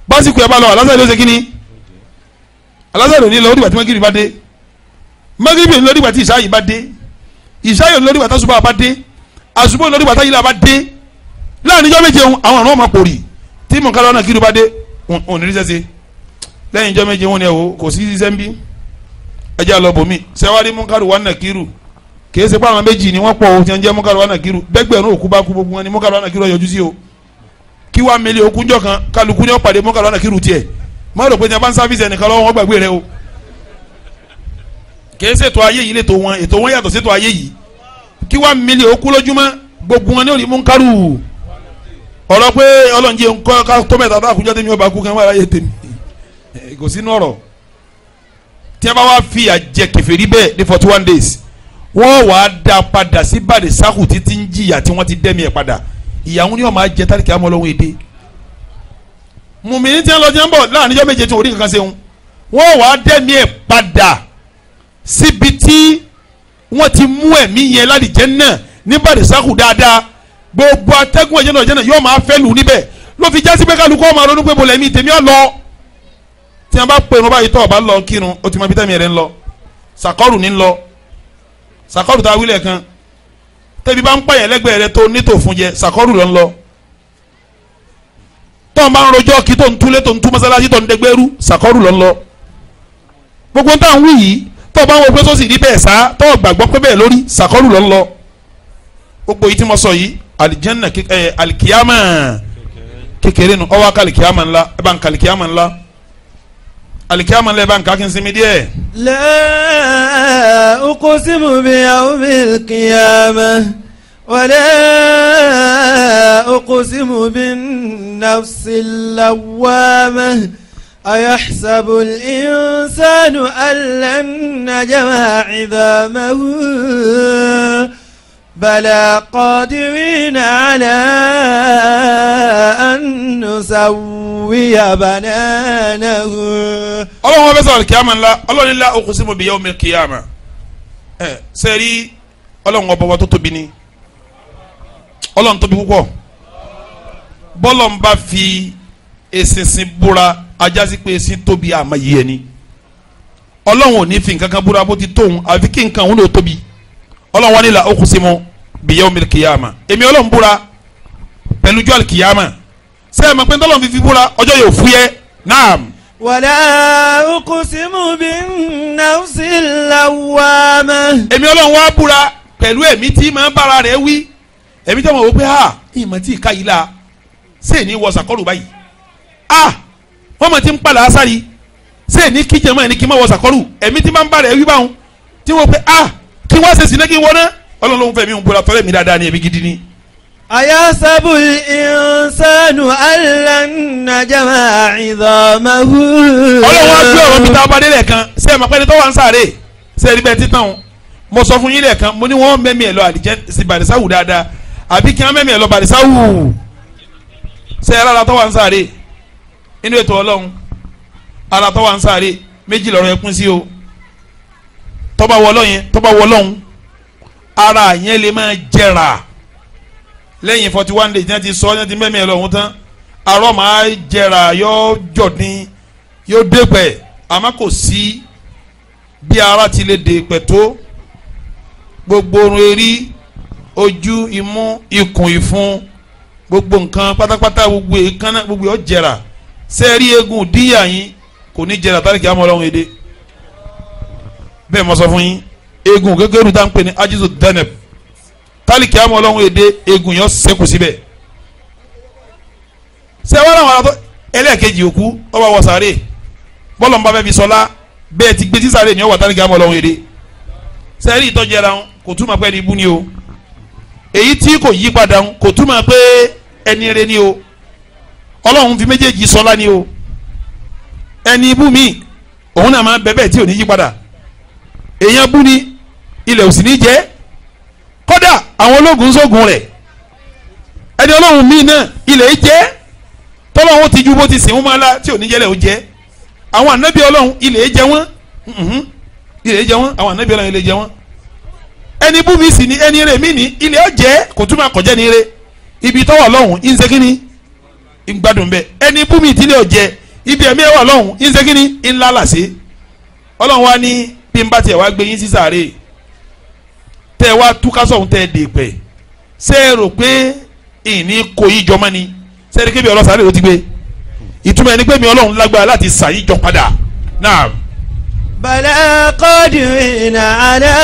Speaker 3: básìkò ẹ bá lọ alásàlẹ̀ ló ṣe kíni alásàlẹ̀ òní lọ ó dìgbà tí mọ́gìrì bá dé mọ́gìrì òní lọ dìgbà tí ìṣáyì bá dé ìṣáyì òní dìgbà tí àsùbá bá dé àsùbá òní dìgbà tí ayílẹ̀ bá dé láàrin ijọ́ méje àwọn àrùn ọmọ pòrì tí mọ̀kálọ́ náà kiri bá dé òní rí sẹ́sẹ́ lẹ́yìn ijọ́ méje wọn ni ẹ̀ wò kò sí sísẹ́ ń bí ẹjẹ́ àlọ́ bòmí sẹ́wárí mọ̀kálọ́ wà náà kiri kì í ṣe pé àwọn méjì ni wọ́n pọ̀ o ti ń jẹ́ mọ́kàlùwà nàkírù bẹ́gbẹ̀rún òkú bá kú gbogbo wọn ni mọ́kàlùwà nàkírù yọjú sí o kí wàá mele okun jọ kan kálukú ni wọ́n pàdé mọ́kàlùwà nàkírù tiẹ̀ má rò pé ní abá ń sáfíìsì ẹnìkan lọ́wọ́ wọn gbàgbé rẹ o kì í ṣètò ayé yìí lẹ́tọ̀ wọn ètò wọn yàtọ̀ ṣètò ayé yìí kí wàá mele okun lójúmọ́ gbogbo wọn ni òní múnkárù ọ̀rọ̀ forty one days wọ́n wàá da padà sí bàdé sáhù títí ń jìyà tí wọ́n ti dẹ́mi ẹ̀ padà ìyàwó ni wọ́n máa jẹ tálíkì amọ̀lọ́wọ́ èdè mùmíní tí wọ́n lọ jẹ́ ń bọ̀ láàrin ijọ́ méje tí orí kankan ṣe ń wọ́n wàá dẹ́mi ẹ̀ padà síbi tí wọ́n ti mú ẹ̀mí yẹn lálìjẹ́ náà ní bàdé sáhù dáadáa gbogbo atẹ́gùn ẹ̀jẹ̀ náà jẹ́ máa fẹ́ lù níbẹ̀ ló fi jásí pé kálukú sàkọ́rù ní ń lọ sàkọ́rù tá a wílẹ̀ kan tẹ́bi bá ń pààyàn lẹ́gbẹ̀ẹ́ rẹ tó nítò fún jẹ sàkọ́rù ló ń lọ tọ́n bá ń rojọ́ kí tó ń túlé tó ń tú mọ́sálásí tó ń dẹgbẹ́rú sàkọ́rù ló ń lọ gbogbo tá à ń wí yìí tọ́ bá ń wo pé tó rí bẹ́ẹ̀ sá tọ́ gbàgbọ́ pé bẹ́ẹ̀ lórí sàkọ́rù ló ń lọ gbogbo yìí tí mo sọ yìí alijanna alikiyama kékeré nu ọwọ́ akalikiyama ńlá ẹ bá ń kalikiyama ńlá alikiyama lẹba nka kí n sinmi díẹ̀.
Speaker 2: la uqsimu bi yawmil qiyamah wala uqsimu bin nafsil lawwamah ayahsabu al-insanu allan najma 'idhamahu. بلى قادرين على أن نسوي بنانه
Speaker 3: ọlọ́run ọbẹ̀ sọ̀rọ̀ kìámà ńlá ọlọ́run ńlá uqsimu bi yawmil kìámà ẹ sẹ́rí ọlọ́run ọbọ̀ wa tó tóbi ni ọlọ́run tóbi púpọ̀ bọ́lọ̀ ń bá fi eṣinṣin búra ajá sí pé eṣin tóbi àmọ́ yìí ẹni ọlọ́run ò ní fi nǹkan kan búra bó ti tóun àfi kí nǹkan òun ló tóbi ọlọ́run wọn la okusimu bi yawmil kiyama èmi ọlọ́run búra pẹ̀lú jọ́ọ̀lì kiyama sẹ́yìn mọ̀ pé ntọ́lọ́run fífi búra ọjọ́ yóò fúyẹ́ naam. wala okusimu bin nafsil lawama. èmi ọlọ́run wá búra pẹ̀lú ẹ̀mí tí màá bára rẹ̀ wí ẹ̀mí tó mọ̀ wọ́pẹ́ ha ìmọ̀ tí ì ká yìí la sẹ́yìn ní wọ sàkọ́rù báyìí ah wọ́n mọ̀ tí ń pàlà ásárì sẹ́yìn ní kíjẹ̀ mọ́ ẹni kí n má wọ sàkọ́rù ẹ̀mí tí máa bára rẹ̀ wí báwọn tí wọ́n pẹ́ ah kí wọ́n ṣe sìnà kí wọ́n ná ọlọ́run ló ń fẹ́ mi ń bọ́ra tọ́lẹ̀ mi dáadáa ni èmi gidi ni. ayasabu insanu alanna jama idamahu. ọlọ́run wá gbé ọ̀rọ̀ mi tá a lẹ́ẹ̀kan ṣé ẹ mọ̀ pé ẹni tó wà ń sáré ṣe ẹni bẹ́ẹ̀ títàn o mo sọ fún yín lẹ́ẹ̀kan mo ní wọ́n mẹ́mí ẹ̀ lọ àdìjẹ́ sí bàdìsáwù dáadáa àbí kí wọ́n mẹ́mí ẹ̀ lọ bàdìsáwù ṣe ẹ rárá tó wà ń sáré inú ètò ọlọ́run ara tó wà ń sáré méjì lọ́rọ̀ ẹkún sí o tọ́ba wọlọ́ yẹn tọ́ba wọlọ́hún ara yẹn lè máa jẹrà lẹ́yìn forty one days náà ti sọ náà ti mẹ́mìí ẹlọ́hún tán arọ́ máa jẹrà yóò jọ̀dín yóò dépẹ̀ àmọ́ kò sí bí ara ti lè dèpẹ̀ tó gbogbo orun erí ojú imú ikùn ìfun gbogbo nǹkan pátápátá gbogbo èékánná gbogbo ọ̀jẹ̀rà sẹ́ẹ̀rí eegun díyà yín kò ní jẹ̀rà tálíkì àmọ́ ọlọ́run èdè bẹ́ẹ̀ mọ sọ fún yín eegun gẹ́gẹ́rù tá n pè ní ajizu danab tálíkì àmọ́ ọlọ́run èdè eegun yẹn ṣẹ́kù síbẹ̀ sẹ́wọ́n àwọn àtọ́ ẹlẹ́ẹ̀kejì òkú ọba wọ sàárè bọ́lọ̀ nbà bẹ́ẹ̀ fi sọlá bẹ́ẹ̀ ti gbé sí ni ọwọ́ tálíkì àmọ́ ọlọ́run èdè sẹ́rí ìtọ́jú ẹ̀ra wọn kò túmọ̀ pé ẹni bú ni o èyí tí kò yí padà wọn kò túmọ̀ pé ẹni rẹ ni o ọlọ́run fi méjèèjì sọlá ni o ẹni ibú mi òun náà máa bẹ bẹ́ẹ̀ tí ò ní yí padà èèyàn bú ni ilẹ̀ ò sì ní jẹ́ kódà àwọn ológun sógun rẹ̀ ẹni ọlọ́run míì náà ilẹ̀ jẹ́ tọ́lọ́run ti ju bó ti sìn wọ́n máa la tí ò ní jẹ́lẹ̀ ò jẹ́ àwọn ànábì ọlọ́run ilẹ̀ jẹ́ wọ́n mm-hmm. ilẹ̀ jẹ́ wọ́n àwọn ànábì ọlọ́run ilẹ̀ jẹ́ wọ́n ẹni bú mi sì ni ẹni rẹ̀ mí ni ilẹ̀ ọ̀jẹ́ kò túmọ̀ àkọ́jẹ́ ni rẹ̀ ibi tọ́wọ̀ ọlọ́run ìǹsẹ́ kínní ìgbádùn ẹni bú mi ìtìlẹ̀ ọ̀jẹ́ ibi ẹ̀mí ẹ̀wọ̀ ọlọ́run ìǹsẹ́ ńlá làṣẹ ọlọ́run wa ni tí n bá tiẹ̀ wá gbé yín sí sàárè tẹ́ wá túkásọ̀ ń tẹ́ dè pẹ́ ṣé ẹ rò pé ìní kò yí jọmọ́ ni ṣé ẹni kébi ọlọ́ sàárè ló ti gbé ìtumọ̀ ẹni pé mi ọlọ́run lágbára láti sàyí jọ padà náà.
Speaker 2: بلى قادرين على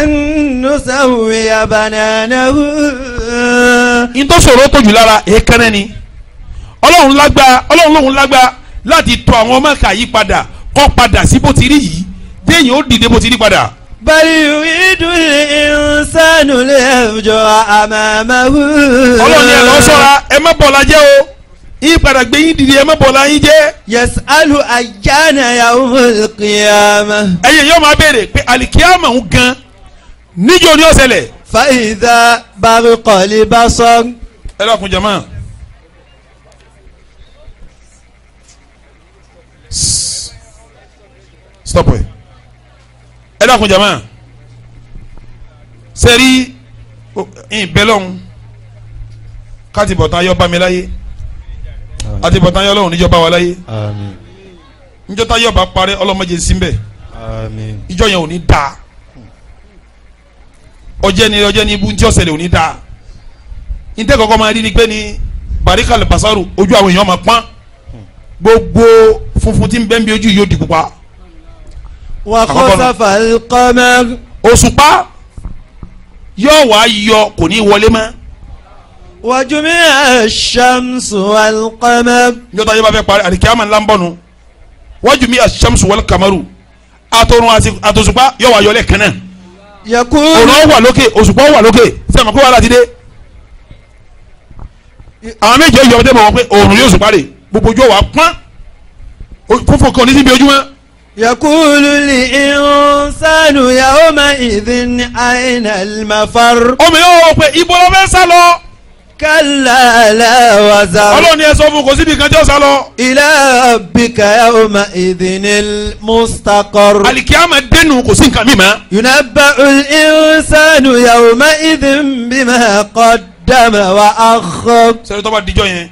Speaker 3: أن نسوي بنانه. ìtọ́sọ̀rọ̀ tó jù lára èékánná ni ọlọ́run lágbára ọlọ́run lóhun lágbára láti tọ àwọn ọmọ ẹ̀ka yí padà kọ́ padà sí bó ti rí yìí déyìn ó dìde bó ti rí padà. bẹ́ẹ̀ ìdúlé ìsánú lè jọ àmàmáwù. ọlọ́ni ẹ̀ lọ sọ́ra ẹ má bọ̀ lajẹ́ o ìpadà gbé yín dìde ẹ má bọ̀ la yín jẹ́. yẹs alu ajana yawmul qiyamah. ẹyẹ yóò máa béèrè pé alikiyama ń gan níjó ni ó ṣẹlẹ̀. fàyídà barikọ̀lì bá sọ. ẹ lọ́kùn jama stop ẹ ẹ dákun jama sẹ́rí ìbẹ́lọ́hún káti bọ̀tán ayọ́ bá mi láyé àti bọ̀tán ayọ́ lọ́hún níjọba wa láyé níjọba ayọ́ bá parẹ́ ọlọ́mọdé sínbẹ̀ ìjọ yẹn ò ní dáa ni ọjẹ́ ni ibú ntí ọ̀sẹ̀lẹ̀ ò ní dáa ntẹ́ kọ́kọ́ ni pé ni barika albasaru ojú àwọn èèyàn máa pọ́n hmm. gbogbo funfun tí ń ojú yóò di pupa wa khasafa al-qamar. òṣùpá yóò wá yọ kò ní wọlé mọ́. wa jumi'a ash qamar yọta yẹ bá fẹ́ parí àdìkíyàmà ńlá ń bọ̀ nù wa jumi'a ash-shamsu wal-qamaru àtọ̀run àtòṣùpá yóò wá yọlẹ̀ kẹ́nẹ̀. yakun òrùn wà lókè òṣùpá wà lókè sẹ́mi kó wà láti dé àwọn méje yọ ọdẹ bọ̀ wọ́n pé òòrùn yóò sùn parí gbogbo ojú ọ̀wà pọ́n fúnfún kan ní yakulu li insanu yawma idhin aina al-mafar. ọmọ yóò wọ pé ibo ló fẹ́ sá lọ kálá lẹ́wàzà. ọlọ́ni ẹ sọ fún kò síbi kan tí ó sá lọ. ilé bíkà yawma
Speaker 2: ìdìní mustakor. alikiyama dẹnu kò sí nǹkan mi ma. yunaba
Speaker 3: ul-insanu yawma ìdìn bima qaddama wa akhar. sẹ́yìn tó bá dijọ́ yẹn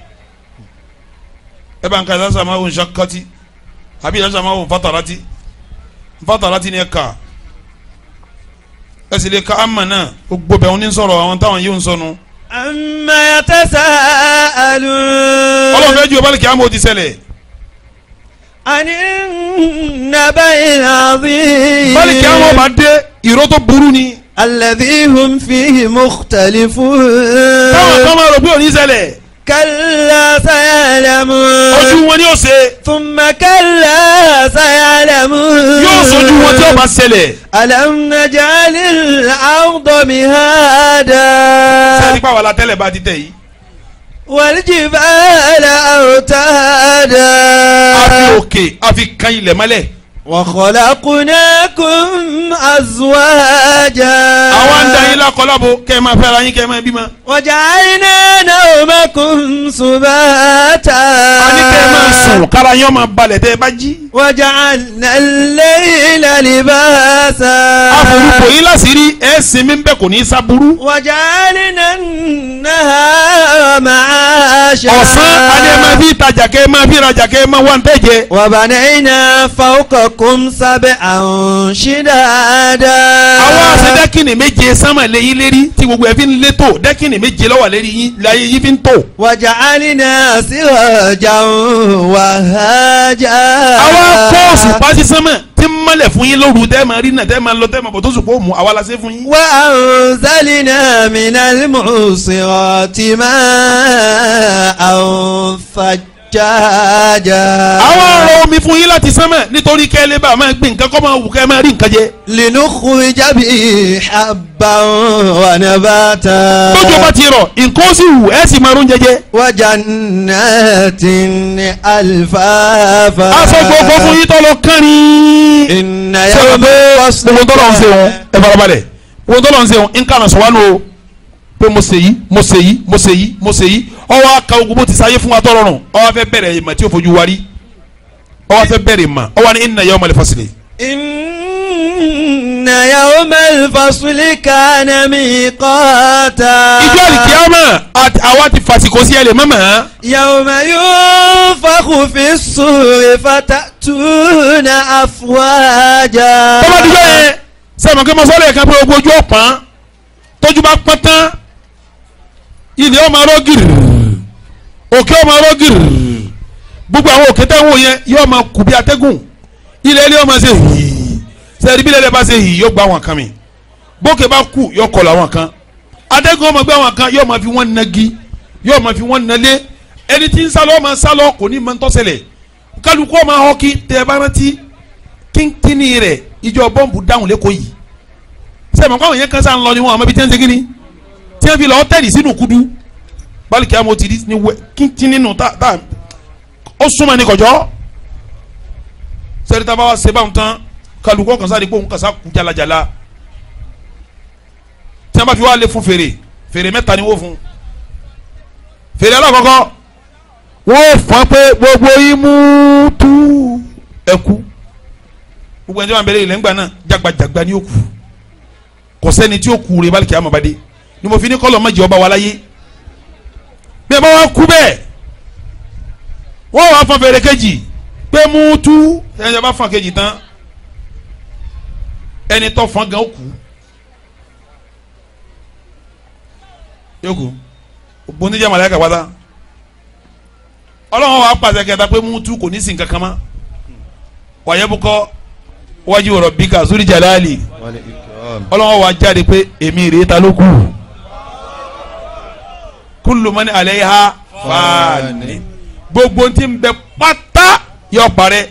Speaker 3: ẹ bá ń ka ẹ̀ sá sàmáwò nṣàkàtì àbí ìdájọ́ máa wò fatarati fatarati ni ẹ kà ẹ sì lè ka ama náà gbogbo bẹ̀ ń ní sọ̀rọ̀ àwọn táwọn yóò ń sọnu. amma yatasaalun. ọlọ́run fẹ́ ju ọbálẹ̀ kí amó ti ṣẹlẹ̀. ani nabai azim. bálẹ̀ kí bá dé ìró tó burú
Speaker 2: ni. alladhi hum fihi mukhtalifun. táwọn kan máa rò pé òní ṣẹlẹ̀ kalla sayalamun. ojú wọn ni yóò ṣe. thumma kalla
Speaker 3: sayalamun. yóò sojú wọn tí ó bá ṣẹlẹ̀. alam najalil arda mihada. sani pa wàhálà tẹ́lẹ̀ bá ti tẹ̀ yìí. waljibala awtada. a fi òkè a fi kan ilẹ̀ mọ́lẹ̀. وخلقناكم أزواجا àwọn da yín lákọlábo kẹ́ ẹ máa fẹ́ ara yín kẹ́ ẹ máa bímọ. وجعلنا نومكم سباتا. a ní kẹ́ ẹ máa sùn kára yín máa balẹ̀ tẹ́ ẹ bá jí. وجعلنا الليل لباسا. àforúkọ yín láti rí ẹ sinmi bẹ́ẹ̀ kò ní í sábúrú. وجعلنا ọ̀sán adé máa fi tajà kẹ́ máa fi rajà kẹ́ máa wà ní tẹ̀jẹ̀. wàbàdà iná fawqakum sab'an shidada. àwọn àṣẹ dẹ́kìnì méje sánmà lẹ́yìn lérí tí gbogbo ẹ̀ fi ń lé tó dẹ́kìnì méje lọ́wọ́ lérí yín láyé yín fi ń tó. wàjà alina sirajan wahaja. àwọn kóòsù pàṣẹ sánmà tí ń mọ́lẹ̀ fún yín lóru tẹ́ rí náà tẹ́ lọ tẹ́ bọ̀ tó sùn kó mú àwa la ṣe fún yín. wà á ń sálí náà mi náà mú sèrò tí máa ń fàjọ jájá. àwọn ọ̀rọ̀ omi fún yín láti sánmọ̀ nítorí kẹ́ ẹ lè bá máa gbìn nǹkan kọ́ máa wù kẹ́ ẹ máa rí nǹkan jẹ. lẹ́nu kùnrin jábì àbá wà ní bàtà. lójú bá ti rọ̀ nǹkan ó sì wù ẹ́ sì máa rún
Speaker 2: jẹjẹ. wájà náà ti ní àlùfáàfà. a sọ gbogbo fún
Speaker 3: yín tọ́lọ kánrin. ìnáyà wọn bá sọ wọn tọ́lọ ń ṣe wọn ẹ farabalẹ̀ wọn tọ́lọ ń ṣe wọn nǹkan àṣọ wa nù o pé mo ṣèyí mo ṣèyí mo ṣèyí mo ṣèyí ọwọ́ aka ogun bó ti sáyé fún wa tọrọrùn ọwọ́ fẹ́ bẹ̀rẹ̀ ìmọ̀ tí o fojú wari ọwọ́ fẹ́ bẹ̀rẹ̀ ìmọ̀ ọwọ́ ni inna yawmal fasli. inna yawmal fasli kana miqata. ìjọ àlìkíyàmọ̀ àwa ti fàsìkò sí ẹlẹ̀ mọ́mọ́. yawma yunfakhu fi suri fatatuna afwaja. tọ́ba dùgbò yẹn sẹ́mi kí mo sọ lẹ́ẹ̀kan pé ogun ojú ọ̀pọ̀n tójú bá pọ́n tán ilé ọmọ arọ́ gírì òkè ọmọ ọrọ gírì gbogbo àwọn òkè tẹ́wọ̀n yẹn yóò máa kù bí atẹ́gùn ilẹ̀ ilé ọmọ ṣe hìí sẹ́ẹ̀rì bí lẹ́lẹ́ bá ṣe hìí yóò gba àwọn kan mi bókè bá kù yóò kọlù àwọn kan atẹ́gùn ọmọ gbé àwọn kan yóò máa fi wọ́n nagi yóò máa fi wọ́n nalé ẹni tí ń sálọ ọmọ sálọ kò ní mọ ntọ́sẹ̀lẹ̀ kálukú ọmọ ahọ́kí tẹ ẹ bá rántí kíntìní rẹ̀ ìjọ bọ́ǹbù dáhùn lẹ́kọ̀ọ́ yìí sẹ́ẹ̀mọ̀ kọ́ àwọn yẹn kan sáà ń lọ ni wọn àmọ́ ibi tí wọ́n lọ́ọ́ tẹ̀lé sínú kudu bálíkì àmọ́ ti di ní wẹ́ kíntì nínú tá tá ó súnmọ́ ní kọjọ́ sẹ́rìtàbá wa ṣe báwọn tán kálukọ́ kàṣà àdìpọ̀ òun kàṣà kú jalajala tí wọ́n bá fi wá lé fún fèrè fèrè mẹ́ta ni wọ́n fún fèrè alákọ̀ọ́kọ́ wọ́n fọ́n pé gbogbo yín mú tú ẹ̀kú gbogbo ẹni tí wọ́n bẹ̀rẹ̀ ilẹ̀ ńgbà náà jagbajagba ni ó kù kò tí ó kù rè bálíkì àmọ́ ni mo fi ní kọ́lọ́ mọ́jì ọba wa láyé bí ẹ bá wá kú bẹ́ẹ̀ wọ́n wá fọn fèrè kejì pé mú tú ẹ̀yẹ bá fọn kejì tán ẹni tó fọn gan kú yókù bonijẹ́ màláyà wá tán ọlọ́run wa pàṣẹ kẹta pé mú tú kò ní sìn kankan mọ́ wàyẹ̀ bukọ́ wájú ọ̀rọ̀ bí ká zúlíjà ọlọ́run wa jáde pé èmi rèé ta ló kù kullu man alayha fani gbogbo ti ń bẹ pátá yọ parẹ́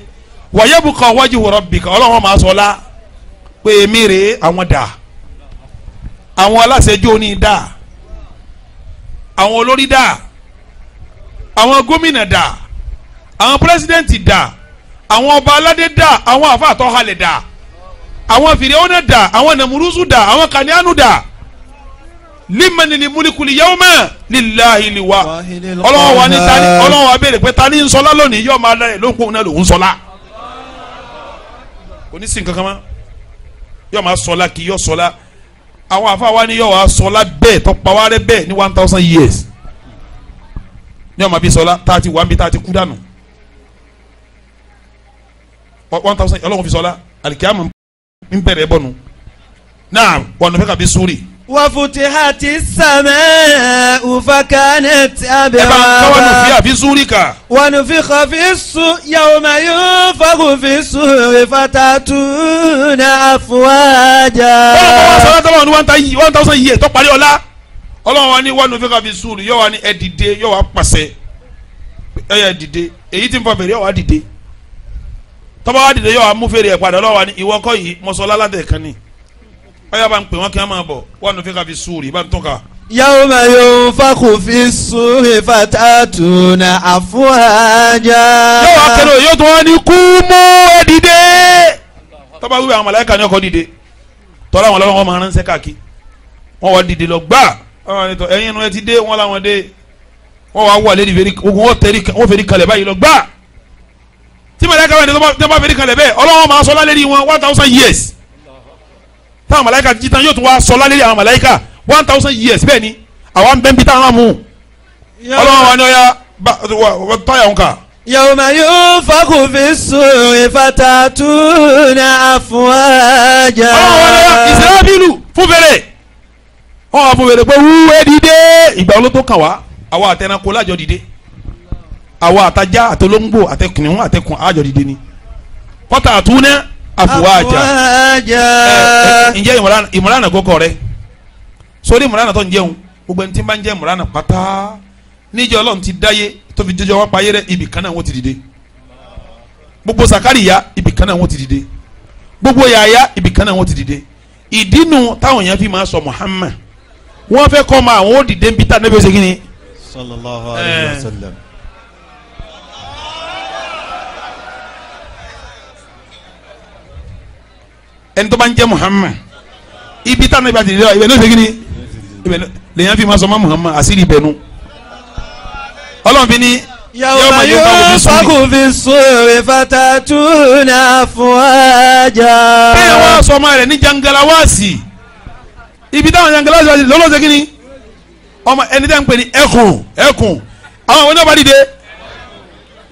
Speaker 3: wa yabqa wajhu rabbika ọlọ́wọ́n máa sọ la pé èmi rèé àwọn dà àwọn aláṣẹjọ́ da. dà àwọn olórí dà àwọn gómìnà dà àwọn da. dà àwọn ọba aládé dà àwọn àfa àtọ́halẹ̀ dà àwọn fìrìhónà dà àwọn nàmúrúsù dà àwọn kàníánù dà limani ni mulikuli yawma lillahi liwa ọlọ́wọ́ wa ní tani ọlọ́wọ́ wa béèrè pé tani ń sọlá lónìí yóò máa lẹ́yìn ló ń kóhun náà lòún sọlá kò ní sin kankan ma yóò máa sọlá kì yóò sọlá àwọn afa wa ni yóò wá sọlá bẹ́ẹ̀ tọpawárẹ́ bẹ́ẹ̀ ni one thousand years yóò máa bí sọlá tá a ti wà ń bí one thousand ọlọ́wọ́ fi sọlá alikiyama ń bẹ̀rẹ̀ bọ̀nu náà wọnú fẹ́ ka bí súrì wàfùtìhàtì sàmẹ́ ùfàkánẹ́tì
Speaker 2: abẹ́rẹ́. ẹ bá káwọn nù fi àfi súnrí kà. wà nù fi kàn fi sùn yàwùmá yóò
Speaker 3: wa sọlá tọwọ ní one thousand one thousand yíyẹ tó parí ọlá Ọlọ́run wa ní wà nù fi kàn fi sùn yóò wà ní ẹ dìde yóò wà pàṣẹ ẹ yẹ dìde èyí tí n fa fèrè yóò wà dìde tọ́ba wa dìde yóò wà mú fèrè ẹ̀ padà Ọlọ́run wa ní ìwọ kọ́ yìí mọ́sọ́lá látẹ̀ ni ọyọ bá ń pè wọn kí wọn máa bọ wọn nù fi ka fi sùúrì bá ń tọ́ka.
Speaker 2: yàwó ma yóò fakò fi sùúrì
Speaker 3: fatatu na àfúrájà. yóò wá kẹlẹ yóò tó wọn ní kú mú ẹ dìde. tọ́ba wíwá àwọn màláíkà ní ọkọ̀ dìde tọ́lá wọn lọ́wọ́ wọn máa ránṣẹ́ káàkiri wọn wá dìde lọ gbà ẹ̀yin inú ẹ ti dé wọn làwọn dé wọn wá wọlé ní fèrè ogun wọn fèrè kalẹ̀ báyìí lọ gbà tí màláíkà wọn ní tọ́ba fèrè kalẹ̀ bẹ́ẹ̀ ọlọ́wọ́n máa sọ lálẹ́ ní wọn one thousand years táwọn màláìka ti jí tán yóò tún wá sọ lálẹ́ àwọn màláìka one thousand years bẹ́ẹ̀ ni àwa ń bẹ́ ń bi táwọn mú ọlọ́run wa ni ọ̀ya báyà ń kà. yawma yunfaku fi suri fatatuna afwaja. ọlọ́run wa ni ọ̀ya ìsirabílù fún fèrè ọ̀hún fún fèrè pé wúwé dìde ìgbà wo ló tó kàn wá àwa àtẹnako lájọ dìde àwa àtajá àtolóńgbò àtẹkùnrin àtẹkùn àjọ dìde ni fatatuna afuwaja eh, eh, ǹjẹ́ ìmọ̀lánà kọ́kọ́ rẹ sórí ìmọ̀lánà tó ń jẹun gbogbo ẹni tí bá ń jẹ ìmọ̀lánà pátá níjẹ́ ọlọ́run ti dáyé tó fi jọjọ wá payé rẹ ibì kan náà wọ́n ti dìde gbogbo sàkárìyà ibì kan náà wọ́n ti dìde gbogbo yàyà ibì kan náà wọ́n ti dìde ìdínú táwọn èèyàn fi máa sọ Muhammad wọ́n fẹ́ kọ́ ma àwọn ó dìde ń bí tá nẹ́bí ó ni. sallallahu alayhi wa ẹni tó bá ń jẹ́ Muhammad ibi táwọn ibà ti di lọ ibẹ̀ ló ṣe ibẹ̀ lèyàn fi máa sọ ma Muhammad àṣírí ibẹ̀ nu ọlọ́run fi ní. yàwùmá yóò fọkù fi sóore fatatuna afwaja. bẹ́ẹ̀ wá sọ ọmọ rẹ̀ ní jangalawasi ibi táwọn jangalawasi lọ́lọ́ ṣe kíni ọmọ ẹni tẹ́ ń pè ní ẹkùn ẹkùn àwọn àwọn oníbàdìde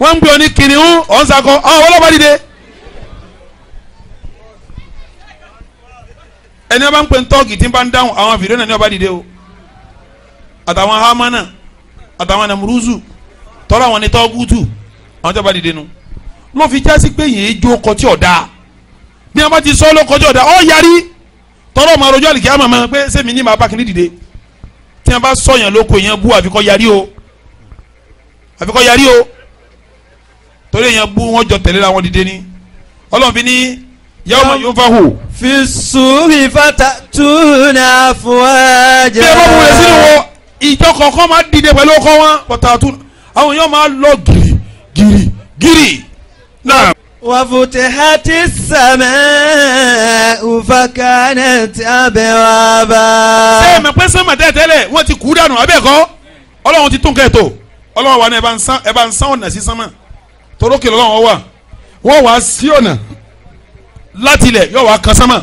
Speaker 3: wọ́n ń pè ọ ní kìnìún ọ̀nsàkọ àwọn oníbàdìde. ẹni ọba ń pè ń tọ́ọ̀kì tí ń bá ń dáhùn àwọn fìdí náà ní ọba dìde o àtàwọn hamana àtàwọn namuruzu tọ́lá àwọn ní tọ́gùtù àwọn tí ọba dìde nu ló fi jásí pé yèé jó kọtí ọ̀dà bí wọn bá ti sọ lọ́kọjọ́ ọ̀dà ọ̀ yarí tọ́lọ́ ọmọ àròjọ́ àlìkí àmọ̀ mọ́ pé sẹ́mi ní màá bá kiri dìde tí wọn bá sọ̀yàn lóko èèyàn bú àfikọ́ yarí o àfikọ́ yarí o torí èèyàn bú wọn jọ tẹ̀lé ra wọn dìde ni ọlọ́run fi ní yawma yunfahu. fi suri fatatuna afwaja. bí ẹ bá wulẹ̀ sínú wọn ìjọ kọ̀ọ̀kan máa dìde pẹ̀lú ọkọ wọn pọ̀tàtù àwọn yóò máa lọ gírì gírì gírì náà. وفتحت السماء فكانت أبوابا. ṣé ẹ mọ̀ pé sẹ́mà tẹ́tẹ́lẹ̀ wọ́n ti kú dànù abẹ́ẹ̀kọ́ ọlọ́run ti tún kẹ́ ẹ̀ tó ọlọ́run wà ní ẹ bá ń sán ọ̀nà sí sánmà torókè lọ́wọ́ wà wọ́n wà á sí ọ̀nà láti ilẹ̀ yóò wá kan sánmà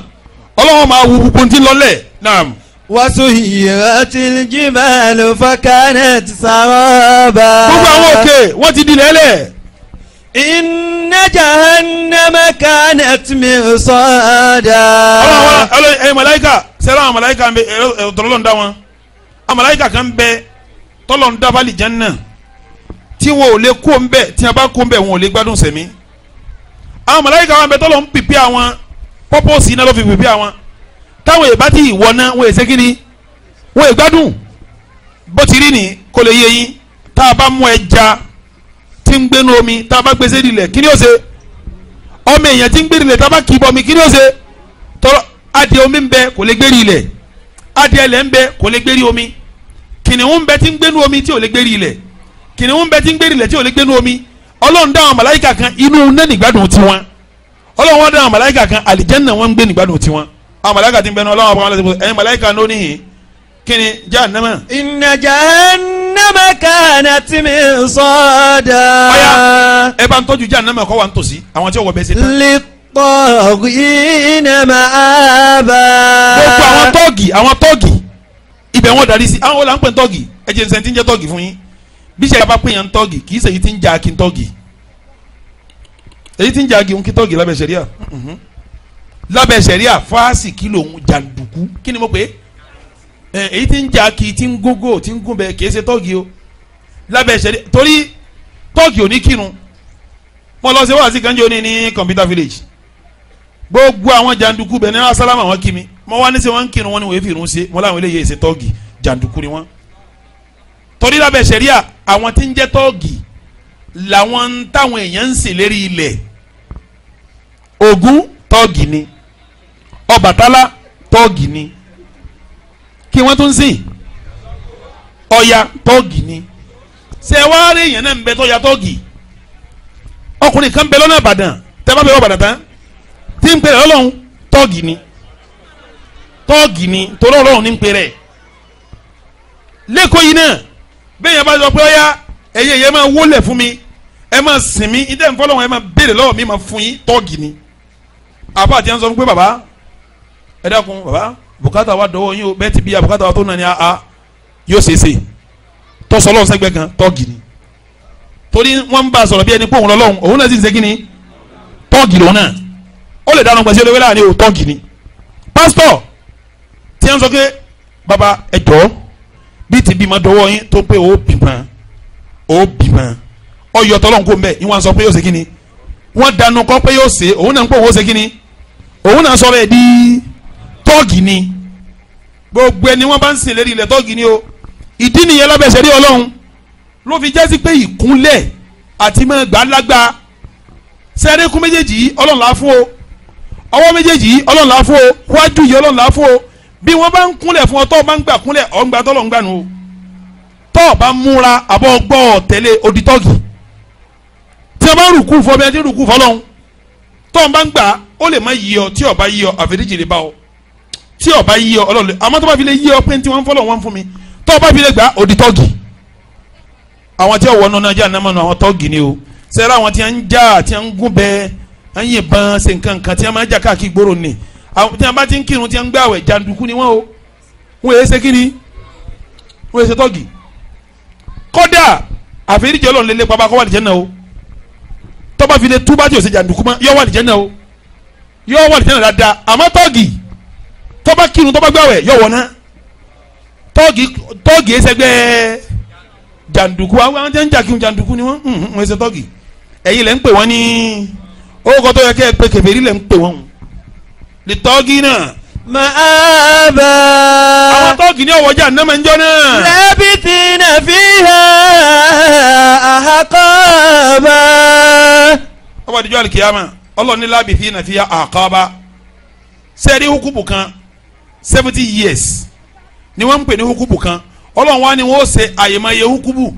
Speaker 3: ọlọ́wọ́n máa wu gbogbo ti lọ́lẹ̀ naam. wasuhirat aljibalu fakanat saraba. gbogbo àwọn òkè wọ́n ti di lẹ́lẹ̀. inna jahannama kanat mirsada. ọlọ́wọ́n ọlọ́wọ́n ẹ̀yin màláìka sẹ́rọ̀ àwọn màláìka ń bẹ ẹ̀rọ tọ́lọ́ ń dá wọn àwọn màláìka kan bẹ tọ́lọ́ ń dá bá lìjẹ́ náà tí wọn ò lè kó ń bẹ tí wọn bá kó ń bẹ wọn ò lè gbádùn sẹ̀mí àwọn màláíkà wọn bẹ tọ́lọ̀ ń pìpì àwọn pọ́pọ́sì iná ló fi pìpì àwọn táwọn èèbá tí ìwọ náà wọ́n èsè kí ni wọ́n ègbádùn bó ti rí ni kò lè yé yín tá a bá mú ẹja tí ń gbénu omi tá a bá gbèsè dilẹ̀ kí ni ó ṣe ọmọ èèyàn tí ń gbé dilẹ̀ tá a bá kì í bọmi kí ni ó ṣe tọ́lọ́ adìẹ omi ń bẹ kò lè gbérí ilẹ̀ adìẹ lẹ̀ ń bẹ kò lè gbérí omi kìnìún bẹ tí ń gbénu omi tí ò lè gbérí ilẹ̀ kìnìún bẹ tí ń gbérí ilẹ̀ tí ò lè gbénu omi ọlọ́run dá àwọn màláìkà kan inú náà nígbàdùn tiwọn ọlọ́run wọn dá àwọn kan àlìjẹ́nà wọn ń gbé nígbàdùn tiwọn àwọn màláìkà ti ń bẹnu ọlọ́run àbúrò aláṣẹ ẹ̀yin màláìkà ló níhìn kíni jahannama. inna jahannama kanat mirsada. ọ̀ya ẹ bá ń tọ́jú jahannama kọ́ wa ń tòsí àwọn tí ó wọ bẹ́ẹ̀ sí tán. lè tọ́gìnà máa bá. gbogbo àwọn tọ́gì àwọn bíṣẹ́ bá pè yàn tọ́gì kì í ṣe èyí tí ń jà kí n tọ́gì èyí tí ń jà kí n kí tọ́gì lábẹ́ sẹ̀ríà mhm. lábẹ́ sẹ̀ríà fáàsì kí lòun jàǹdùkú kí ni mo pè é èyí tí ń jà kí tí ń gógó tí ń gún bẹ́ẹ̀ kì í ṣe tọ́gì o lábẹ́ sẹ̀ríà torí tọ́gì ò ní kírun mo lọ sí wàásì kanjú ní ní computer village gbogbo àwọn jàǹdùkú bẹ̀ ní asálámà wọn kí mi mo wá ní sẹ́ wọ́n ń kírun wọn ni wọ́n fi irun ṣe mo láwọn eléyìí ṣe tọ́gì jàǹdùkú ni wọ́n torí lábẹ́ sẹ̀ríà àwọn tí ń jẹ́ tọ́ọ̀gì làwọn ń táwọn èèyàn ń sìn lérí ilẹ̀ Ògún tọ́ọ̀gì ni Ọbàtálá tọ́ọ̀gì ni kí wọ́n tún sìn Ọya tọ́ọ̀gì ni ṣé ẹ wá rí èèyàn náà ń bẹ tọ́ya tọ́ọ̀gì ọkùnrin kan bẹ lọ́nà Ìbàdàn tẹ́ bá bẹ Ìbàdàn tán tí ń pèrè Ọlọ́run tọ́ọ̀gì ni tọ́ọ̀gì ni torí Ọlọ́run ní ń pèrè lẹ́kọ̀ọ́ yìí náà bẹ́ẹ̀yẹn bá sọ pé ọ̀yá ẹ̀yẹ yẹn máa wólẹ̀ fún mi ẹ máa sìn mí ìdẹ́ ìfọlọ́wọ́n ẹ máa béèrè lọ́wọ́ mi máa fún yín tọ́ọ̀gì ni àbá àti ẹ̀ ń sọ fún pé bàbá ẹ dákun bàbá bùkátà wa dọwọ́ yín o bẹ́ẹ̀ ti bí abùkátà wa tó nà ní a yóò ṣe é ṣe tọ́sọ lọ́wọ́ sẹ́gbẹ́ kan tọ́ọ̀gì ni torí wọ́n ń bá a sọ̀rọ̀ bí ẹni pé òun lọ́lọ́run ni tọ́ọ̀gì lòun náà ó lè dáná bí ti bímọ dọwọ́ yín tó pé ó bímọ ó bímọ ọyọ tọlọ́n kó mbẹ ìwọ̀n sọ pé yóò ṣe kíni wọ́n dànù kọ́ pé yóò ṣe òun náà ń pọ̀ òun ó ṣe kíni òun náà sọ bẹ́ẹ̀ di tọ́ọ̀gì ni gbogbo ẹni wọ́n bá ń sìn lérí ilẹ̀ tọ́ọ̀gì ni o ìdí nìyẹn lábẹ́ ṣẹ̀rí ọlọ́run ló fi jẹ́ sí pé ìkúnlẹ̀ àti mọ́ gbàlágbà sẹ́ẹ̀rẹ́kún méjèèjì ọlọ́run là á fún o ọwọ́ méjèèjì ọlọ́run là á fún o wájú yìí ọlọ́run là fún o bí wọ́n bá ń kúnlẹ̀ fún ọ tọ́ ọ bá ń gbà kúnlẹ̀ ọ̀ ń gbà tọ́lọ̀ ń gbà nù o tọ́ ọ bá múra àbọ̀ gbọ́ ọ tẹ̀lé oditọ́gì tí ọ bá rùkú fọ bí ẹ ti rùkú fọ lọ́hún tọ́ ọ bá ń gbà ó lè má yí ọ tí ọ bá yí ọ àfẹ́díjì lè bá ọ tí ọ bá yí ọ ọlọ́ọ̀lẹ́ àmọ́ tó bá fi lè yí ọ pé tí wọ́n fọlọ́ wọn fún mi tọ́ ọ bá fi lè gbà oditọ́gì àwọn tí ọwọ́ nọ́nà jà ni o sẹ́rẹ́ àwọn tí wọ́n ń jà tí wọ́n ń gún bẹ́ẹ̀ wọ́n àwọn tí wọn bá ti ń kírun tí wọn ń gbàwẹ̀ jàǹdùkú ni wọn o wọn èé ṣe kí ni wọn èé ṣe tọ́gì kódà àfẹ́ríjẹ́ ọlọ́run lé lépa bá kọ́ wà lìjẹ́ náà o tọ́ba fi lè túbá tí o ṣe jàǹdùkú mọ́ yọ wà lìjẹ́ náà o yọ wà lìjẹ́ náà dáadáa àmọ́ tọ́gì tọ́ba kírun tọ́ba gbàwẹ̀ yọ wọ̀ náà tọ́gì tọ́gì èé ṣẹgbẹ́ jàǹdùkú àwọn tí wọn ń jà kírun ni wọn ń ṣe tọ́gì ẹ̀yin lẹ́ ń pè wọ́n ní owó kọ́tọ́ yẹ kẹ́ ẹ lè tọ́gì náà. Màábà. Àwọn tọ́ọ̀gì ní ọ̀wọ́jà náà máa ń jọ náà. Lẹ́bí ti nà fi hàn àhàkọ́ọ̀bà. Ọba àdìjọ́ àlìkìyàmà ọlọ́run ní lábì fi nà fi hàn àhàkọ́ọ̀bà. Sẹ́ẹ̀rí hukubu kan seventy years ni wọ́n ń pè ní hukubu kan ọlọ́run wa ni wọ́n ṣe àyèmáyé hukubu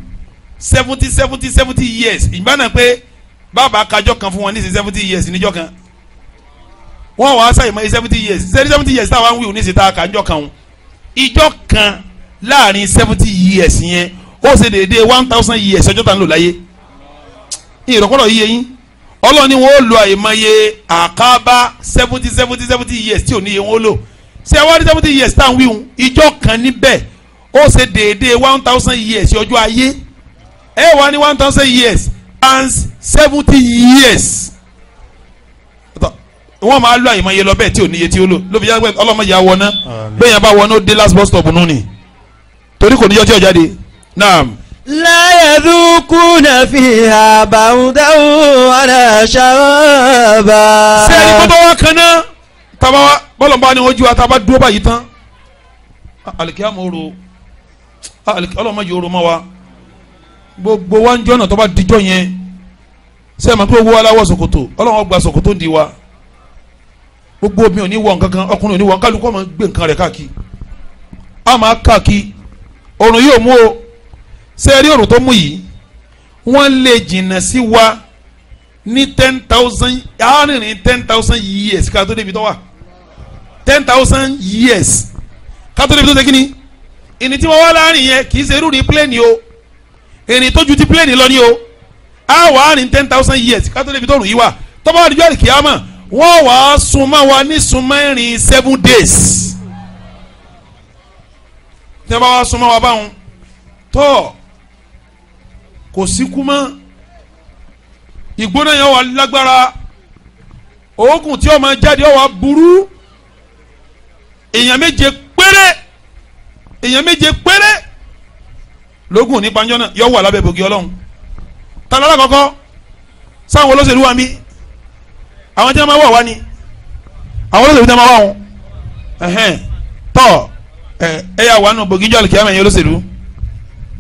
Speaker 3: seventy seventy seventy years ìgbà náà pé bàbá kájọ kan fún wọn ní sin seventy years níjọ́ kan wọ́n wàá sàyè mọ́ seventy years seventy years táwa ń wí òní síta kàjọ kan o ìjọ kan láàrin seventy years yẹn ó ṣe déédéé one thousand years ọjọ́ tá ń lò láyé ìrọ̀kọ́rọ̀ yíyẹ yín ọlọ́run ni wọ́n ó lo àyèmáyé àkábá seventy seventy seventy years tí ò ní iye wọn ó lò ṣé ẹ ní seventy years tá à ń wí hun ìjọ kan níbẹ̀ ó ṣe déédéé one thousand years ọjọ́ ayé ẹ wá ní one thousand years And seventy years wọ́n máa lọ àyèmọ iye lọ bẹ́ẹ̀ tí ò níye tí ó lò lóbi yá ọlọ́mọ ìyá wọná bẹ́ẹ̀ yẹn bá wọná ó dé last bus stop nù ni torí kò níyọ́ tí jáde naam.
Speaker 2: láyé
Speaker 3: dúkú náà fi hà bàúdáwò àrà ṣàrọ̀bà. ṣé ẹni bọ́bá wa kan náà tàbá wa bọ́lọ̀ bá ní ojú wa tàbá dúró báyìí tán alikiamu ro ọlọ́mọ yìí ro mọ́ wa gbogbo wa ń jọ́nà tó bá dijọ́ yẹn sẹ́ẹ̀ mọ̀ pé owó aláwọ̀ ṣòkòtò ọlọ́wọ́ gba ṣòkòtò ń di wa gbogbo mi ò ní wọ nǹkan kan ọkùnrin ò ní wọ kálukọ́ máa ń gbé nǹkan rẹ̀ káàkiri a máa káàkiri òrùn yóò mú o ṣé ẹ rí òrùn tó mú yìí wọ́n lè jìnnà sí wa ní ten thousand àárín ten thousand years ká tó débi tó wà ten thousand years ká tó débi tó ṣe kí ni ìní tí wọ́n wá láàrin yẹn kì í ṣe irú ni pléènì o ìní tó ti pléènì lọ ni o a àárín ten thousand years ká tó débi tó rùn yìí wà tọ́ba àdìjọ́ àdìkìyàmọ̀ wọ́n wàá sunmọ́ wa ní sunmọ́ ìrìn seven days tí wọ́n bá wá sunmọ́ wa báwọn tọ́ kò síkú mọ́ ìgbóná yẹn wà lágbára òógùn tí ó máa jáde ó wà burú èèyàn méje péré èèyàn méje péré lógún nípa njọ́ náà yọ wà lábẹ́ bògì ọlọ́run tàlálà kọ́kọ́ sáwọn olóṣèlú wa mi àwọn tí wọ́n máa wọ̀ wá ni àwọn olóṣèlú tí wọ́n máa wá wọn ẹ̀hẹ́n tọ́ ẹ ẹ yà wà nù bògíjọ́ àlùkí àmì ẹ̀yin olóṣèlú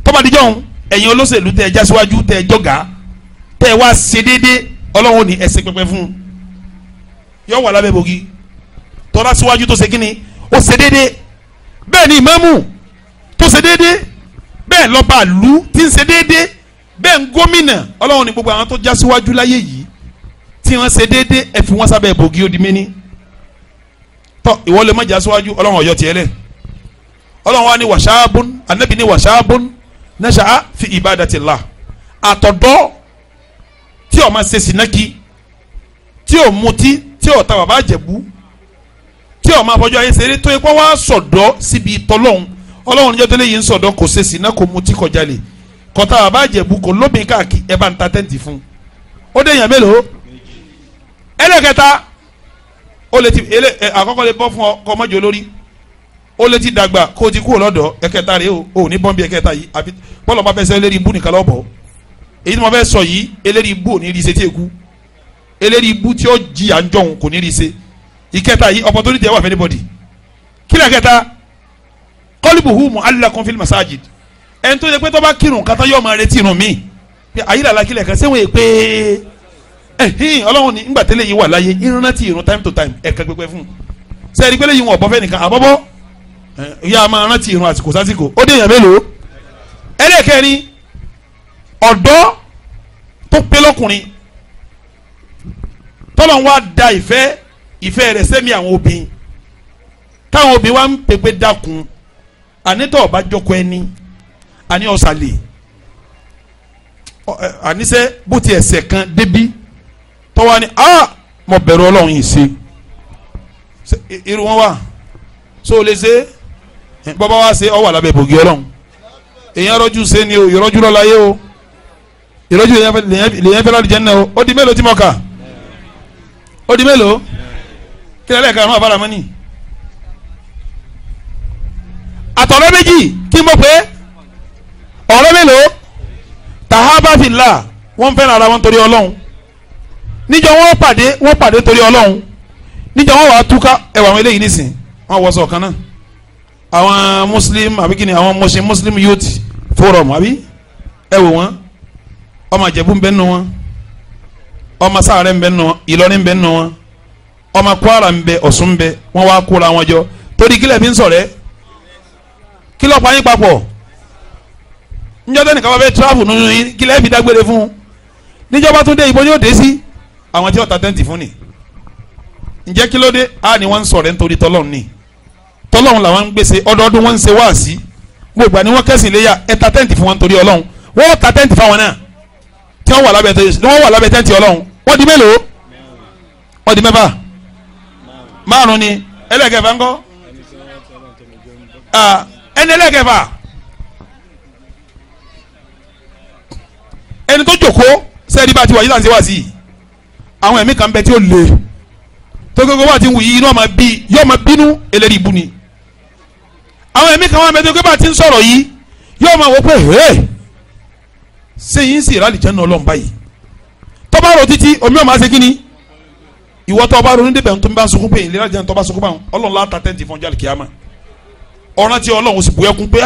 Speaker 3: tọ́badíjọ́ òun ẹ̀yin olóṣèlú tẹ̀ já síwájú tẹ̀ jọ̀gá wá ṣe déédéé ọlọ́run ní ẹsẹ̀ pẹpẹ fún un yọ wà lábẹ́ bògí tọ́lá síwájú tó ṣe kíni ó ṣe déédéé bẹ́ẹ̀ ni ìmáàmù tó ṣe déédéé bẹ́ẹ̀ lọ́ba àlú tí ń ṣe déédéé bẹ́ẹ̀ ń gómìnà ọlọ́run ní gbogbo àwọn tó já láyé yìí tí wọ́n ṣe déédé ẹ fi wọ́n sábẹ́ ìbògì ó di méní tọ́ ìwọ lè má jà síwájú ọlọ́run ọ̀yọ́ tiẹ̀ lẹ̀ ọlọ́run wa ni wàṣáàbùn anabi ni wàṣáàbùn nàṣà fi ibadatillah àtọ̀dọ́ tí ó máa ṣe sinaki tí ó mutí tí ó ta bàbá àjẹ̀bú tí ó máa fọjọ́ ayé ṣeré tó yẹ kó wá sọ̀dọ́ síbi tọ́lọ́hún ọlọ́run níjọ́ tó lè yín sọ̀dọ́ kò ṣe sinna kò mutí kọjá lè kọ́ta bàbá àjẹ̀bú kò lóbìn káàkiri ẹ̀ bá ń ta tẹ́ǹtì fún un ó dé èèyàn mélòó ẹlẹ́kẹta ó lè ti ẹlẹ́ ẹ àkọ́kọ́ lè bọ́ fún ọ kọ́ mọ́jọ lórí ó lè ti dàgbà kó o ti kúrò lọ́dọ̀ ẹ̀kẹta rẹ o ò ní bọ́m̀bì ẹ̀kẹta yìí àfi bọ́ọ̀lù ọba fẹsẹ̀ ẹlẹ́rìí bú nìkan lọ́bọ̀ èyí tí mo fẹ́ sọ yìí ẹlẹ́rìí bú ò ní rí ṣe tí èkú ẹlẹ́rìí bú tí ó jìyà ń jọ̀hún kò ní rí ṣe ìkẹta yìí opportunity wà for anybody kílẹ̀ kẹta kọ́líbùhù mu alákun fílmù masajid ẹni tó yẹ pé tó bá kírun kátó yọ ọmọ rẹ tìrùn mí ayélujára kílẹ̀ kan sẹ́wọ̀n yẹ pé ẹ̀hìn ọlọ́run ní ńgbà tẹ́lẹ̀ yìí wà láyé ìrun ti ìrun time to time ẹ̀ka pẹpẹ fún un sẹ́ẹ̀rì pẹ́lẹ́ yìí wọn ọ̀bọ̀fẹ́ nìkan àbọ̀bọ̀ ìyá a máa rántí ìrun àsìkò sásìkò ó dé èèyàn mélòó ẹlẹ́kẹ̀rin ọ̀dọ́ tó pé lọ́kùnrin tọ́lọ̀ ń wá da ìfẹ́ ìfẹ́ rẹ̀ sẹ́mi àwọn obìnrin táwọn obìnrin wá ń pèpè dákun ànítọ́ ọba jọkọ ẹni àní ọ̀sàlè àníṣe bó ti ẹ̀sẹ̀ kan débí tọ́wọ́ ni a ah, mọ̀ bẹ̀rù ọlọ́run yìí ṣe irú wọn wà so lè ṣe bọ́bá wa ṣe ọwọ́ àlábẹ́ bògì ọlọ́run èyàn rọ́jú ṣe ni o ìrọ́jú lọ́la yé o ìrọ́jú lèyàn fẹ́ láti jẹ́ náà o ó di mélòó tí mo kà ó di mélòó kí lẹ́lẹ́ kan máa fara mọ́ ni. àtọ̀rọ̀ méjì kí n bọ̀ pé ọ̀rọ̀ mélòó tàhábàfìlà wọ́n fẹ́ràn ara wọn torí ọlọ́run níjọ wọn pàdé wọn pàdé torí Ọlọ́run níjọ wọn wà á túká ẹwà àwọn eléyìí nísìn wọn wọ sọ̀kan náà àwọn muslim àbí kí ni àwọn mọ̀ṣẹ́ muslim youth forum àbí ẹ wò wọn ọmọ àjẹbù ń bẹ nù wọn ọmọ sáré ń bẹ nù wọn Ìlọrin ń bẹ nù wọn ọmọ Kwara ń bẹ Ọ̀ṣun ń bẹ wọn wá kóra wọn jọ torí kílẹ̀ fi ń sọ̀rẹ́ kílọ̀ pa yín papọ̀ níjọ́ tẹ́nìkan bá fẹ́ travel nínú yín kílẹ̀ fi dágbére fún un níjọba tún dé ìbọn yóò dé sí àwọn tí wọ́n ta tẹ́ǹtì fún ni ǹjẹ́ kí ló dé a ni wọ́n ń sọ̀rọ̀ nítorí tọ́lọ́run ni tọ́lọ́run làwọn ń gbèsè ọdọọdún wọ́n ń ṣe wáàsí gbogbo àni wọ́n kẹ́sìn léyà ẹ ta tẹ́ǹtì fún wọn nítorí ọlọ́run wọ́n ta tẹ́ǹtì fáwọn náà tí wọ́n wà lábẹ́ wọ́n wà lábẹ́ tẹ́ǹtì ọlọ́run wọ́n di mélòó wọ́n di mẹ́fà márùn ni ẹlẹ́gẹ̀fà ńkọ́ ẹni ẹlẹ́gẹ̀fà ẹni tó jòkó sẹ́ẹ̀dí bá ti wà yíyá ń ṣe àwọn ẹ̀mí kan bẹ tí ó le tókòkò wà tí ń wù yí inú ọmọ bí yóò máa bínú eléyìí bu ni àwọn ẹ̀mí kan wà bẹ tókòkò bá ti ń sọ̀rọ̀ yìí yóò máa wò pé hẹ́ẹ́ sẹ́yìn sì rálì jẹ́ nà ọlọ́run báyìí tọ́ba rò títí omi ọ̀ máa ṣe kíni ìwọ tọ́ba rò nídìbẹ̀ tó ń bá sunkún pé ìlera jẹ́ tọ́ba sunkún báwọn ọlọ́run láta tẹ́ǹtì fún jálì kíámà ọ̀ràn tí ọlọ́run sì bóyá kún pé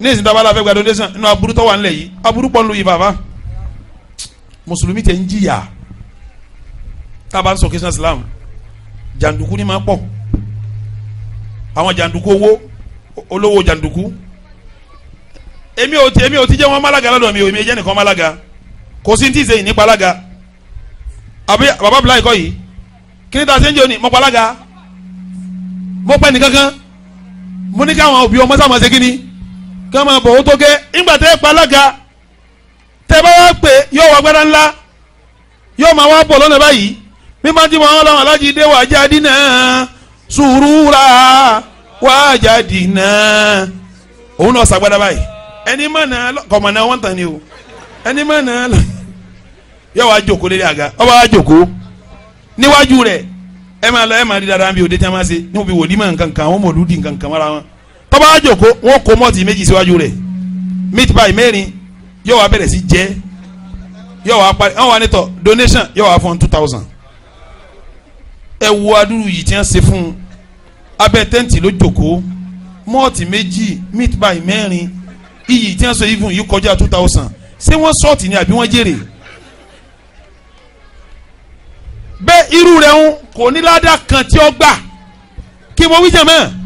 Speaker 3: ní ìsìn tábàlà fẹ́ gba donation inú aburú tó wà nílẹ̀ yìí aburú pọ̀ ń lu yìí bàbá mùsùlùmí tẹ̀ ń jìyà tábà ń islam jàǹdùkú ni máa pọ̀ àwọn jàǹdùkú owó olówó jàǹdùkú èmi ò ti èmi ò ti jẹ́ wọn málaga lọ́dọ̀ mi ò èmi jẹ́ nìkan málaga kò sí ní ti sèyìn nípa alága àbí bàbá bìlá ìkọ yìí kí ni ta ṣe ń jẹ́ òní mọ́pọ̀ alága mọ́pẹ́ nìkankan mo ní káwọn òbí ọmọ sáà máa ṣe kí ni kí wọ́n máa bọ̀ owó tó gé nígbà tẹ́ ẹ pa alága tẹ́ bá wá pè yóò wá gbára ńlá yóò máa wá bọ̀ lọ́nà báyìí bí máa ti máa lọ́wọ́ alájí dé wà jáde náà sùúrùra wà jáde náà òun náà sàgbádá báyìí ẹni mọ̀ náà kọ̀mọ̀ náà wọ́n tàn ní o ẹni mọ̀ náà yóò wá jòkó lórí àga ọba wá jòkó níwájú rẹ̀ ẹ máa lọ ẹ máa rí dáadáa bí òde tí a máa ṣe níwọ̀n bí wòlíì máa nǹkan kan àwọn mọ̀lúdì nǹkan kan mọ́ra wọn tọ́ba àjòkó wọn kó mọ́ọ̀tì méjì síwájú rẹ̀ meat pie mẹ́rin yóò wá bẹ̀rẹ̀ sí jẹ́ yóò wá parí àwọn anitọ donation yóò wá fún two thousand ẹ wo adúrú yìí tí wọ́n ṣe fún un abẹ́ tẹ́ǹtì ló jòkó mọ́ọ̀tì méjì meat pie mẹ́rin iyì tí wọ́n sọ even yìí kọjá two thousand ṣé wọ́n sọ́ọ̀tì ni àbí wọ́n jèrè bẹ́ẹ̀ irú rẹ̀ ń kò ní ládàá kan tí ó gbà kí mo wí mẹ́rin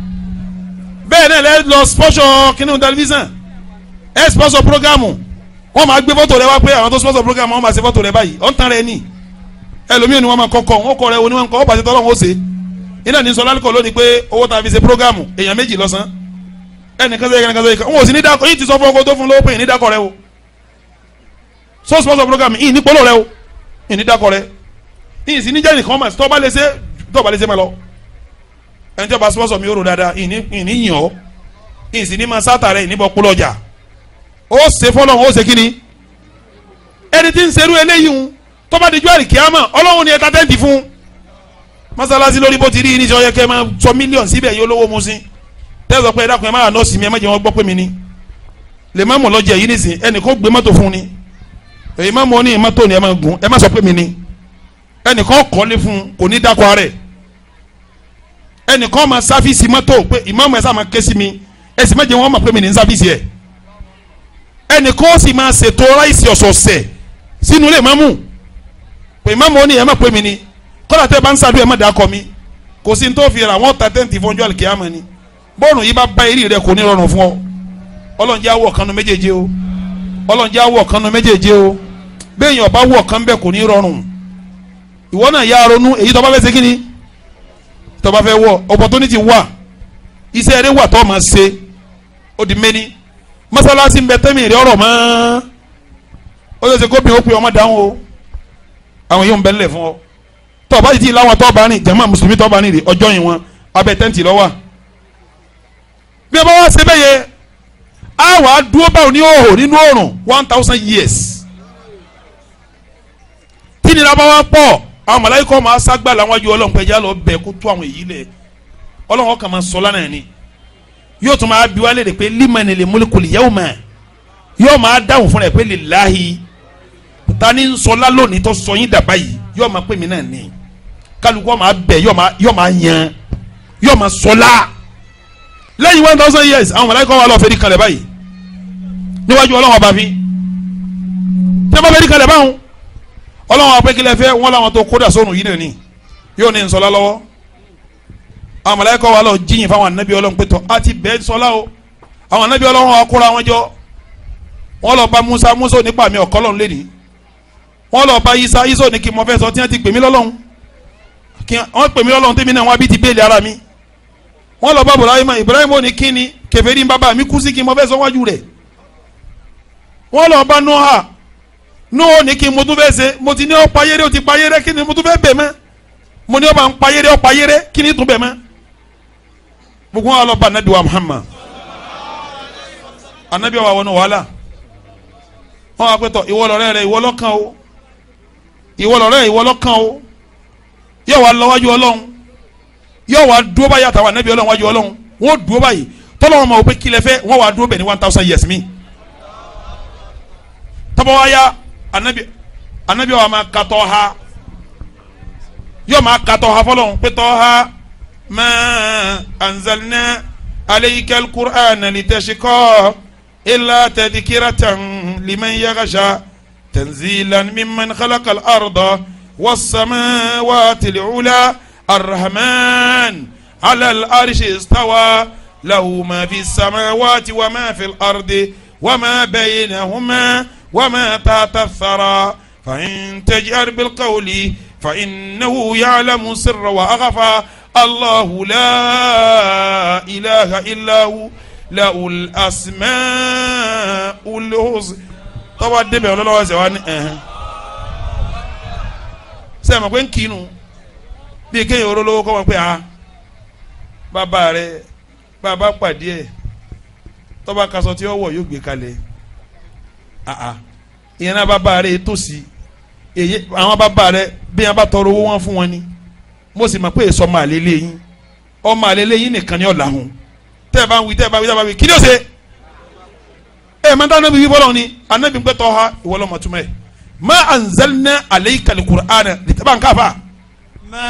Speaker 3: bẹ́ẹ̀ náà lẹ́ lọ spọ́ṣọ kínní tẹlifíṣàn ẹ spọ́ṣọ programu wọ́n máa gbé fọ́tò rẹ wá pé àwọn tó spọ́ṣọ programu wọ́n máa ṣe fọ́tò rẹ báyìí ọ̀ ń tan rẹ ní ẹlòmíràn ni wọ́n máa kọ́kọ́ wọ́n kọ́ rẹ oníwọ̀n kọ́ ọ̀bàṣẹ tọ́lọ́ wọn ó ṣe iná ní sọlá kọ́ lónìí pé owó ta fi ṣe programu èèyàn méjì lọ́sàn ẹnìkan sẹ́yìn kan sẹ́yìn kan wọn ò sì ní dákọ̀ yìí ti sọ fún ọkọ tó fún lówó pé ìní dákọ̀ rẹ o so spọ́ṣọ programu yìí ní polo rẹ o ìní dákọ̀ rẹ yìí sì ẹni tí ọba sponsor mi ó rò dáadáa ìní yàn ọ́ ìsì ní máa sáta rẹ̀ ìníbọ̀ kú lọ́jà ó ṣe fọlọ́hún ó ṣe kíni ẹni tí ń ṣerú eléyìí ń tọ́ba dijú àríkíámà ọlọ́run ni ẹ ta tẹ́ǹtì fún mọ́sálásí lórí bó ti rí níṣẹ́ ọyẹ́kẹ́ máa sọ mílíọ̀nù síbẹ̀ yìí olówó mu sí tẹ́sán pé ẹ dákun ẹ máa nọ́ọ̀sì mi ẹ má jẹ́ wọn gbọ́ pé mi ni lè má mọ̀ lọ́jà yìí nìsín ẹnì kó gbé mọ́tò fún ni èyí má mọ̀ ní mọ́tò ni ẹ má gùn ẹ má sọ pé mi ni ẹnì kan kọ́lé fún kò ní dákọ̀ rẹ̀ ẹnìkan máa sáfíìsì mọ́tò pé ìmáàmù ẹ̀ sá máa ké sí mi ẹ sì méje wọn máa pé mi ní sáfíìsì ẹ̀ ẹnìkan ó sì máa ṣètò ráìsì ọ̀sọ̀ọ̀sẹ̀ sínú ilé ìmáàmù pé ìmáàmù ó ní ẹ̀ máa pé mi ni kọ́lá tẹ́ bá ń sàdúrà ẹ̀ má dàá mi kò sí ní fi ra wọ́n ta tẹ́ǹtì fún ọjọ́ àlùkìyàmọ̀ ni bọ́ọ̀nù yìí bá bá eré rẹ kò ní rọrùn fún ọ ọlọ́njẹ́ o ọlọ́njẹ́ awọ kanu méjèèjì o béèyàn bá wọ̀ kan bẹ́ẹ̀ kò ní rọrùn ìwọ náà yáa ronú èyí tó bá fẹ́ wọ opportunity wà iṣẹ́ eré wà tó máa ṣe ó di méní mọ́sálásí ń bẹ tẹ́mi ìrẹ́ ọ̀rọ̀ mọ́ ó yẹ ṣe kó bí ó pe ọmọ dáhùn o àwọn yóò ń bẹ nílẹ̀ fún ọ tó bá yìí ti láwọn tó bá rìn jàmá mùsùlùmí tó rè ọjọ́ yìí wọn abẹ tẹ́ǹtì lọ́wọ́ bí ẹ bá wá ṣe bẹ́ẹ̀ yẹ á wà á dúró báwo ní òòhò nínú òòrùn one thousand years tí nira bá wá pọ̀ àwọn màláíkà máa ságbà làwọn ju ọlọ́run pẹ̀já lọ bẹ̀ kó tó àwọn èyí lẹ̀ ọlọ́run ọkàn máa sọ lánàá ni yóò tún máa bi wálé rẹ̀ pé limani lè múlikù lè yẹ́wò yóò máa dáhùn fún rẹ̀ pé lillahi ta ni sọlá lónìí tó sọ yín dàbá yìí yóò máa pè mí náà ni kálukú máa bẹ̀ yóò máa yan yóò máa sọlá lẹ́yìn one thousand years àwọn màláíkà wà lọ́ọ́ fẹ́ẹ́ di kalẹ̀ báyìí níwájú ọlọ́run ọba fi tẹ́ bá fẹ́ẹ́ di kalẹ̀ báwọn ọlọ́wọ́n apẹ́kẹ́lẹ́ fẹ́ wọ́n làwọn tó kódà sóònù yìí nìyí yóò ní nsọ́lá lọ́wọ́ àwọn mọ̀lẹ́kọ̀ wa lọ jíyìn fáwọn anábì ọlọ́run pé tọ́ àti bẹ́ẹ̀ nsọ́lá o àwọn anábì ọlọ́run wa wọn jọ wọ́n lọ bá Musa Musa nípa mi ọ̀kọ́ lọ́run lẹ́nìí wọ́n lọ bá Isa Isa ní kí mo fẹ́ sọ tí ti pè mí lọ́lọ́run kí wọ́n pè mí lọ́lọ́run tèmi náà wọ́n á bí ti béèlì Ibrahim Ibrahim ò ní ni kèfèrí bàbá mi kú sí kí mo fẹ́ sọ Noah n'o ní kí n mo tún fẹ́ ṣe mo ti ní ọ payéré o ti payéré kí ni mo tún fẹ́ bẹ̀ mo ní ọ bá ń payéré ọ payéré kí ni tún bẹ̀ mọ́. gbogbo wọn lọ wa Muhammad anabi wa wọnú wàhálà wọn wá pé tọ ìwọ rẹ ìwọ lọkàn o ìwọ lọ̀rẹ́ ìwọ lọkàn o yóò wá lọwájú Ọlọ́run yóò wá dúró báyìí àtàwọn anabi Ọlọ́run wájú Ọlọ́run wọn ò dúró báyìí tọ́lọ́wọ́n ma wò pé kílẹ̀ fẹ́ wọn wà dúró bẹ̀ ní one thousand years mi tọ́bọ̀ wáyà anabi anabi wa ma ka Tọ́ha yóò ma ka Tọ́ha fọlọ pé Tọ́ha ma anzalna aleikal qur'an litashqa illa tadhkiratan liman yaghsha tanzilan mimman khalaqal arda was-samawati al-ula ar-rahman ala al-arshi istawa lahu ma fi as-samawati wa ma fi al-ardi wa ma baynahuma. وما تتثرى فإن تجهر بالقول فإنه يعلم سر وأخفى الله لا إله إلا هو له الأسماء الحسنى tọ́wọ́ débẹ̀ ọlọ́lọ́wọ́ ṣe wá ní ẹ̀hán ṣe é mọ̀ pé ń kinu bíi kéèyàn olólówó kọ́ wọn pé a ah, bàbá rẹ bàbá pàdé ẹ̀ tọ́ba kaṣọ tí ó wọ̀ yóò gbé kalẹ̀ ìyẹn náà bàbá rẹ tó sí èyí àwọn bàbá rẹ bí wọn bá tọrọ owó wọn fún wọn ni mo sì mọ̀ pé èso ọmọ àlélẹ́ yín ọmọ àlélẹ́ yín nìkan ni ọ̀la hùn tẹ́ ẹ bá ń wí tẹ́ ẹ bá wí tẹ́ ẹ bá wí kí ni ó ṣe ẹ mọ dáná bí wíwọ́lọ́ ni anábì ń ha ìwọ́lọ́ mọ̀ túmọ̀ ẹ̀ ma anzalna alayka al-Qur'ana litaban kafa.
Speaker 2: ma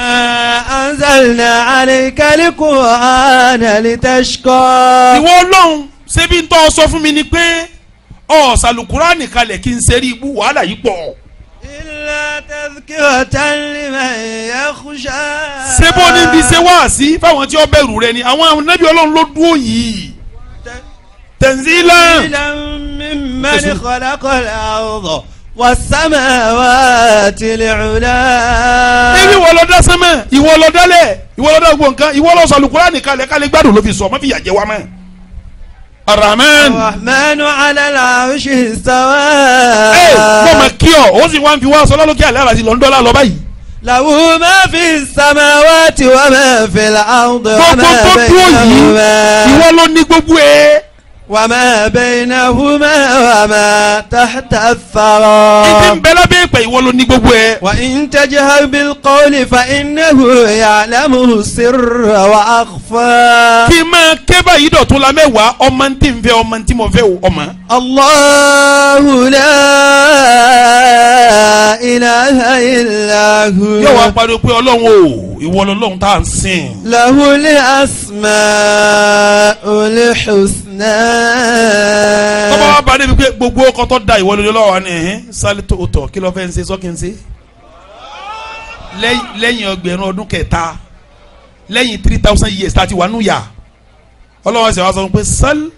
Speaker 2: anzalna alayka
Speaker 3: al-Qur'ana litashqa. ìwọ ọlọ́run ṣebí ń tọ́ sọ fún mi ni pé ọ̀sàlùkùránì kalẹ̀ kí n ṣeré ibú wàhálà yìí pọ̀. illa tadhkiratan liman yakhsha. sebo ni bí ṣe wá sí fáwọn tí ó bẹ̀rù rẹ ni àwọn anábì ọlọ́run ló dúró yìí. tanzilan.
Speaker 2: mimman
Speaker 3: khalaqal arda wasamawati l'ula. ebi ìwọ ló dá sánmọ̀ ìwọ ló dálẹ̀ ìwọ ló dá gbọǹkan ìwọ ló sọ àlùkùránì kalẹ̀ kalẹ̀ gbádùn ló fi sọ ọ má fi yà jẹ wa mọ́. Ar-Rahman. Ar-Rahman ala al-arshi istawa. Ẹ wọ́n ma kí ọ, ó sì wá ń fi wá sọ lọ́lọ́kí àlẹ́ àlàsì lọ́ńdọ́lá lọ báyìí. Lahu
Speaker 2: wàmẹ́ bẹ́ẹ̀nà húmẹ́ wàmẹ́ tàhtà fàrọ̀. ibi ń bẹ lábẹ́ ìpè ìwọ ló ní gbogbo
Speaker 3: ẹ. wà ń tajhar bil qawli fa innahu ya'lamu sirra wa akhfa. kí n máa ké báyìí dọ̀tún la mẹ́wàá ọmọ tí ń fẹ́ ọmọ tí mo fẹ́ o ọmọ. Allahu la ilaha illa hu. yóò wá pariwo pé ọlọ́run o ìwọ lọ́lọ́run tá à ń sìn. lahul asmaul husna. tọ́ba wa bá débi pé gbogbo ọkọ tó da ìwọ lọ́lọ́run wa ni ẹ̀hìn sálẹ̀ tó tọ̀ kí lọ́ọ́ fẹ́ ń ṣe sọ́kì ń ṣe. lẹ́yìn ọgbẹ̀rún ọdún kẹta lẹ́yìn three thousand years tá a ti wà nù yà ọlọ́wọ́ ṣe wá sọ pé sálẹ̀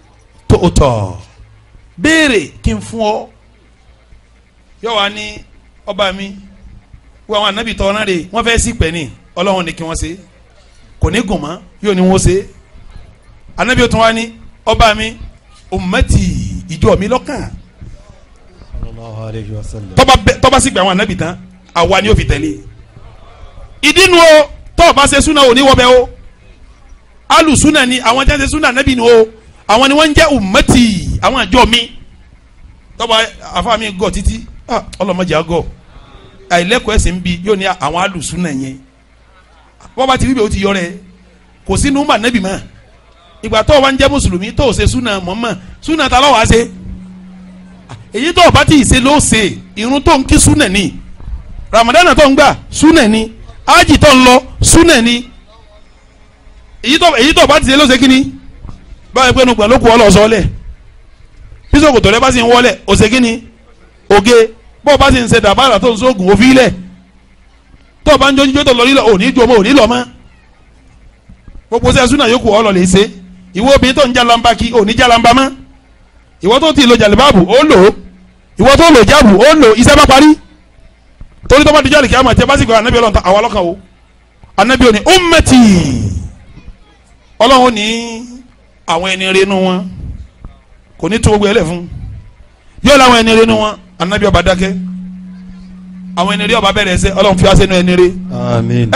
Speaker 3: tó tọ̀ béèrè kí n fún ọ yọ wá ní ọba mi wọ àwọn ànábì tọ́ ọ náà rè wọ́n fẹ́ sí pẹ̀ ni ọlọ́run ní kí wọ́n ṣe kò ní gùn mọ́ yóò ní wọ́n ṣe anabi tún wá ní ọba mi ummati ìjọ mi lọ́kàn tọ́ba sì gbà àwọn anabi tán àwa ni ó fi tẹ̀lé ìdí nu o tọ́ọ̀bá ṣe súnà ò ní wọ́bẹ̀ o alu súnà ni àwọn jẹ́ ṣe súnà anabi nu o àwọn ni wọ́n jẹ́ ummati àwọn àjọ mi tọ́ba afa mi gọ̀ títí ah, ọlọ́mọdé àgọ̀ àìlẹ́kọ̀ọ́ ẹ̀sìn bí yóò ní àwọn alùsùn náà yẹn wọ́n bá ti rí bẹ́ẹ̀ ó ti yọ rẹ̀ kò sí nùmbà nẹ́bì mọ́ ìgbà tó o bá ń jẹ́ mùsùlùmí tó o ṣe súnà mọ́mọ́ súnà ta lọ́wọ́ á ṣe èyí tó o bá ti ṣe ló ṣe irun tó ń kí súnà ni ramadana tó ń gbà súnà ni ájì tó ń lọ súnà ni èyí tó èyí tó o bá ti ṣe ló ṣe kí ni báyìí pé nùgbà ló kù ọ lọ sọ lẹ bísí òkòtò rẹ bá sì ń wọlẹ òṣèkí ni òge bó o bá sì ń ṣe dàbàrà tó ń ṣe oògùn òfin lẹ tó o bá ń jó jíjó tó lọ nílọ òní jó ọmọ òní lọ mọ́ gbogbo sẹ́yìn súnà yòókù ọ lọ lè ṣe ìwọ obìnrin tó ń jalamba kí òní jalamba mọ́ ìwọ tó ti lo jàlibáàbù ó lò ó ìwọ tó lò jáàbù ó lò iṣẹ́ bá parí torí tó bá dijọ́ àlìkí àmọ̀ tí a bá sì gbọ́ anabi ọlọ́run ta ọlọ́kan o anabi ò ní ummeti ọlọ́run ní àwọn ẹni rinu wọn kò ní tó gbogbo ẹlẹ́ yóò láwọn ẹni rinu wọn anabi ọba dákẹ́ àwọn ẹni rí ọba bẹ̀rẹ̀ ẹsẹ̀ ọlọ́run fi wá sẹ́nu ẹni rí.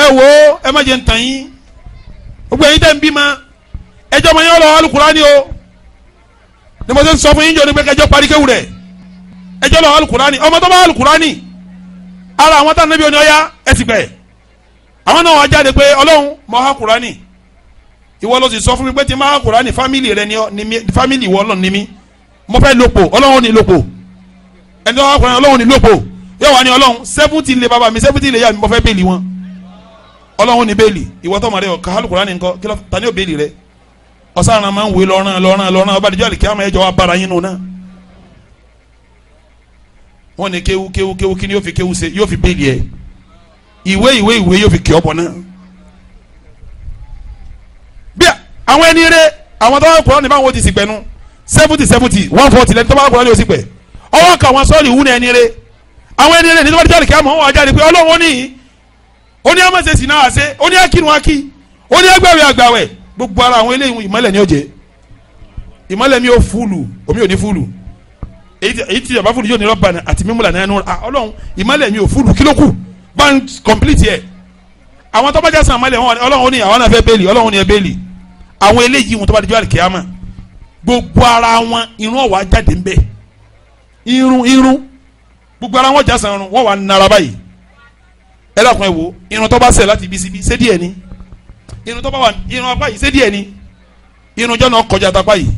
Speaker 3: ẹ wo ẹ má jẹ ntàn yín gbogbo ẹ̀yin tẹ́ ń bí ma ẹjọ́ mọ yín lọ alukurani o ni mo ṣe sọ fún yín jọ ni pé kẹjọ parí kéwù rẹ ẹjọ́ lọ alukurani ọmọ tó bá alukurani ara àwọn táwọn níbi oníyọ́yá ẹ ti gbẹ àwọn náà wá jáde pé ọlọ́run mọ ha ìwọ ló sì sọ fún mi pé tí ma ha fámìlì rẹ ni fámìlì ìwọ ọlọ́run ni mi mo fẹ́ lòpọ̀ ọlọ́run ni lòpọ̀ ẹni tó ha ọlọ́run ni lòpọ̀ yóò wá ní ọlọ́run seventy le baba mi seventy le ya mi mo fẹ́ bẹ́ẹ̀lì wọn ọlọ́run ní bẹ́ẹ̀lì ìwọ tọmọ rẹ ọkà alukura ni nkọ kí ló ta ni o bẹ́ẹ̀lì rẹ ọ̀sán máa ń wé lọ́rán lọ́rán lọ́rán ọba àdìjọ́ àlìkí àmọ́ ẹjọ́ wa bára yín nù náà wọ́n ní kéwu kéwu kéwu kí ni yóò fi kéwu ṣe yóò fi bẹ́ẹ̀lì ẹ̀ ìwé ìwé ìwé yóò fi kì ọ́ bọ̀ náà bí àwọn ẹni rẹ àwọn tó wà kúrọ́ ní báwọn ti sì gbẹnu seventy seventy one forty lẹ́ni tó bá kúrọ́ ní o sì gbẹ ọwọ́ kan wọn sọ́ọ̀lì wú ni ẹni rẹ àwọn ẹni ẹni tó bá dé jáde kí á mọ̀ wọ́n jáde pé ọlọ́run ó níyì ó ní àmọ̀ ṣe sì náà ṣe ó ní akínú akí ó ní agbáwẹ̀ agbáwẹ̀ gbogbo ara àwọn eléyìí ìmọ̀lẹ̀ ni ó jẹ ìmọ̀lẹ̀ mi ò fúlù omi ò ní fúlù èyí tí yàrá fúlù yóò ní rọ́bà àti mímúlà náà nù ah ọlọ́run ìmọ̀lẹ̀ mi ò fúlù kí ló kù bá complete yẹ àwọn tó bá já sàn àmọ́lẹ̀ wọn ọlọ́run ó ní àwọn náà fẹ́ bẹ́ẹ̀lì ọlọ́run ó ní ẹ bẹ́ẹ̀lì àwọn gbogbo ara wọn já sanrun wọn wà nara báyìí ẹ dákun ẹ wo irun tó bá ṣe láti ibi síbi ṣé díẹ̀ ni irun tó bá wà irun apá ṣé díẹ̀ ni irun jọ́nà kọjá tapá yìí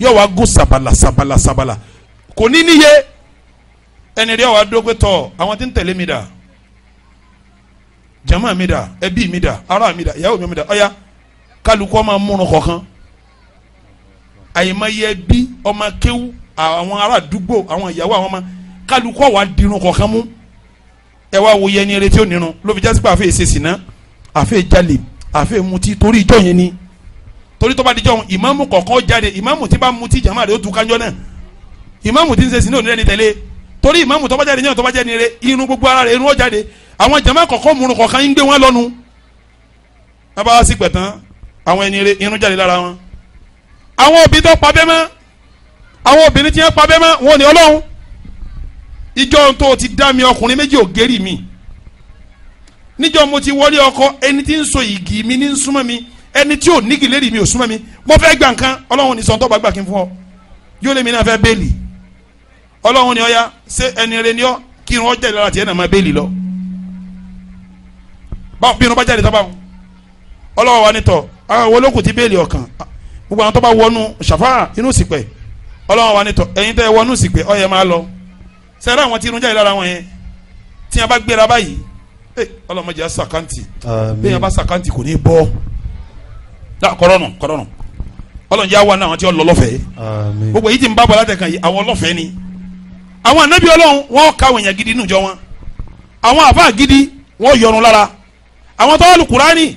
Speaker 3: yóò wá gún sabala sabala sabala kò ní níye ẹni rí ọwọ́ adó pé tọ àwọn tí ń tẹ̀lé mi dà jama mi dà ẹbí mi dà ará mi dà ìyàwó mi dà ọ̀ya kálukú ọmọ múnú kọ̀ọ̀kan àyèmáyé ẹbí ọmọ kéwú àwọn ará àdúgbò àwọn ìyàwó àwọn ọmọ kálukọ́ wa dirun kọ̀ọ̀kan mú ẹ wá wo yẹni eré tí ó nírun ló fi jásí pé àfẹ́ èsè sìnà àfẹ́ jalè àfẹ́ mutí torí ìjọ yẹn ni torí tó bá di jọ̀hún ìmáàmù kọ̀ọ̀kan jáde ìmáàmù tí bá mutí jàmáà rẹ̀ ó tu kánjọ́ náà ìmáàmù tí ń ṣe sìnà onírẹ́ni tẹ̀lé torí ìmáàmù tó bá jáde ní ọ̀nà tó bá jáde nire irun gbogbo ara rẹ̀ irun ó jáde àwọn jàmáà kọ̀ọ̀kan múrun kọ̀ọ̀kan ń gbé wọn lọ́nu bá sì gbẹ̀tán àwọn ẹni rẹ̀ irun ìjọ tó ti dá mi ọkùnrin méjì ògèrì mi níjọ mo ti wọlé ọkọ ẹni tí ń so ìgì mi ní ń súnmọ́ mi ẹni tí ò nígi lérí mi ò súnmọ́ mi mo fẹ́ gbà nǹkan ọlọ́run ní sọ́ńtọ́ bá gbà kí n fún ọ yóò lé mi náà fẹ́ bẹ́ẹ̀lì ọlọ́run ni ọ ya ṣé ẹni rẹ ni ọ kí n ọjà ìlera tiẹ̀ náà máa bẹ́ẹ̀lì lọ báwọn bí irun bá jáde tábà ọlọ́wọ́ wa nítọ̀ àwọn olókùn ti bẹ́ẹ̀lì ọ̀kan gbogbo àwọn tó bá wọnú ṣàfà inú sìpẹ̀ ọlọ́wọ́ wa nítọ̀ ẹ̀yin tẹ́ wọnú sìpẹ̀ ó yẹ máa lọ sẹ́rẹ́ àwọn tí irun jáde lára wọn yẹn tí wọn bá gbéra báyìí eh, ọlọmọdé yà sàkántì bẹ́ẹ̀ yà bá sàkántì kò ní bọ́ kọ́rọ́nù kọ́rọ́nù ọlọ́njẹ́ àwọn náà wọn ti lọ lọ́fẹ̀ẹ́ gbogbo yìí ti ń bá bọ̀ látẹ̀kàn yìí àwọn lọ́fẹ̀ẹ́ ni àwọn anabi ọlọ́run wọn káwọn èèyàn gidi nùjọ wọn àwọn àfa gidi wọn yọrun lára àwọn tọ́wọ́lù kùránì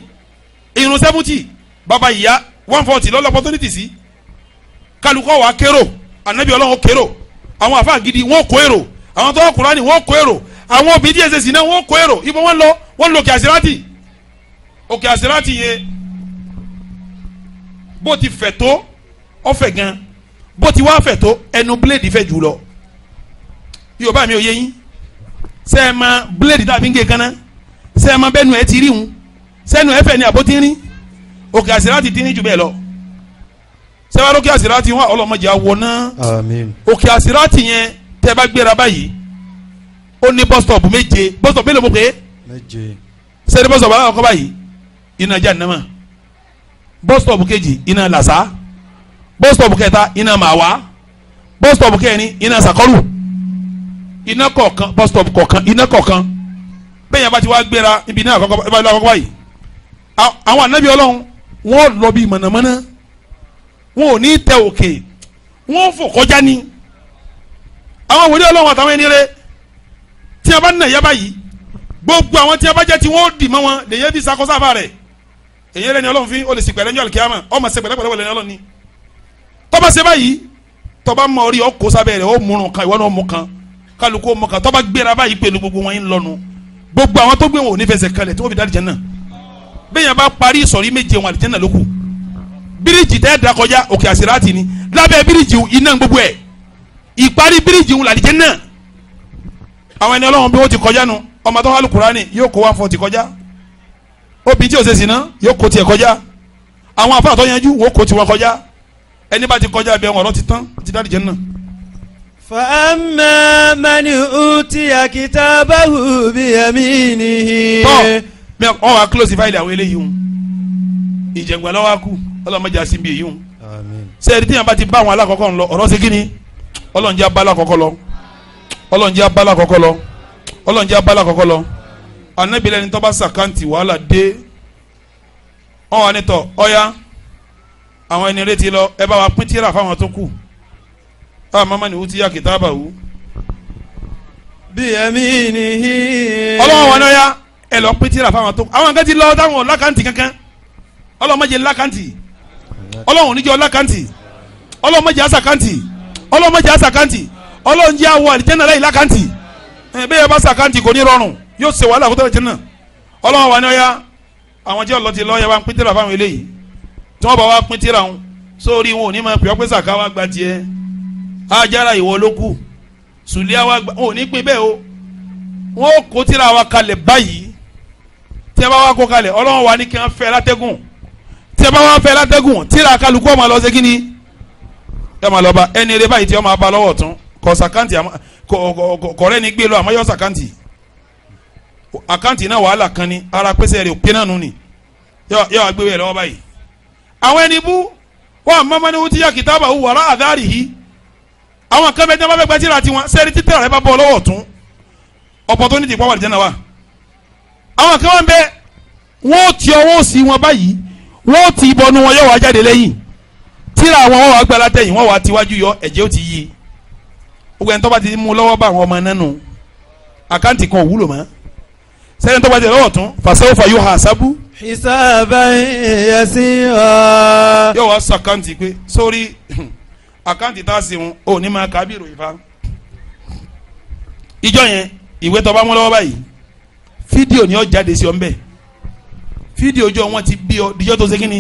Speaker 3: irun sẹ́fúntì bàbá ìyá one forty lọ́lọ́ opportunity sí kálukọ́ wa kérò anabi ọlọ́run kérò àwọn àfa gidi wọn kó èrò àwọn tó ni wọ́n kó èrò àwọn òbí díẹ̀ ṣèṣì náà wọ́n kó èrò ibo wọ́n lọ wọ́n lọ òkè àṣírátì òkè àṣírátì yẹn bó ti fẹ̀ tó ọ̀fẹ́ gan bó ti wá fẹ̀ tó ẹnu bíléèdì fẹ̀ jù lọ yorùbá mi ò yé yín ṣé ẹ bíléèdì tàbí ń gé kaná ṣé ẹ mọ ti rí hun sẹ́nu ẹ ni àbó ti rí òkè àṣírátì ti rí jù bẹ́ẹ̀ lọ sẹ́wọ́n lókè àṣírátì wọn ọlọ́mọdé àwọn náà òkè àṣírátì yẹn tẹ́ bá gbéra báyìí ó ní bus stop méje bus stop mélòó mo pé méje sẹ́ni bus stop aláwọ̀ kọ́ báyìí iná jahannama bus stop kejì iná làṣà bus stop kẹta iná màwá bus stop kẹrin iná sàkọ́lù iná kọ̀ọ̀kan bus stop kọ̀ọ̀kan iná kọ̀ọ̀kan bẹ́ẹ̀ yẹn bá ti wá gbéra ibi iná àkọ́kọ́ báyìí àwọn ànábì ọlọ́run wọ́n lọ bí mọ̀nàmọ́ná wọn ò ní tẹ òkè wọ́n fò kọjá ni àwọn wòlíì ọlọ́run àtàwọn ẹni rẹ tí a bá nà yaba yìí gbogbo àwọn tí a bá jẹ́ tí wọ́n dì mọ́ wọn lè yẹ bí sakọ́sáfà rẹ̀ èyí rẹ ni ọlọ́run fi o lè sì pẹ̀lẹ́ ní alikiyama ọmọ sẹ pẹ̀lẹ́ pẹ̀lẹ́ ní ọlọ́run ni tọ́ba ṣe báyìí tọ́ba mọ orí ọkọ sábẹ́ rẹ̀ ó múrun kan ìwọ náà mú kan kálukú ó mú kan tọ́ba gbéra báyìí pẹ̀lú gbogbo wọn ń lọ́nu gbogbo àwọn tó gbé wọn ò ní fẹsẹ̀ kalẹ̀ tó fi dá àlìjẹ́nà bẹ́ẹ̀ yẹn bá parí ìsọ̀rí méje wọn àlìjẹ́nà lókù bíríìjì tẹ́ dakọjá òkè àsìrá tì ní lábẹ́ bíríìjì iná gbogbo ẹ̀ ìparí bíríìjì ń làlìjẹ́ náà àwọn ẹni ọlọ́run bí wọ́n ti kọjá nu ọmọ tó wà lùkùránì yóò kó one forty kọjá obì tí o ṣe sìnà yóò kó tiẹ̀ kọjá àwọn àfáà tó yanjú wọ́n kó tiwọn kọjá ẹni bá ti kọjá bẹ́ẹ̀ wọn ọ̀rọ̀ ti tán ti dá lìjẹ́ náà. فأما من أوتي كتابه بيمينه tọ́ mi ọ wa close file àwọn eléyìí hun ìjẹ̀ngbọ̀n lọ́wọ́ ọlọ́mọdé àti bí hun sẹ́ẹ̀rì tí yàrá bá ti bá àwọn alákọ̀ọ́kọ́ ń lọ ọ̀rọ̀ ṣe kí ni ọlọ́njẹ́ abala kọ́kọ́ lọ ọlọ́njẹ́ abala kọ́kọ́ lọ ọlọ́njẹ́ abala kọ́kọ́ lọ anabilẹ̀ ni tọ́ba sàkáǹtì wàhálà dé wọn wà nítọ̀ ọ̀ya àwọn ẹni retí lọ ẹ bá wa pín tíra fáwọn tó kù táwọn mọ́mọ́ ni wú ti yá kìtàbà wú. bí ẹ̀mí ni hí. ọlọ́wọ́n wọn náà yá ẹ lọ pín tíra fáwọn tó kù àwọn kan lọ táwọn lákàntì kankan ọlọ́wọ́n mọ̀jẹ̀ lákàntì ọlọ́wọ́n oníjẹ́ ọlákàntì ọlọ́wọ́n mọ̀jẹ̀ àsàkàntì ọlọ́run mọ̀jẹ̀ àṣàkáǹtì ọlọ́run jẹ́ àwọ̀ àlìjẹ́nà láyìí lákàǹtì bẹ́ẹ̀ bá ṣàkáǹtì kò ní rọrùn yóò ṣe wàhálà kótó àlìjẹ́nà ọlọ́run wà ní ọ̀yá àwọn jẹ́ ọlọ́tí lọ́ọ́ yẹ wá ń pín tírà fáwọn eléyìí tí wọ́n bá wá pín tírà wọn sórí wọn ò ní máa pè ọ́ pé sàká wá gba tiẹ̀ ajára ìwọ ló kù sùlíà wá gba wọn ò ní pín bẹ́ẹ̀ o wọn ò kó tírà wa kalẹ̀ báyìí tí ẹ bá wá kó kalẹ̀ ọlọ́run wà ní kí wọ́n fẹ́ látẹ́gùn tí ẹ bá wá fẹ́ látẹ́gùn tírà kálukú ọmọ lọ́sẹ̀ ni ẹ máa lọ bá ẹni eré báyìí tí ọ máa bá lọ́wọ́ tún kọ sàkáǹtì kọ̀rẹ́ ni gbé lọ àmọ́ yọ sàkáǹtì àkáǹtì náà wàhálà kan ni ara pèsè rẹ̀ òpin náà nù ni yọ àgbéwẹ̀ lọ́wọ́ báyìí. àwọn ẹni bú wọn mọ́mọ́ ni wọ́n ti yá kìtàbà wù wàrà àdáàrí yìí àwọn kan bẹ jẹ́ wọn bẹ gbẹ́ tíra tiwọn sẹ́ẹ̀rì títà rẹ̀ bá bọ́ lọ́wọ́ tún opportunity pọ̀ wà lìjẹ́ náà wa. àwọn kan wọn bẹ wọn ti ọwọ́ sí wọn báyìí wọn ti ìbọnú tíra wọn wọ́n wá gbé alátẹ̀yìn wọ́n wá tiwájú yọ ẹ̀jẹ̀ ó ti yí gbogbo ẹni tó bá ti mú lọ́wọ́ bá àwọn ọmọ náà nù àkáǹtì kan ò wúlò mọ́ sẹ́ni tó bá ti lọ́wọ́ tún fàṣẹ́wọ́fà yóò hà sábú. hisaban yasira. yóò wá sọ àkáǹtì pé sórí àkáǹtì tá a sì ń ò ní máa kábí ìròyìn fa ìjọ yẹn ìwé tó mú lọ́wọ́ báyìí fídíò ni ó jáde sí ọ ń bẹ̀ fídíò ọjọ́ wọn ti bí ọ díjọ́ tó ṣe kí ni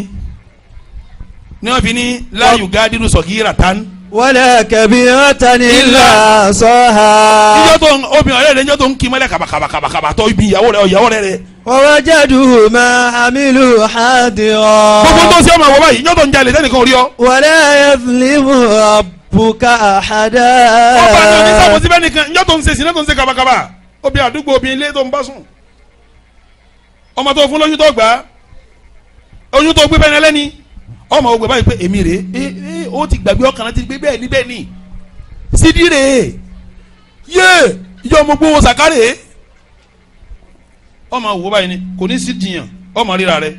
Speaker 3: ní wọ́n fi ní la yugadiru sagiratan. wala
Speaker 2: kabiratan
Speaker 3: illa saha. níjọ́ tó ń obìnrin ọ̀rẹ́ rẹ̀ níjọ́ tó ń kí mọ́lẹ̀ kàbàkàbàkàbà tó ibi ìyàwó rẹ̀ ìyàwó rẹ̀ rẹ̀.
Speaker 2: wawajadu ma amilu hadira. gbogbo tó ń sẹ́wọ̀n àwọn báyìí níjọ́ tó
Speaker 3: ń jalè lẹ́nìkan rí ọ. wala yazlimu rabbuka ahada. ọba ní onísàmùsí bẹ́ẹ̀ nìkan níjọ́ tó ń ṣe sinẹ́ tó ń ṣe kàbàkàbà obìnrin àdúgbò obìnrin ilé tó ń bá ọmọ ogun báyìí pé èmi rè é é eh, eh, ó ti gbàgbé ọkàn láti gbé bẹ́ẹ̀ ni bẹ́ẹ̀ ni sídìí rè é yé ìjọ ọmọ gbowó sàkárè é ọmọ òwò báyìí ni kò ní sí dìyàn ọmọ ríra rẹ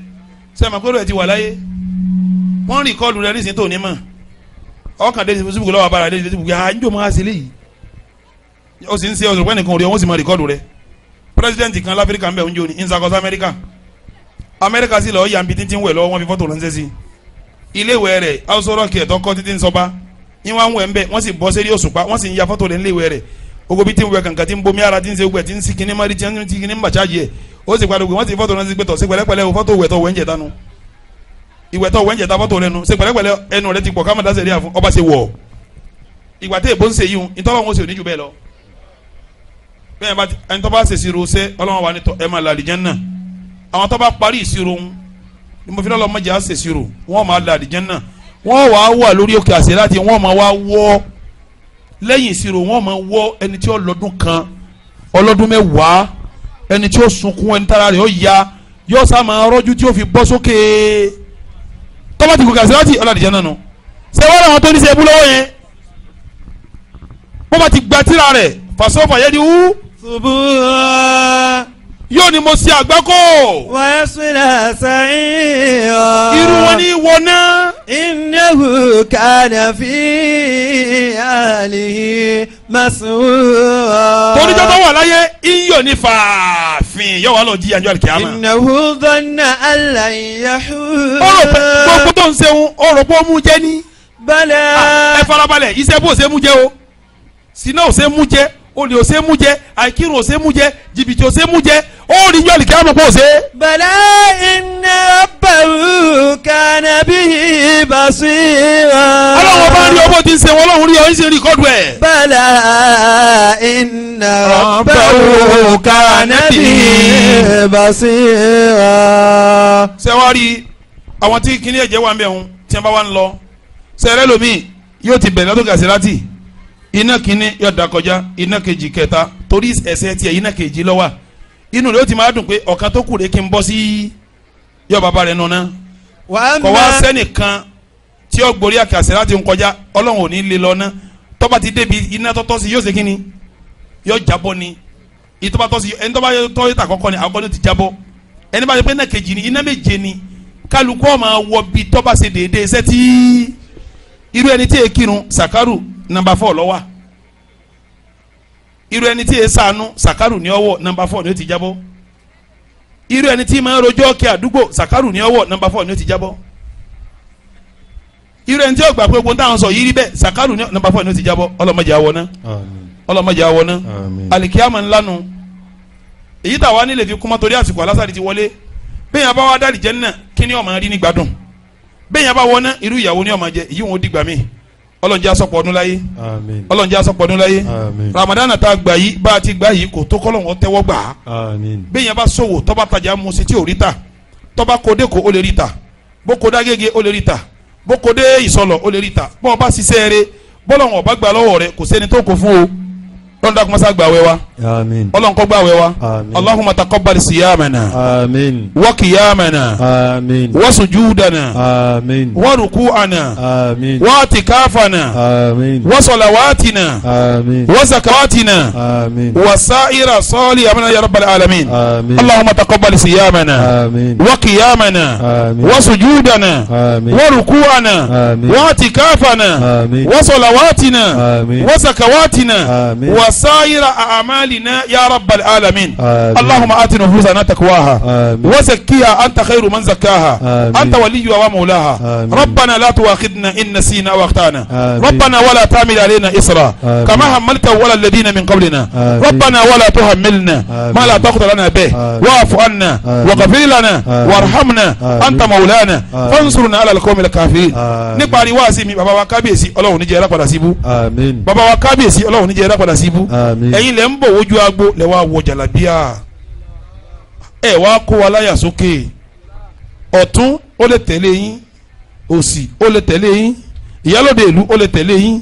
Speaker 3: sẹ́mi àpérò ẹ̀ ti wà láyé wọ́n rí kọ́ọ̀lù rẹ nísìnyí tó ní mọ̀ ọkàn dé Facebook lọ́wọ́ abára dé Facebook yà ah, ń jò máa ṣe léyìí ó sì ń ṣe ọ̀sùn pẹ́ẹ́nì kan rí ọ wọ́n sì máa rí kọ́ọ̀lù rẹ president kan láfíríkà ń bẹ̀ ń jò ní in South America sì lọ́ọ́ yà ń bi títí ń wẹ̀ lọ́wọ́ wọn fi fọ́tò ránṣẹ́ sí i iléèwé rẹ̀ awusọ̀rọ̀ kìí ẹ̀tọ́ kọ́ títí nsọ́ba yín wá ń wẹ̀ ń bẹ̀ wọ́n sì bọ́ sẹ́rí òṣùpá wọ́n sì ń ya fọ́tò rẹ̀ níléèwé rẹ̀ ogo bí ti ń wẹ̀ kàǹkà ti ń bomi ara ti ń sewúgbẹ̀ ti ń si kíní mari ti ń ti kíní mbàchájì ẹ̀ ó sì padà wọ́n sì fọ́tò rẹ̀ sígbẹ̀tọ̀ sí pẹ̀lẹ́pẹ̀lẹ́ o fọ́tò wẹ̀tọ̀ wẹ̀ńjẹ̀ dànù ìwẹ̀tọ̀ wẹ̀ńjẹ̀ ta fọ́tò rẹ̀ nu sí pẹ̀lẹ́pẹ̀lẹ́ ẹnu rẹ̀ ti pọ̀ kámẹ́ta sẹ̀rí àfún ọba ṣe wọ̀ ìgbà ju bẹ́ẹ̀ lọ bẹ́ẹ̀ bá ẹni tó bá ṣèṣirò ṣe ọlọ́wọ́n wa ni tọ́ ẹ máa lálìjẹ́ náà ni mo fi lọ́lọ́ mọ̀jà ṣèṣirò wọ́n máa la àlìjẹ́nà wọ́n wàá wà lórí òkè àṣẹ láti wọ́n máa wá wọ́ lẹ́yìn ìṣirò wọ́n máa wọ́ ẹni tí ọlọ́dún kan ọlọ́dún mẹ́wàá ẹni tí ó sunkún ẹni tára rẹ̀ ó ya yóò sá máa rọ́jú tí ó fi bọ́ sókè tọ́mọ̀tì kò kàṣẹ́ láti ọlọ́dún jẹ́nà nù sẹ́wọ́n àwọn tó ní sẹ́ bú lọ́wọ́ yẹn wọ́n bá ti gba tíra rẹ̀ fàṣọ́fà yẹ́ni wú yóò ní mo ṣe àgbákò. wàá sùnà sàyìn ọ.
Speaker 2: irú wọn ní wọná. innahu kana fi àlè màsùn. torí jọba wà láyé
Speaker 3: iyọ̀ ní fàáfin yóò wá lọ jí àjọ àlùkìyàmà. innahu dhanna an lan yahur. ọ̀rọ̀ pé gbogbo tó ń sẹ́wọ̀n ọ̀rọ̀ pé ó mú jẹ́ ní. balẹ̀. Ah, ẹ farabalẹ̀ iṣẹ́ bó ṣe mú jẹ́ o sinna ṣe mú jẹ́ olè ò sé mú jẹ àìkírun ò sé mú jẹ jìbìtì ò sé mú jẹ ó rí yọ lìkẹ́ àmọ́ kó o ṣe. bala inna rabbahu kana bihi basira. ọlọ́run bá ń rí ọmọ tí ń ṣe wọn ọlọ́run rí ọ ń ṣe rìkọ́dù ẹ̀. bala inna rabbahu kana bihi
Speaker 2: basira.
Speaker 3: sẹ́wárí àwọn tí kinní ẹ̀jẹ̀ wà ń bẹ̀ ń tí wọ́n bá wà ń lọ sẹ́rẹ́ lomi yóò ti bẹ̀rẹ̀ lọ́dún gàṣẹ́ láti iná kínní yọ da kọjá iná kejì kẹta torí ẹsẹ̀ tiẹ̀ iná kejì ló wà inú rẹ̀ ó ti máa dùn pé ọ̀kan tó kù rẹ̀ kí n bọ́ sí yọ bàbá rẹ̀ nù náà kọ̀ wá sẹ́nìkan tí ó gborí àkàṣẹ láti ń kọjá ọlọ́run ò ní lè lọ ná tọ́ba ti débi iná tọ́tọ́ sí yóò ṣe kínní yọ jábọ́ ni ìtọ́ba tọ́ sí ẹni tọ́ba tọ́ yóò kọ́kọ́ ni àkọ́kọ́ ni ó ti jábọ́ ẹni bá yẹ pé iná kejì ni iná méje ni kálukú máa wọ bí tọ́ba ṣe déédéé sẹ́tí irú ẹni tí èkìrun nọmba fọ lọ́wọ́ irú ẹni tí yẹ sànú sàkárù ní ọwọ́ nọmba fọ ni ó ti jábọ́ irú ẹni tí máa ń rojọ́ kí àdúgbò sàkárù ní ọwọ́ nọmba fọ ni ó ti jábọ́ irú ẹni tí yóò gbà pé ogun táwọn sọ yìí rí bẹ́ẹ̀ sàkárù ní nọmba fọ ni ó ti jábọ́ ọlọ́mọdé àwọn náà ọlọ́mọdé àwọn náà alikiyama ńlánu èyí tàwa nílẹ̀ fi kúmọ́ torí àsìkò alásàdì ti wọlé bẹ́ẹ̀ yẹn bá wá dálì jẹ́ náà kí ni ó rí ní gbádùn bẹ́ẹ̀ yẹn bá wọ́n irú ìyàwó ni ó máa èyí wọn ó dìgbà míì ọlọ́njẹ́ asọ́pọ̀ ọdún láyé àmín ọlọ́njẹ́ asọ́pọ̀ ọdún láyé àmín ramadana tá a gbà yìí bá a ti gbà yìí kò tó kọ́lọ́hún tẹ́wọ́ gbà á àmín bẹ́ẹ̀yàn bá ṣòwò tọ́ba tajà mu sí tí ò rí ta tọ́ba kóde kò ó lè rí ta bó kóde agége ó lè rí ta bó kóde ìsọlọ ó lè rí ta bọ́ọ̀ bá ṣiṣẹ́ rẹ bọ́lọ́hún ọ̀bá gbà lọ́wọ́ rẹ kò sẹ́ni tó kó fún o lọ́dún dàkú masa gbà wẹ́ wa ọlọ́run kó gbà wẹ́ wa Allahumma taqabbal siyamana wa qiyamana wa sujudana wa ruku'ana wa tikafana wa salawatina wa zakawatina wa sa'ira sọ́ọ̀lì amina ya rabbal alamin Allahumma taqabbal siyamana wa qiyamana wa sujudana wa ruku'ana wa tikafana wa salawatina wa zakawatina وسائر أعمالنا يا رب العالمين آمين. اللهم آت نفوسنا تقواها وزكيها أنت خير من زكاها آمين. أنت وليها ومولاها آمين. ربنا لا تؤاخذنا إن نسينا أو أخطأنا ربنا ولا تعمل علينا إسرا كما حملت ولا الذين من قبلنا ربنا ولا تهملنا ما لا تقدر لنا
Speaker 1: به واعف
Speaker 3: عنا وغفر لنا وارحمنا أنت مولانا فانصرنا على القوم الكافرين
Speaker 1: nípa ni wáàsí
Speaker 3: mi bàbá wa kábíyèsí ọlọ́run níjẹ́ ẹ̀rá padà síbú bàbá wa kábíyèsí ọlọ́run níjẹ́ ẹ̀rá padà síbú burúkú ẹ̀yin lẹ ń bọ̀ wojú agbo lẹ wá wọ jàlábíà ẹ wá kó wa láyà sókè ọ̀tún ó lè tẹ̀lé yín òsì ó lè tẹ̀lé yín ìyálòde ìlú ó lè tẹ̀lé yín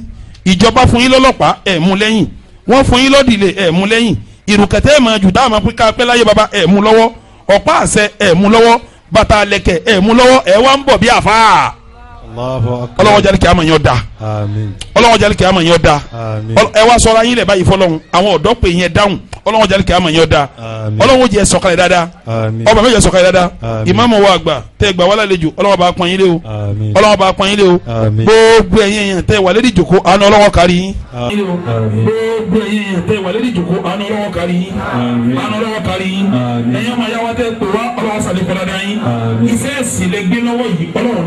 Speaker 3: ìjọba fún yín lọ́lọ́pàá ẹ̀ mú lẹ́yìn wọ́n fún yín lọ́dìlé ẹ̀ mú lẹ́yìn ìrùkẹ̀tẹ́ ẹ̀ máa jù dáhùn pé ká pẹ́ láyé baba ẹ̀ mú lọ́wọ́ ọ̀pá àṣẹ ẹ̀ mú lọ́wọ́ bàtà lẹ̀kẹ̀ ẹ̀ mú lọ́wọ́ ẹ̀ wá ń bọ̀ bí àfáà ọlọ́wọ́n jẹ́ kí a mọ̀ yín ọ̀dà ọlọ́wọ́n jẹ́ kí a mọ̀ yín ọ̀dà ẹ wá sọ́ra yín lẹ̀ báyìí fọlọ́hún àwọn ọ̀dọ́ pè yín ẹ dáhùn ọlọ́wọ́n jẹ́ kí a mọ̀ yín ọ̀dà ọlọ́wọ́n jẹ́ sọ̀kalẹ̀ dáadáa
Speaker 2: ọba méjì sọ̀kalẹ̀ dáadáa ìmáàmù wa àgbà
Speaker 3: tẹ́ gbà wá lálejò ọlọ́wọ́n bá pọ́n yín lé o ọlọ́wọ́n bá pọ́n yín lé o gbogbo ẹ̀yin èèyàn tẹ́ wà lédi jòkó àánú ọlọ́wọ́n kárí yín gbogbo ẹ̀yin èèyàn tẹ́ wà lédi jòkó àánú ọlọ́wọ́n kárí yín àánú ọlọ́wọ́n kárí yín ẹ̀yin ọmọ ayáwá tẹ́ pè wá ọlọ́wọ́n sàlẹ̀ kọ́lá dá yín iṣẹ́ ẹ̀sìn lẹ gbé lọ́wọ́ yìí ọlọ́run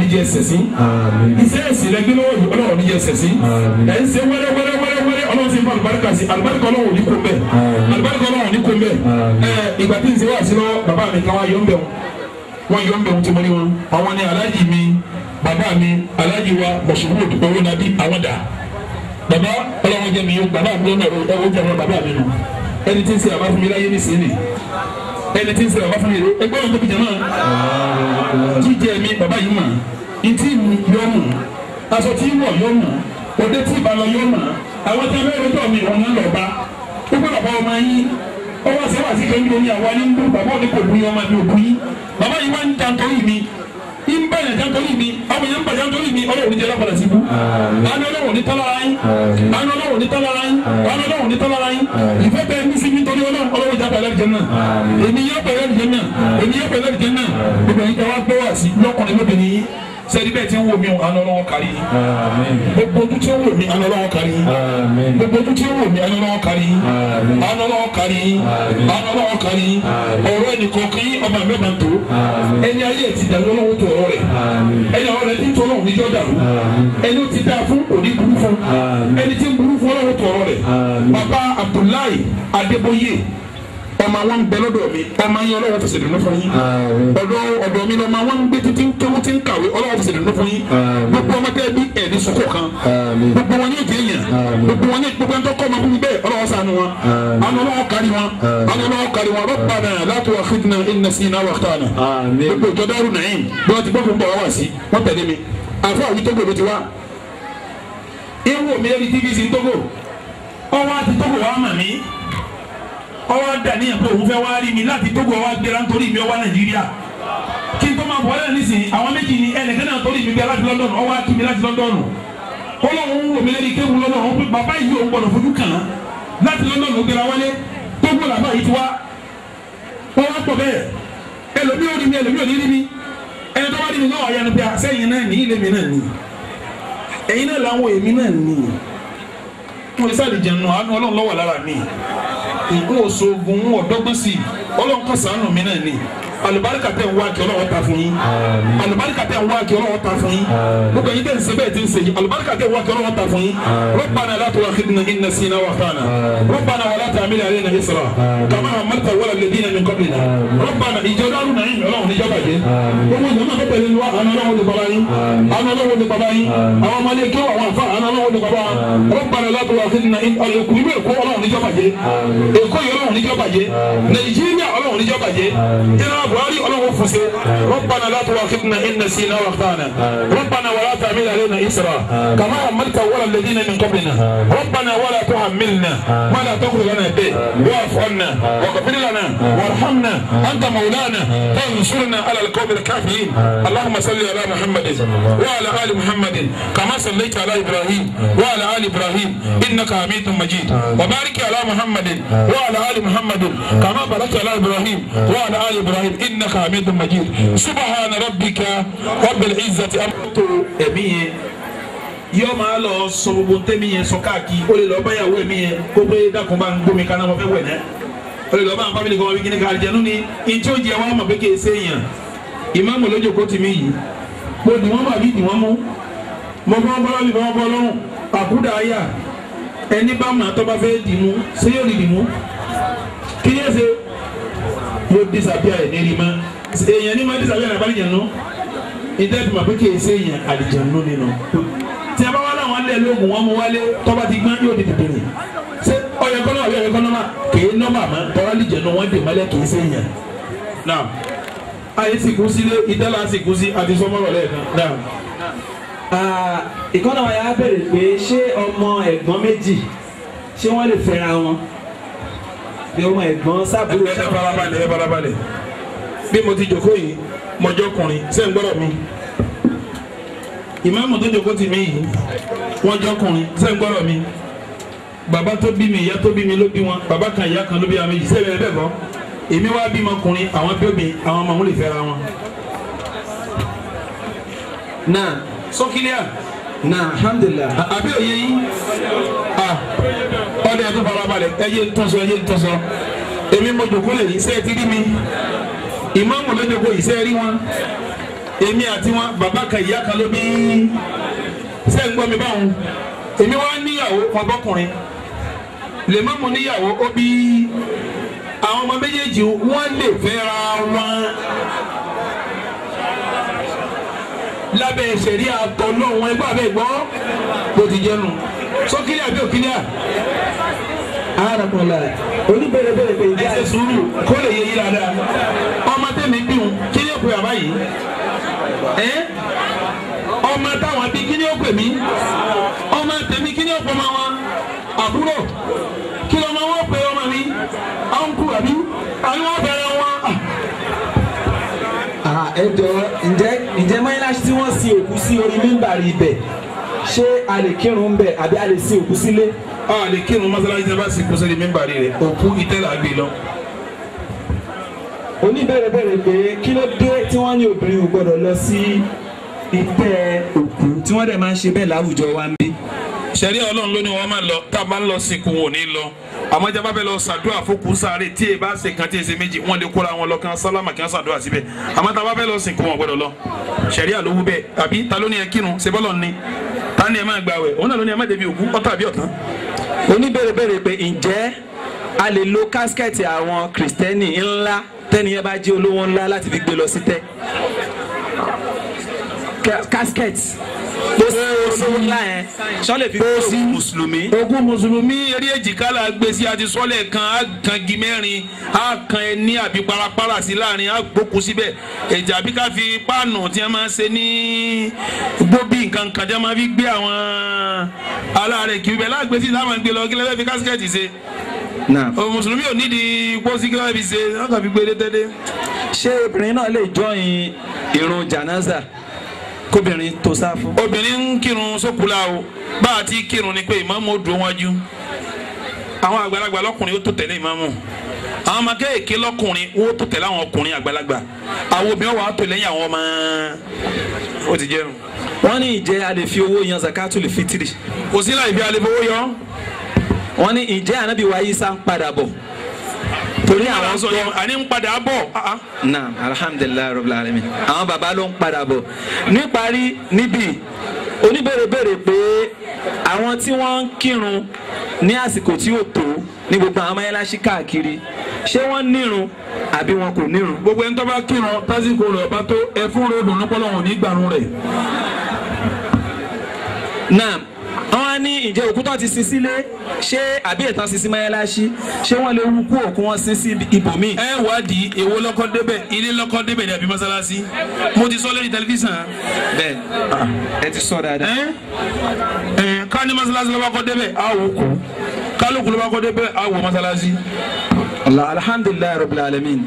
Speaker 3: iṣẹ́ ẹ̀sìn lẹ́gbẹ́ lọ́wọ́ yìí ọlọ́run ní yẹsẹ̀ sí ẹ̀ ń ṣe wẹ́rẹ́wẹ́rẹ́wẹ́rẹ́ ọlọ́run sì ń fa àlùbáríkà sí àlùbáríkà ọlọ́run ní kò mbẹ́ àlùbáríkà ọlọ́run ní kò mbẹ́ ẹ̀ ìgbà tí ń ṣe Baba, sí lọ bàbá mi kan wá yọ mbẹ́ wọn yọ mbẹ́ tí mo ní wọn àwọn ni aláàjì mi bàbá mi aláàjì wa mọ̀ṣúwò owó nàbí àwọn dà bàbá ọlọ́run jẹ́ mi yó bàbá mi lọ́nà ẹ̀wọ́ jẹ́ wọn bàbá mi nù ẹni tí ń ṣe àbá fún mi láyé nísìnyí ẹni tí ń ṣe àbá fún mi ẹgbẹ́ òun tóbi jẹ́ náà jíjẹ mi bàbá yìí mà ìtì mi yóò mú aṣọ tí ń wọ̀ yóò mú òde tí ìbálọ̀ yóò mú àwọn tí abẹ́rẹ́ tó mi ìwọ̀n náà lọ bá ó gbọ́dọ̀ bá ọmọ yín ọwọ́ sẹ́wà sí kéńdó ní àwa ní ń dún bàbá òní kò bú yín ọmọ mi ò bú yín bàbá yín wá ń jà nítorí mi ń bá yàn nítorí mi àwọn yẹn ń bà jà nítorí mi ọlọ́run jẹ́ lápàdà sí ibú àánú ọlọ́run ní tọ́lára yín àánú ọlọ́run ní tọ́lára yín àánú ọlọ́run ní tọ́lára yín ìfẹ́ mi torí ọlọ́run ọlọ́run jà pẹ̀lẹ́ ìjẹun náà èmi yẹn pẹ̀lẹ́ ìjẹun náà èmi yẹn pẹ̀lẹ́ ìjẹun náà gbogbo ẹ̀yin tẹ wá gbọ́ wá sí lọ́kùnrin sẹ́ni bẹ́ẹ̀ ń wò mí o àná lọ́wọ́ kárí gbogbo tí ń wò mí àná lọ́wọ́ kárí gbogbo tí ń wò mí àná lọ́wọ́ kárí yín lọ́wọ́ kárí yín lọ́wọ́ kárí yín ọ̀rọ̀ ẹnìkan kí ọba mẹ́ta tó ẹni ayé ti dàrú ọlọ́wọ́ tó ọ̀rọ̀ rẹ̀ ẹni ọ̀rọ̀ rẹ̀ tó ọlọ́wọ́ níjọ́ dàrú ẹni ó ti dá fún òní burú fún ẹni tí ń burú fún ọlọ́wọ́ tó ọ̀rọ̀ rẹ̀ ọmọ wọn ń bẹ lọ́dọ̀ mi ọmọ yẹn Ọlọ́run fèsì dùnú fún yín ọ̀dọ̀ ọ̀dọ̀ mi ni ọmọ wọn ń gbé títí kéwú tí ń kàwé Ọlọ́run fèsì dùnú fún yín gbogbo ọmọ tẹ bí ẹni sọkọ kan
Speaker 2: gbogbo wọn yóò jẹyàn gbogbo
Speaker 3: wọn yóò gbogbo ẹni tó kọ́ ọmọ fún mi bẹ́ẹ̀ Ọlọ́run ṣàánú wọn àwọn Ọlọ́run kárí wọn àwọn Ọlọ́run kárí wọn Rabbana la tu'akhidhna in nasina aw akhta'na gbogbo ìjọ Daaru Naim bí wọn ti gbọ́ fún bọ̀ wá wá sí wọn tẹ̀lé mi àfọ àwùjọ gbòdò ti wá ewu mi lẹ́ni tvc ń tógò ọwọ́ àti tógò wàá mà mí ọwọ́ dà níyàn pé òun fẹ́ wá rí mi láti Tógò wá gbéra nítorí mi ọwá Nàìjíríà kí n tó máa bọ̀ ọ́ lẹ́yìn nísìnyí àwọn méjì ni ẹnìkan náà torí mi gbé láti London ọwọ́ akí mi láti London ọlọ́run wò mí lẹ́ni kéwu lọ́nà òun pé bàbá yìí òun gbọ́dọ̀ fojú kàn án láti London ló gbéra wálé Tógò làbá yìí ti wá wọ́n wá pọ̀ bẹ́ẹ̀ ẹlòmí ò rí mi ẹlòmí ò ní rí mi ẹni tó bá rí mi ah, náà ọ̀yanu pé àsẹ́yìn náà ní ilé mi náà ní ẹ̀yin náà làwọn èmi náà ní mo lè sáà lè jẹun náà àánú ọlọ́run ló wà lára mi. nǹkan òṣogun ọ̀dọ́gbọ́n sí i ọlọ́run kọ̀sánù mi náà ni. àlùbáríkà tẹ̀ ń wá kí Ọlọ́run ta fún yín àlùbáríkà tẹ̀ ń wá kí Ọlọ́run ta fún yín gbogbo yín tẹ̀ ń ṣe bẹ́ẹ̀ tí ń ṣe yín àlùbáríkà tẹ̀ ń wá kí Ọlọ́run ta fún yín Rabbana la tu'akhidhna in nasina wa akhta'na Rabbana wa la tahmil alayna isran kama hamalta ala alladhina min qablina Rabbana ìjọba ọ̀run náà yìí Ọlọ́run níjọba jẹ́ gbogbo ìjọba tó pẹ̀lú wa àwọn Ọlọ́run ní baba yín àwọn Ọlọ́run ní baba
Speaker 1: yín àwọn ọmọ ilé kíwà wọn fa àwọn
Speaker 3: Ọlọ́run ní baba Rabbana la tu'akhidhna in ọ̀lẹ́kùn ìlú Èkó Ọlọ́run
Speaker 1: níjọba jẹ́ Èkó
Speaker 3: yìí Ọlọ́run níjọba jẹ́ Nàìjíríà Ọlọ́run níjọba jẹ́ Buhari ọlọ́run fún ṣe Rabbana la tu'akhidhna in nasina aw akhta'na Rabbana wa la tahmil alayna isra kama hamalta ala alladhina min qablina Rabbana wa la tuhammilna ma la taqul lana bihi wa'fu 'anna waghfir lana warhamna anta mawlana fansurna 'ala al-qawmi al-kafirin Allahumma salli ala Muhammadin wa ala ali Muhammadin kama sallaita ala Ibrahim wa ala ali Ibrahim innaka Hamidun Majid wa barik ala Muhammadin wa ala ali Muhammadin kama barakta ala Ibrahim wa ala Ibrahim إنك حميد مجيد سبحان ربك رب العزة أمي yóò máa lọ sọ gbogbo ntẹ́mi yẹn sọ káàkiri ó lè lọ báyàwó ẹ̀mí yẹn kó pé dákun bá ń gbómi kaná wọn fẹ́ wẹ̀ náà ó lè lọ bá àwọn fámìlì kan wọn fi kíni ká àlìjẹnu ni ntí ó jẹ wọn mọ̀ pé kéè séèyàn ìmáàmù lójó kó tì mí yìí kó ni wọn bá bí ni wọn mú mo fọwọ́ bọ́ lọ́lì fọwọ́ bọ́ lọ́rùn àkúdà ẹni bá mọ̀ àtọ́ fẹ́ dì sí yóò dì mú kí yẹn ṣe yóò disappear ẹ̀ nírí ma èèyàn ní ma disappear ẹ̀ abáyé nù ìdẹ́bi mà pé kìí ṣe èèyàn àlìjẹ̀nu nínú tí a bá wá láwọn alẹ́ lóògùn wọn mú wálé tọ́ba ti gbọ́n yóò di dìbìrì ṣé ọyọ kọ́nà àbí ọyọ kọ́nà máa kìí nọ́mà mọ́ tọ́ra àlìjẹ̀nu wọn dè mọ́lẹ̀ kìí ṣe èèyàn náà ayé sì kú sílé ìdálá sì kú sí àti sọmọ́rọ̀ lẹ́ẹ̀kan
Speaker 2: náà
Speaker 3: ìkọ́nà wa yà á bèrè pé ṣé ọmọ ẹ̀gbọ́n méjì ṣé wọ́n lè fẹ́ra wọn bí ọmọ ẹ̀gbọ́n sábúrò. ẹ farabalẹ̀ ẹ farabalẹ̀ bí mo ti jòkó yìí mo jọkùnrin ṣé ń gbọ́dọ̀ mi ìmáàmù tó jòkó tì mí yìí wọ́n jọkùnrin ṣé ń gbọ́dọ̀ mi bàbá tó bí mi ìyá tó bí mi ló bí wọn bàbá kan ìyá kan ló bí àmì ṣé bẹ́ẹ̀ bẹ́ẹ̀ kọ́ èmi wá bímọ ọkùnrin àwọn bí omi àwọn ọmọ òun lè fẹ́ra wọn. náà sọ́kílíà. So na alhamdulilah. àbí òye yín ọdẹ ẹtọ farabalẹ̀ ẹyẹ ntọsọ ẹyẹ ntọsọ èmi mo jòkó lè ní sẹ́ẹ̀ ti mi ìmáàmù mo jòkó yìí sẹ́ẹ̀ rí wọn èmi àti wọn bàbá kan ìyá kan ló bí sẹ́ẹ̀ ń mi báwọn èmi wá níyàwó kan bọ́kùnrin lè má mu níyàwó ó bí àwọn ọmọ méjèèjì wọn lè fẹ́ ra wọn lábẹ́ ìṣẹ̀rí àtọ̀lọ́hún ẹgbẹ́ abẹ́ gbọ́ bó ti jẹ́nu sọ́kílẹ̀ àbí òkílẹ̀ àràkùnlá oníbẹ̀rẹ̀bẹ̀rẹ̀ pé ìjà ẹsẹ̀ sùúrù kó lè yẹ yí dáadáa ọmọ tẹ̀mí bíun kí ni èkó yàrá yìí ẹ ọmọ táwọn bí kí ni ó pè mí ọmọ tẹ̀mí kí ni ó pọ̀ mọ́ wọn
Speaker 1: àbúrò kí lọ́mọ wọn pè ọmọ mi ọ̀nkù àbí àbí wọn bẹ̀rẹ̀ wọn. ẹ jọ ǹjẹ́ ǹjẹ́ mọ́yìnláṣí tí wọ́n sin òkú sí orí mímbàrí ibẹ̀ ṣé a lè kírun ń bẹ̀ àbí a lè sin òkú sílé.
Speaker 3: a lè kírun mọ́sálásí tí a bá sin òkú sórí mímbàrí rẹ̀ òkú ìtẹ́lẹ̀ àgbè lọ.
Speaker 1: oníbẹ̀rẹ̀bẹ̀rẹ̀ pé kí ló dé tí wọ́n ní obìnrin ò gbọ́dọ̀ lọ sí ìtẹ́ òkú tí wọ́n dẹ̀ máa ń ṣe bẹ́ẹ̀ láwùjọ wa ń bí. ṣẹ̀rí ọlọ́run ló ní wọ́n máa lọ tá
Speaker 3: a bá ń lọ sìnkú wọn ò ní lọ àmọ́ jaba bẹ́ẹ̀ lọ sàdúrà fókun sáré tí e bá ṣe kan tí e ṣe méjì wọ́n lè kóra wọn lọ kan sálámà kí wọ́n sàdúrà síbẹ̀ àmọ́ tá a bá bẹ́ẹ̀ lọ sìnkú wọn gbọ́dọ̀ lọ sẹ̀ríà ló wú bẹ́ẹ̀ àbí ta ló ní ẹ kírun ṣe bọ́lọ̀ ni ta ni ẹ máa gbà wẹ̀ òun náà ló ní ẹ má débi òkú ọ̀tá àbí ọ̀tán. oníbẹ̀rẹ̀ pé ǹjẹ́ a lè lo kásikẹ́ẹ̀tì àwọn kìrìsìtẹ́nì ńlá tẹ́niyẹn bá jẹ́ olówó ńlá láti fi gbé lọ sí tẹ́ kásikẹ́ẹ̀tì tó ṣe olówó ńlá yẹn sọlẹ̀ fi kó sí mùsùlùmí. ogún mùsùlùmí eré èjìká la gbé sí àti sọlẹ̀ kan á kan gi mẹ́rin á kan ẹ ní àbí parapara sí láàrin á gbókun síbẹ̀ ẹ̀jẹ̀ àbí ká fi páànù tí wọ́n máa ń ṣe ní gbóbi nǹkan kan tí wọ́n máa fi gbé àwọn aláàrẹ̀ kì í bẹ̀ láàgbé sí táwọn gbé lọ kí lẹ́fẹ̀ẹ́ fi kásíkẹ́ẹ̀tì ṣe o mùsùlùmí ò nídìí pósí kí wọ́n fi ṣe wọ́n kàn fi gbé dé tẹ́lẹ̀. ṣé obìnrin náà lè jọyìn irun jànáza kóbìnrin tó sáfù. obìnrin ń kírun sókùlà o bá a ti kírun ni pé ìmáàmù ó dùn wájú àwọn àgbàlagbà lọ́kùnrin ó tó tẹ̀lé ìmáàmù àwọn ọmọ kéèké lọ́kùnrin ó tó tẹ̀lé àwọn ọkùnrin àgbàlagbà àwọn obìnrin wà á tó lẹ́yìn àwọn ọmọ ó ti jẹun. wọ́n ní ìjẹ́ a lè fi owó yan zakatul fitiri. kò sí láì fi a lè fi wọ́n ní ìjẹ́ ànábìwá sá ń padà bọ̀ torí àwọn gbọ́ àní ń padà
Speaker 1: bọ̀. Ah, ah. na alhamdulilayi rabbil alamin àwọn baba ló ń padà bọ̀ níparí níbí oníbèrè béèrè pé àwọn tí wọ́n ń kírun ní àsìkò tí ó tó ní gbogbo àwọn mọ́yáláṣí káàkiri ṣé wọ́n nírun
Speaker 3: àbí wọn kò nírun. gbogbo ẹni tó bá kírun tásìkò rẹ̀ bá tó ẹ fún ròdùn nípọ́lọ́hùn nígbàrún rẹ̀. náà wọ́n ní ǹjẹ́ òkú tó ti sin sílé ṣé àbí ìtàn sin sí mọ́yáláṣí ṣé wọ́n lè wúkú òkú wọn sin sí ibòmíì. ẹ wádìí èwo lọ́kọ́ débẹ̀ ilé lọ́kọ́ débẹ̀ ni àbí mọ́sálásí mo ti sọ lórí tẹlifíṣàn. bẹ́ẹ̀ ah. ẹ ti sọ dáadáa. ẹ ká ní mọ́sálásí lọ́kọ́ débẹ̀ á wò kú kálukú lọ́kọ́ débẹ̀ á wò mọ́sálásí. alhamdulilayi rabbil alamin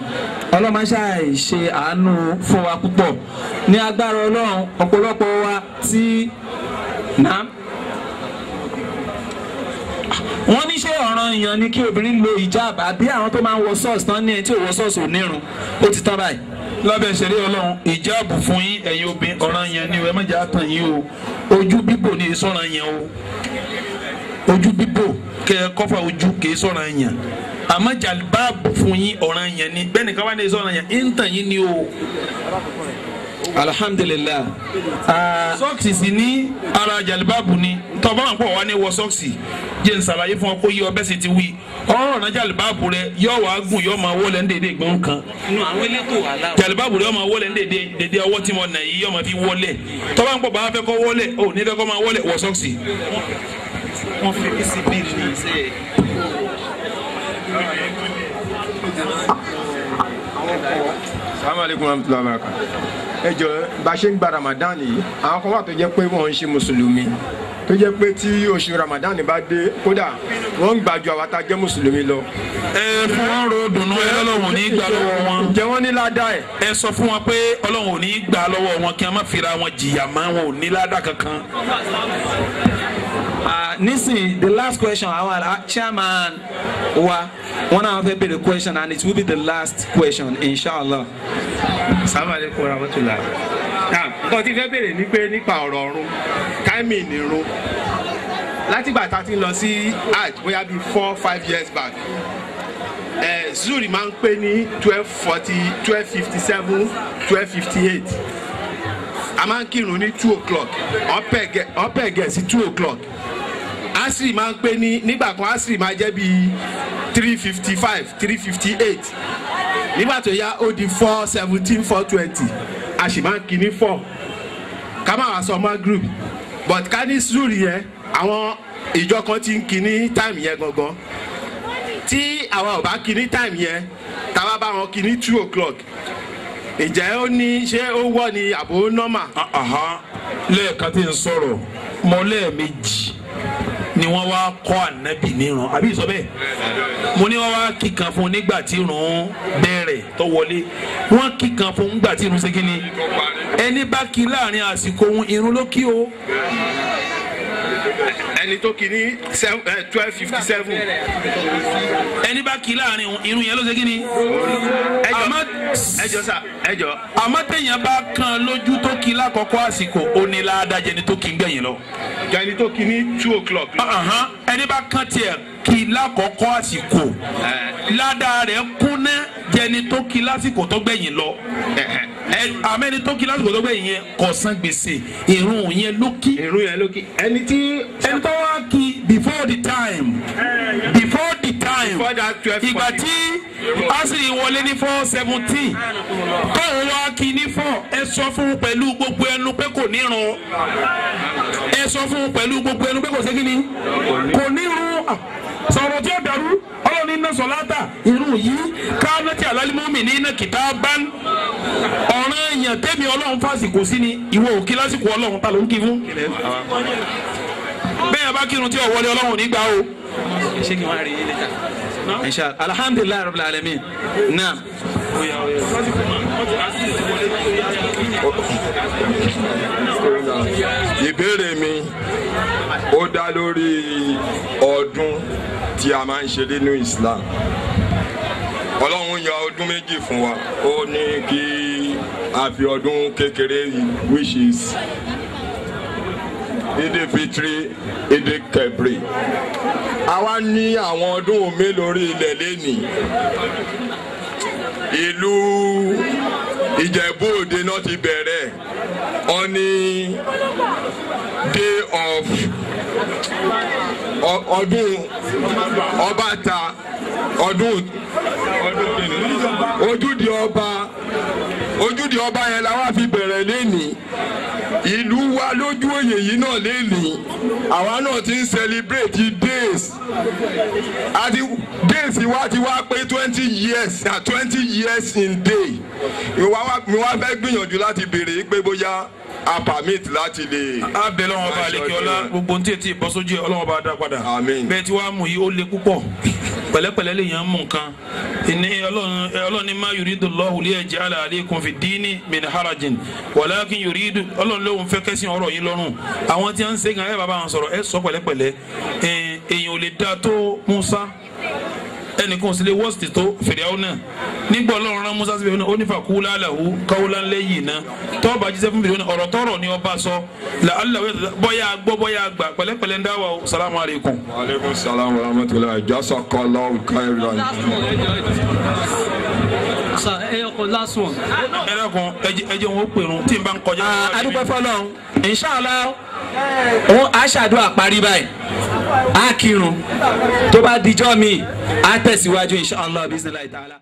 Speaker 1: ọlọ́mọṣáà ṣe àánú fún wa púpọ̀ ní agbára ọlọ́run ọ̀pọ̀lọpọ̀ wa tí náà wọ́n ní ṣé ọ̀ràn èèyàn ni kí obìnrin lo hijab àbí àwọn tó máa ń wọ sọ́ọ̀sì tán ní ẹni tí ò wọ sọ́ọ̀sì ò
Speaker 3: nírun ó ti tán báyìí lábẹ́ ìṣeré ọlọ́run hijab fún yín ẹ̀yin obìnrin ọ̀ràn yẹn ni ẹ má jẹ́ yín o ojú bíbò ni ìsọ̀ràn yẹn o ojú bíbò kẹ kọ́fà ojú kì í sọ̀ràn yẹn àmọ́ jàlbáàbù fún yín ọ̀ràn yẹn ni bẹ́ẹ̀ nìkan wá ní ìsọ̀ràn yẹn alhamdulilah sọ́ọ̀kì sì ní ara jalibabu ni tọ́ba wọn pọ̀ wá ní wọ sọ́ọ̀kì jẹ́ n ṣàlàyé fún ọ kó yí ọbẹ̀ sì ti wí ọ̀rọ̀ náà jalibabu rẹ yọ wàá gùn yọ máa wọlé ní dèdè gbọ̀n kan jalibabu rẹ yọ máa wọlé ní dèdè dèdè ọwọ́ tí mo nà yí yọ máa fi wọlé tọ́ba wọn pọ̀ bá fẹ́ kọ́ wọlé ò ní fẹ́ kọ́ máa wọlé wọ sọ́ọ̀kì. wọ́n
Speaker 2: fi kí sí bí
Speaker 1: sàmàlẹ́kùn ọ̀hún ọ̀hún ẹ jọ bá ń gba Ramadan ni, àwọn kan wà tó jẹ́ pé wọ́n ń ṣe mùsùlùmí tó jẹ́ pé tí oṣù Ramadan bá dé kódà wọ́n ń gbàjọ àwa tá a jẹ́ mùsùlùmí lọ. ẹ fún wọn ro dùnú ẹ lọ́lọ́run ní gbà lọ́wọ́
Speaker 3: wọn. ǹjẹ́ wọ́n ní ládàá ẹ̀. ẹ sọ fún wọn pé Ọlọ́run ò ní gbà lọ́wọ́ wọn kí wọ́n má fira wọn jìyà mọ́ wọn ò ní ládàá kankan uh, ah, nisin the last question our chairman wa One náà fẹ́ béèrè question and it will be the last question inshallah. sàmàlẹ́kùn rahmatulah nǹkan tí fẹ́ béèrè ni pé nípa ọ̀rọ̀ ọ̀run táìmì nìrun látìgbà tá a ti ń lọ sí
Speaker 1: hajj bóyá bíi four five years back eh, zuri máa ń pè ní twelve forty twelve fifty seven twelve fifty eight a máa ń kírun ní two o'clock ọ̀pẹ̀ gẹ̀ sí two o'clock asiri máa ń pè ní
Speaker 3: nígbà kan asiri máa jẹ́ bíi three fifty five three fifty eight nígbà tó yá ó di four seventeen four twenty a sì máa ń kí ní four ká máa wá sọ ọmọ group but ká ní sùúrù yẹn àwọn ìjọ kan ti ń kí ní time yẹn gangan tí àwọn ò bá kí ní time yẹn tá a bá bá wọn kí ní two o'clock ìjẹ́ ó ní ṣé ó wọ́ ni àbò nọ́mà. Ah, lẹ́ẹ̀kan tí ń sọ̀rọ̀ mọ lẹ́ẹ̀mejì ni wọ́n wá kọ́ ànábì nírun àbí sọ bẹ́ẹ̀ mo ní wọ́n wá kíkan fún nígbà tí irun bẹ̀rẹ̀ tó wọlé wọ́n kíkan fún nígbà tí irun ṣe kí ni ẹni bá kí láàrin àsìkò irun ló kí o ẹni tó kì ní eh, twelve fifty seven ẹni bá kì í láàrin irun yẹn ló ṣe kí ni. ẹjọ sá ẹjọ. àmọ́ téèyàn bá kan lójú tó kì í lákọ̀ọ́kọ́ àsìkò ó ní ládàjẹ́ ẹni tó kì í gbẹ̀yìn lọ. jẹ́ ẹni tó kì í ní two o'clock. Uh-huh. ẹni bá kan tiẹ̀ kí lákọ̀ọ́kọ́ àsìkò ládàá rẹ̀ kúnná jẹni tó kí lásìkò tó gbẹ̀yìn lọ amẹni tó kí lásìkò tó gbẹ̀yìn yẹn kò san gbèsè irun yẹn ló irun yẹn ló ẹni tí ẹni tó wá kí before the time before the time ìgbà tí asiri wọlé ní four seventeen tóun wá kí ní four ẹ sọ fún pẹ̀lú gbogbo ẹnu pé kò ní ẹ sọ fún pẹ̀lú gbogbo ẹnu pé kò sí kí ni kò ní sọ̀rọ̀ tí ó dàrú ọlọ́run iná sọ̀láta irun yìí káánátì alálímọ́mì ní iná kìtá bán ọ̀ràn èèyàn tẹ́mi ọlọ́run fásìkò sí ni ìwọ òkè lásìkò ọlọ́run ta ló ń kí fún. bẹ́ẹ̀ bá kírun tí ọ̀wọ́lé ọlọ́run nígbà o. ṣé kí n wá rí ilé ká. inshallah alhamdulilayi rabbil alamin na.
Speaker 1: ìbéèrè mi ó dá lórí ọdún tí a máa ń ṣe nínú Islam ọlọ́run ya ọdún méjì fún wa ó ní kí a fi ọdún kékeré which is Eid Fitri Eid Kabri àwa ní àwọn ọdún omi lórí ilẹ̀ lẹ́nìí ìlú Ìjẹ̀bú Òde náà ti bẹ̀rẹ̀ ọ ní day of ọdún ọbaàta ọdún ojúde ọba ojúde ọba yẹn la wá fi bẹ̀rẹ̀ lénìí ìlú wa lójú òye yìí náà lénìí àwa náà ti ń celebrate days àti days wa ti wá pé twenty years na twenty years in day mi wá fẹ́ gbìyànjú láti béèrè pé bóyá a permit láti lè. a bẹ lọ́wọ́ bá alẹ́ kí ọlá gbogbo ní tètè bọ́sọ́jú ẹ ọlọ́wọ́ bá dá padà. àmín. bẹ́ẹ̀ tí wàá
Speaker 3: mú yìí ó le púpọ̀ pẹ̀lẹ́pẹ̀lẹ́ lè yàn mú nǹkan. ìní ọlọ́ni má yuridu Allahu li yaj'ala alaykum fi dini min harajin walakin yuridu ọlọ́ni lóun fẹ́ kẹ́sìn ọ̀rọ̀ yín lọ́rùn. àwọn tí wọ́n ń ṣe gan ẹ bàbá wọn sọ̀rọ̀ ẹ sọ pẹ̀lẹ́pẹ̀lẹ́ èèyàn ò lè dáa tó Musa ẹnìkan sì lè wọ́ọ̀sì tó fìrìhàn náà nígbà ọlọ́run rán musa síbi ó ní fàkúlà àlàhù káwọlá lẹ́yìn náà tọ́ọ̀bà jíṣẹ́ fún fìrìhàn ọ̀rọ̀ tọ́rọ̀ ni ọba sọ làálà bọ́yá gbọ́ bọ́yá gbà pẹ̀lẹ́pẹ̀lẹ́ ń dá wa salamu aleykum. aleykum
Speaker 1: salaam wa rahmatulah jasa kọlọ nkan
Speaker 3: sa last one. ẹyọ kan ẹjẹ wọn ó pèrún tí n bá ń kọjá. adúpẹ́ fọlọ́run inṣàlá wọn á ṣàdúrà parí báyìí á kírun tó bá dijọ́ mi á tẹ̀síwájú inṣàlá bisimilayi ta'ala.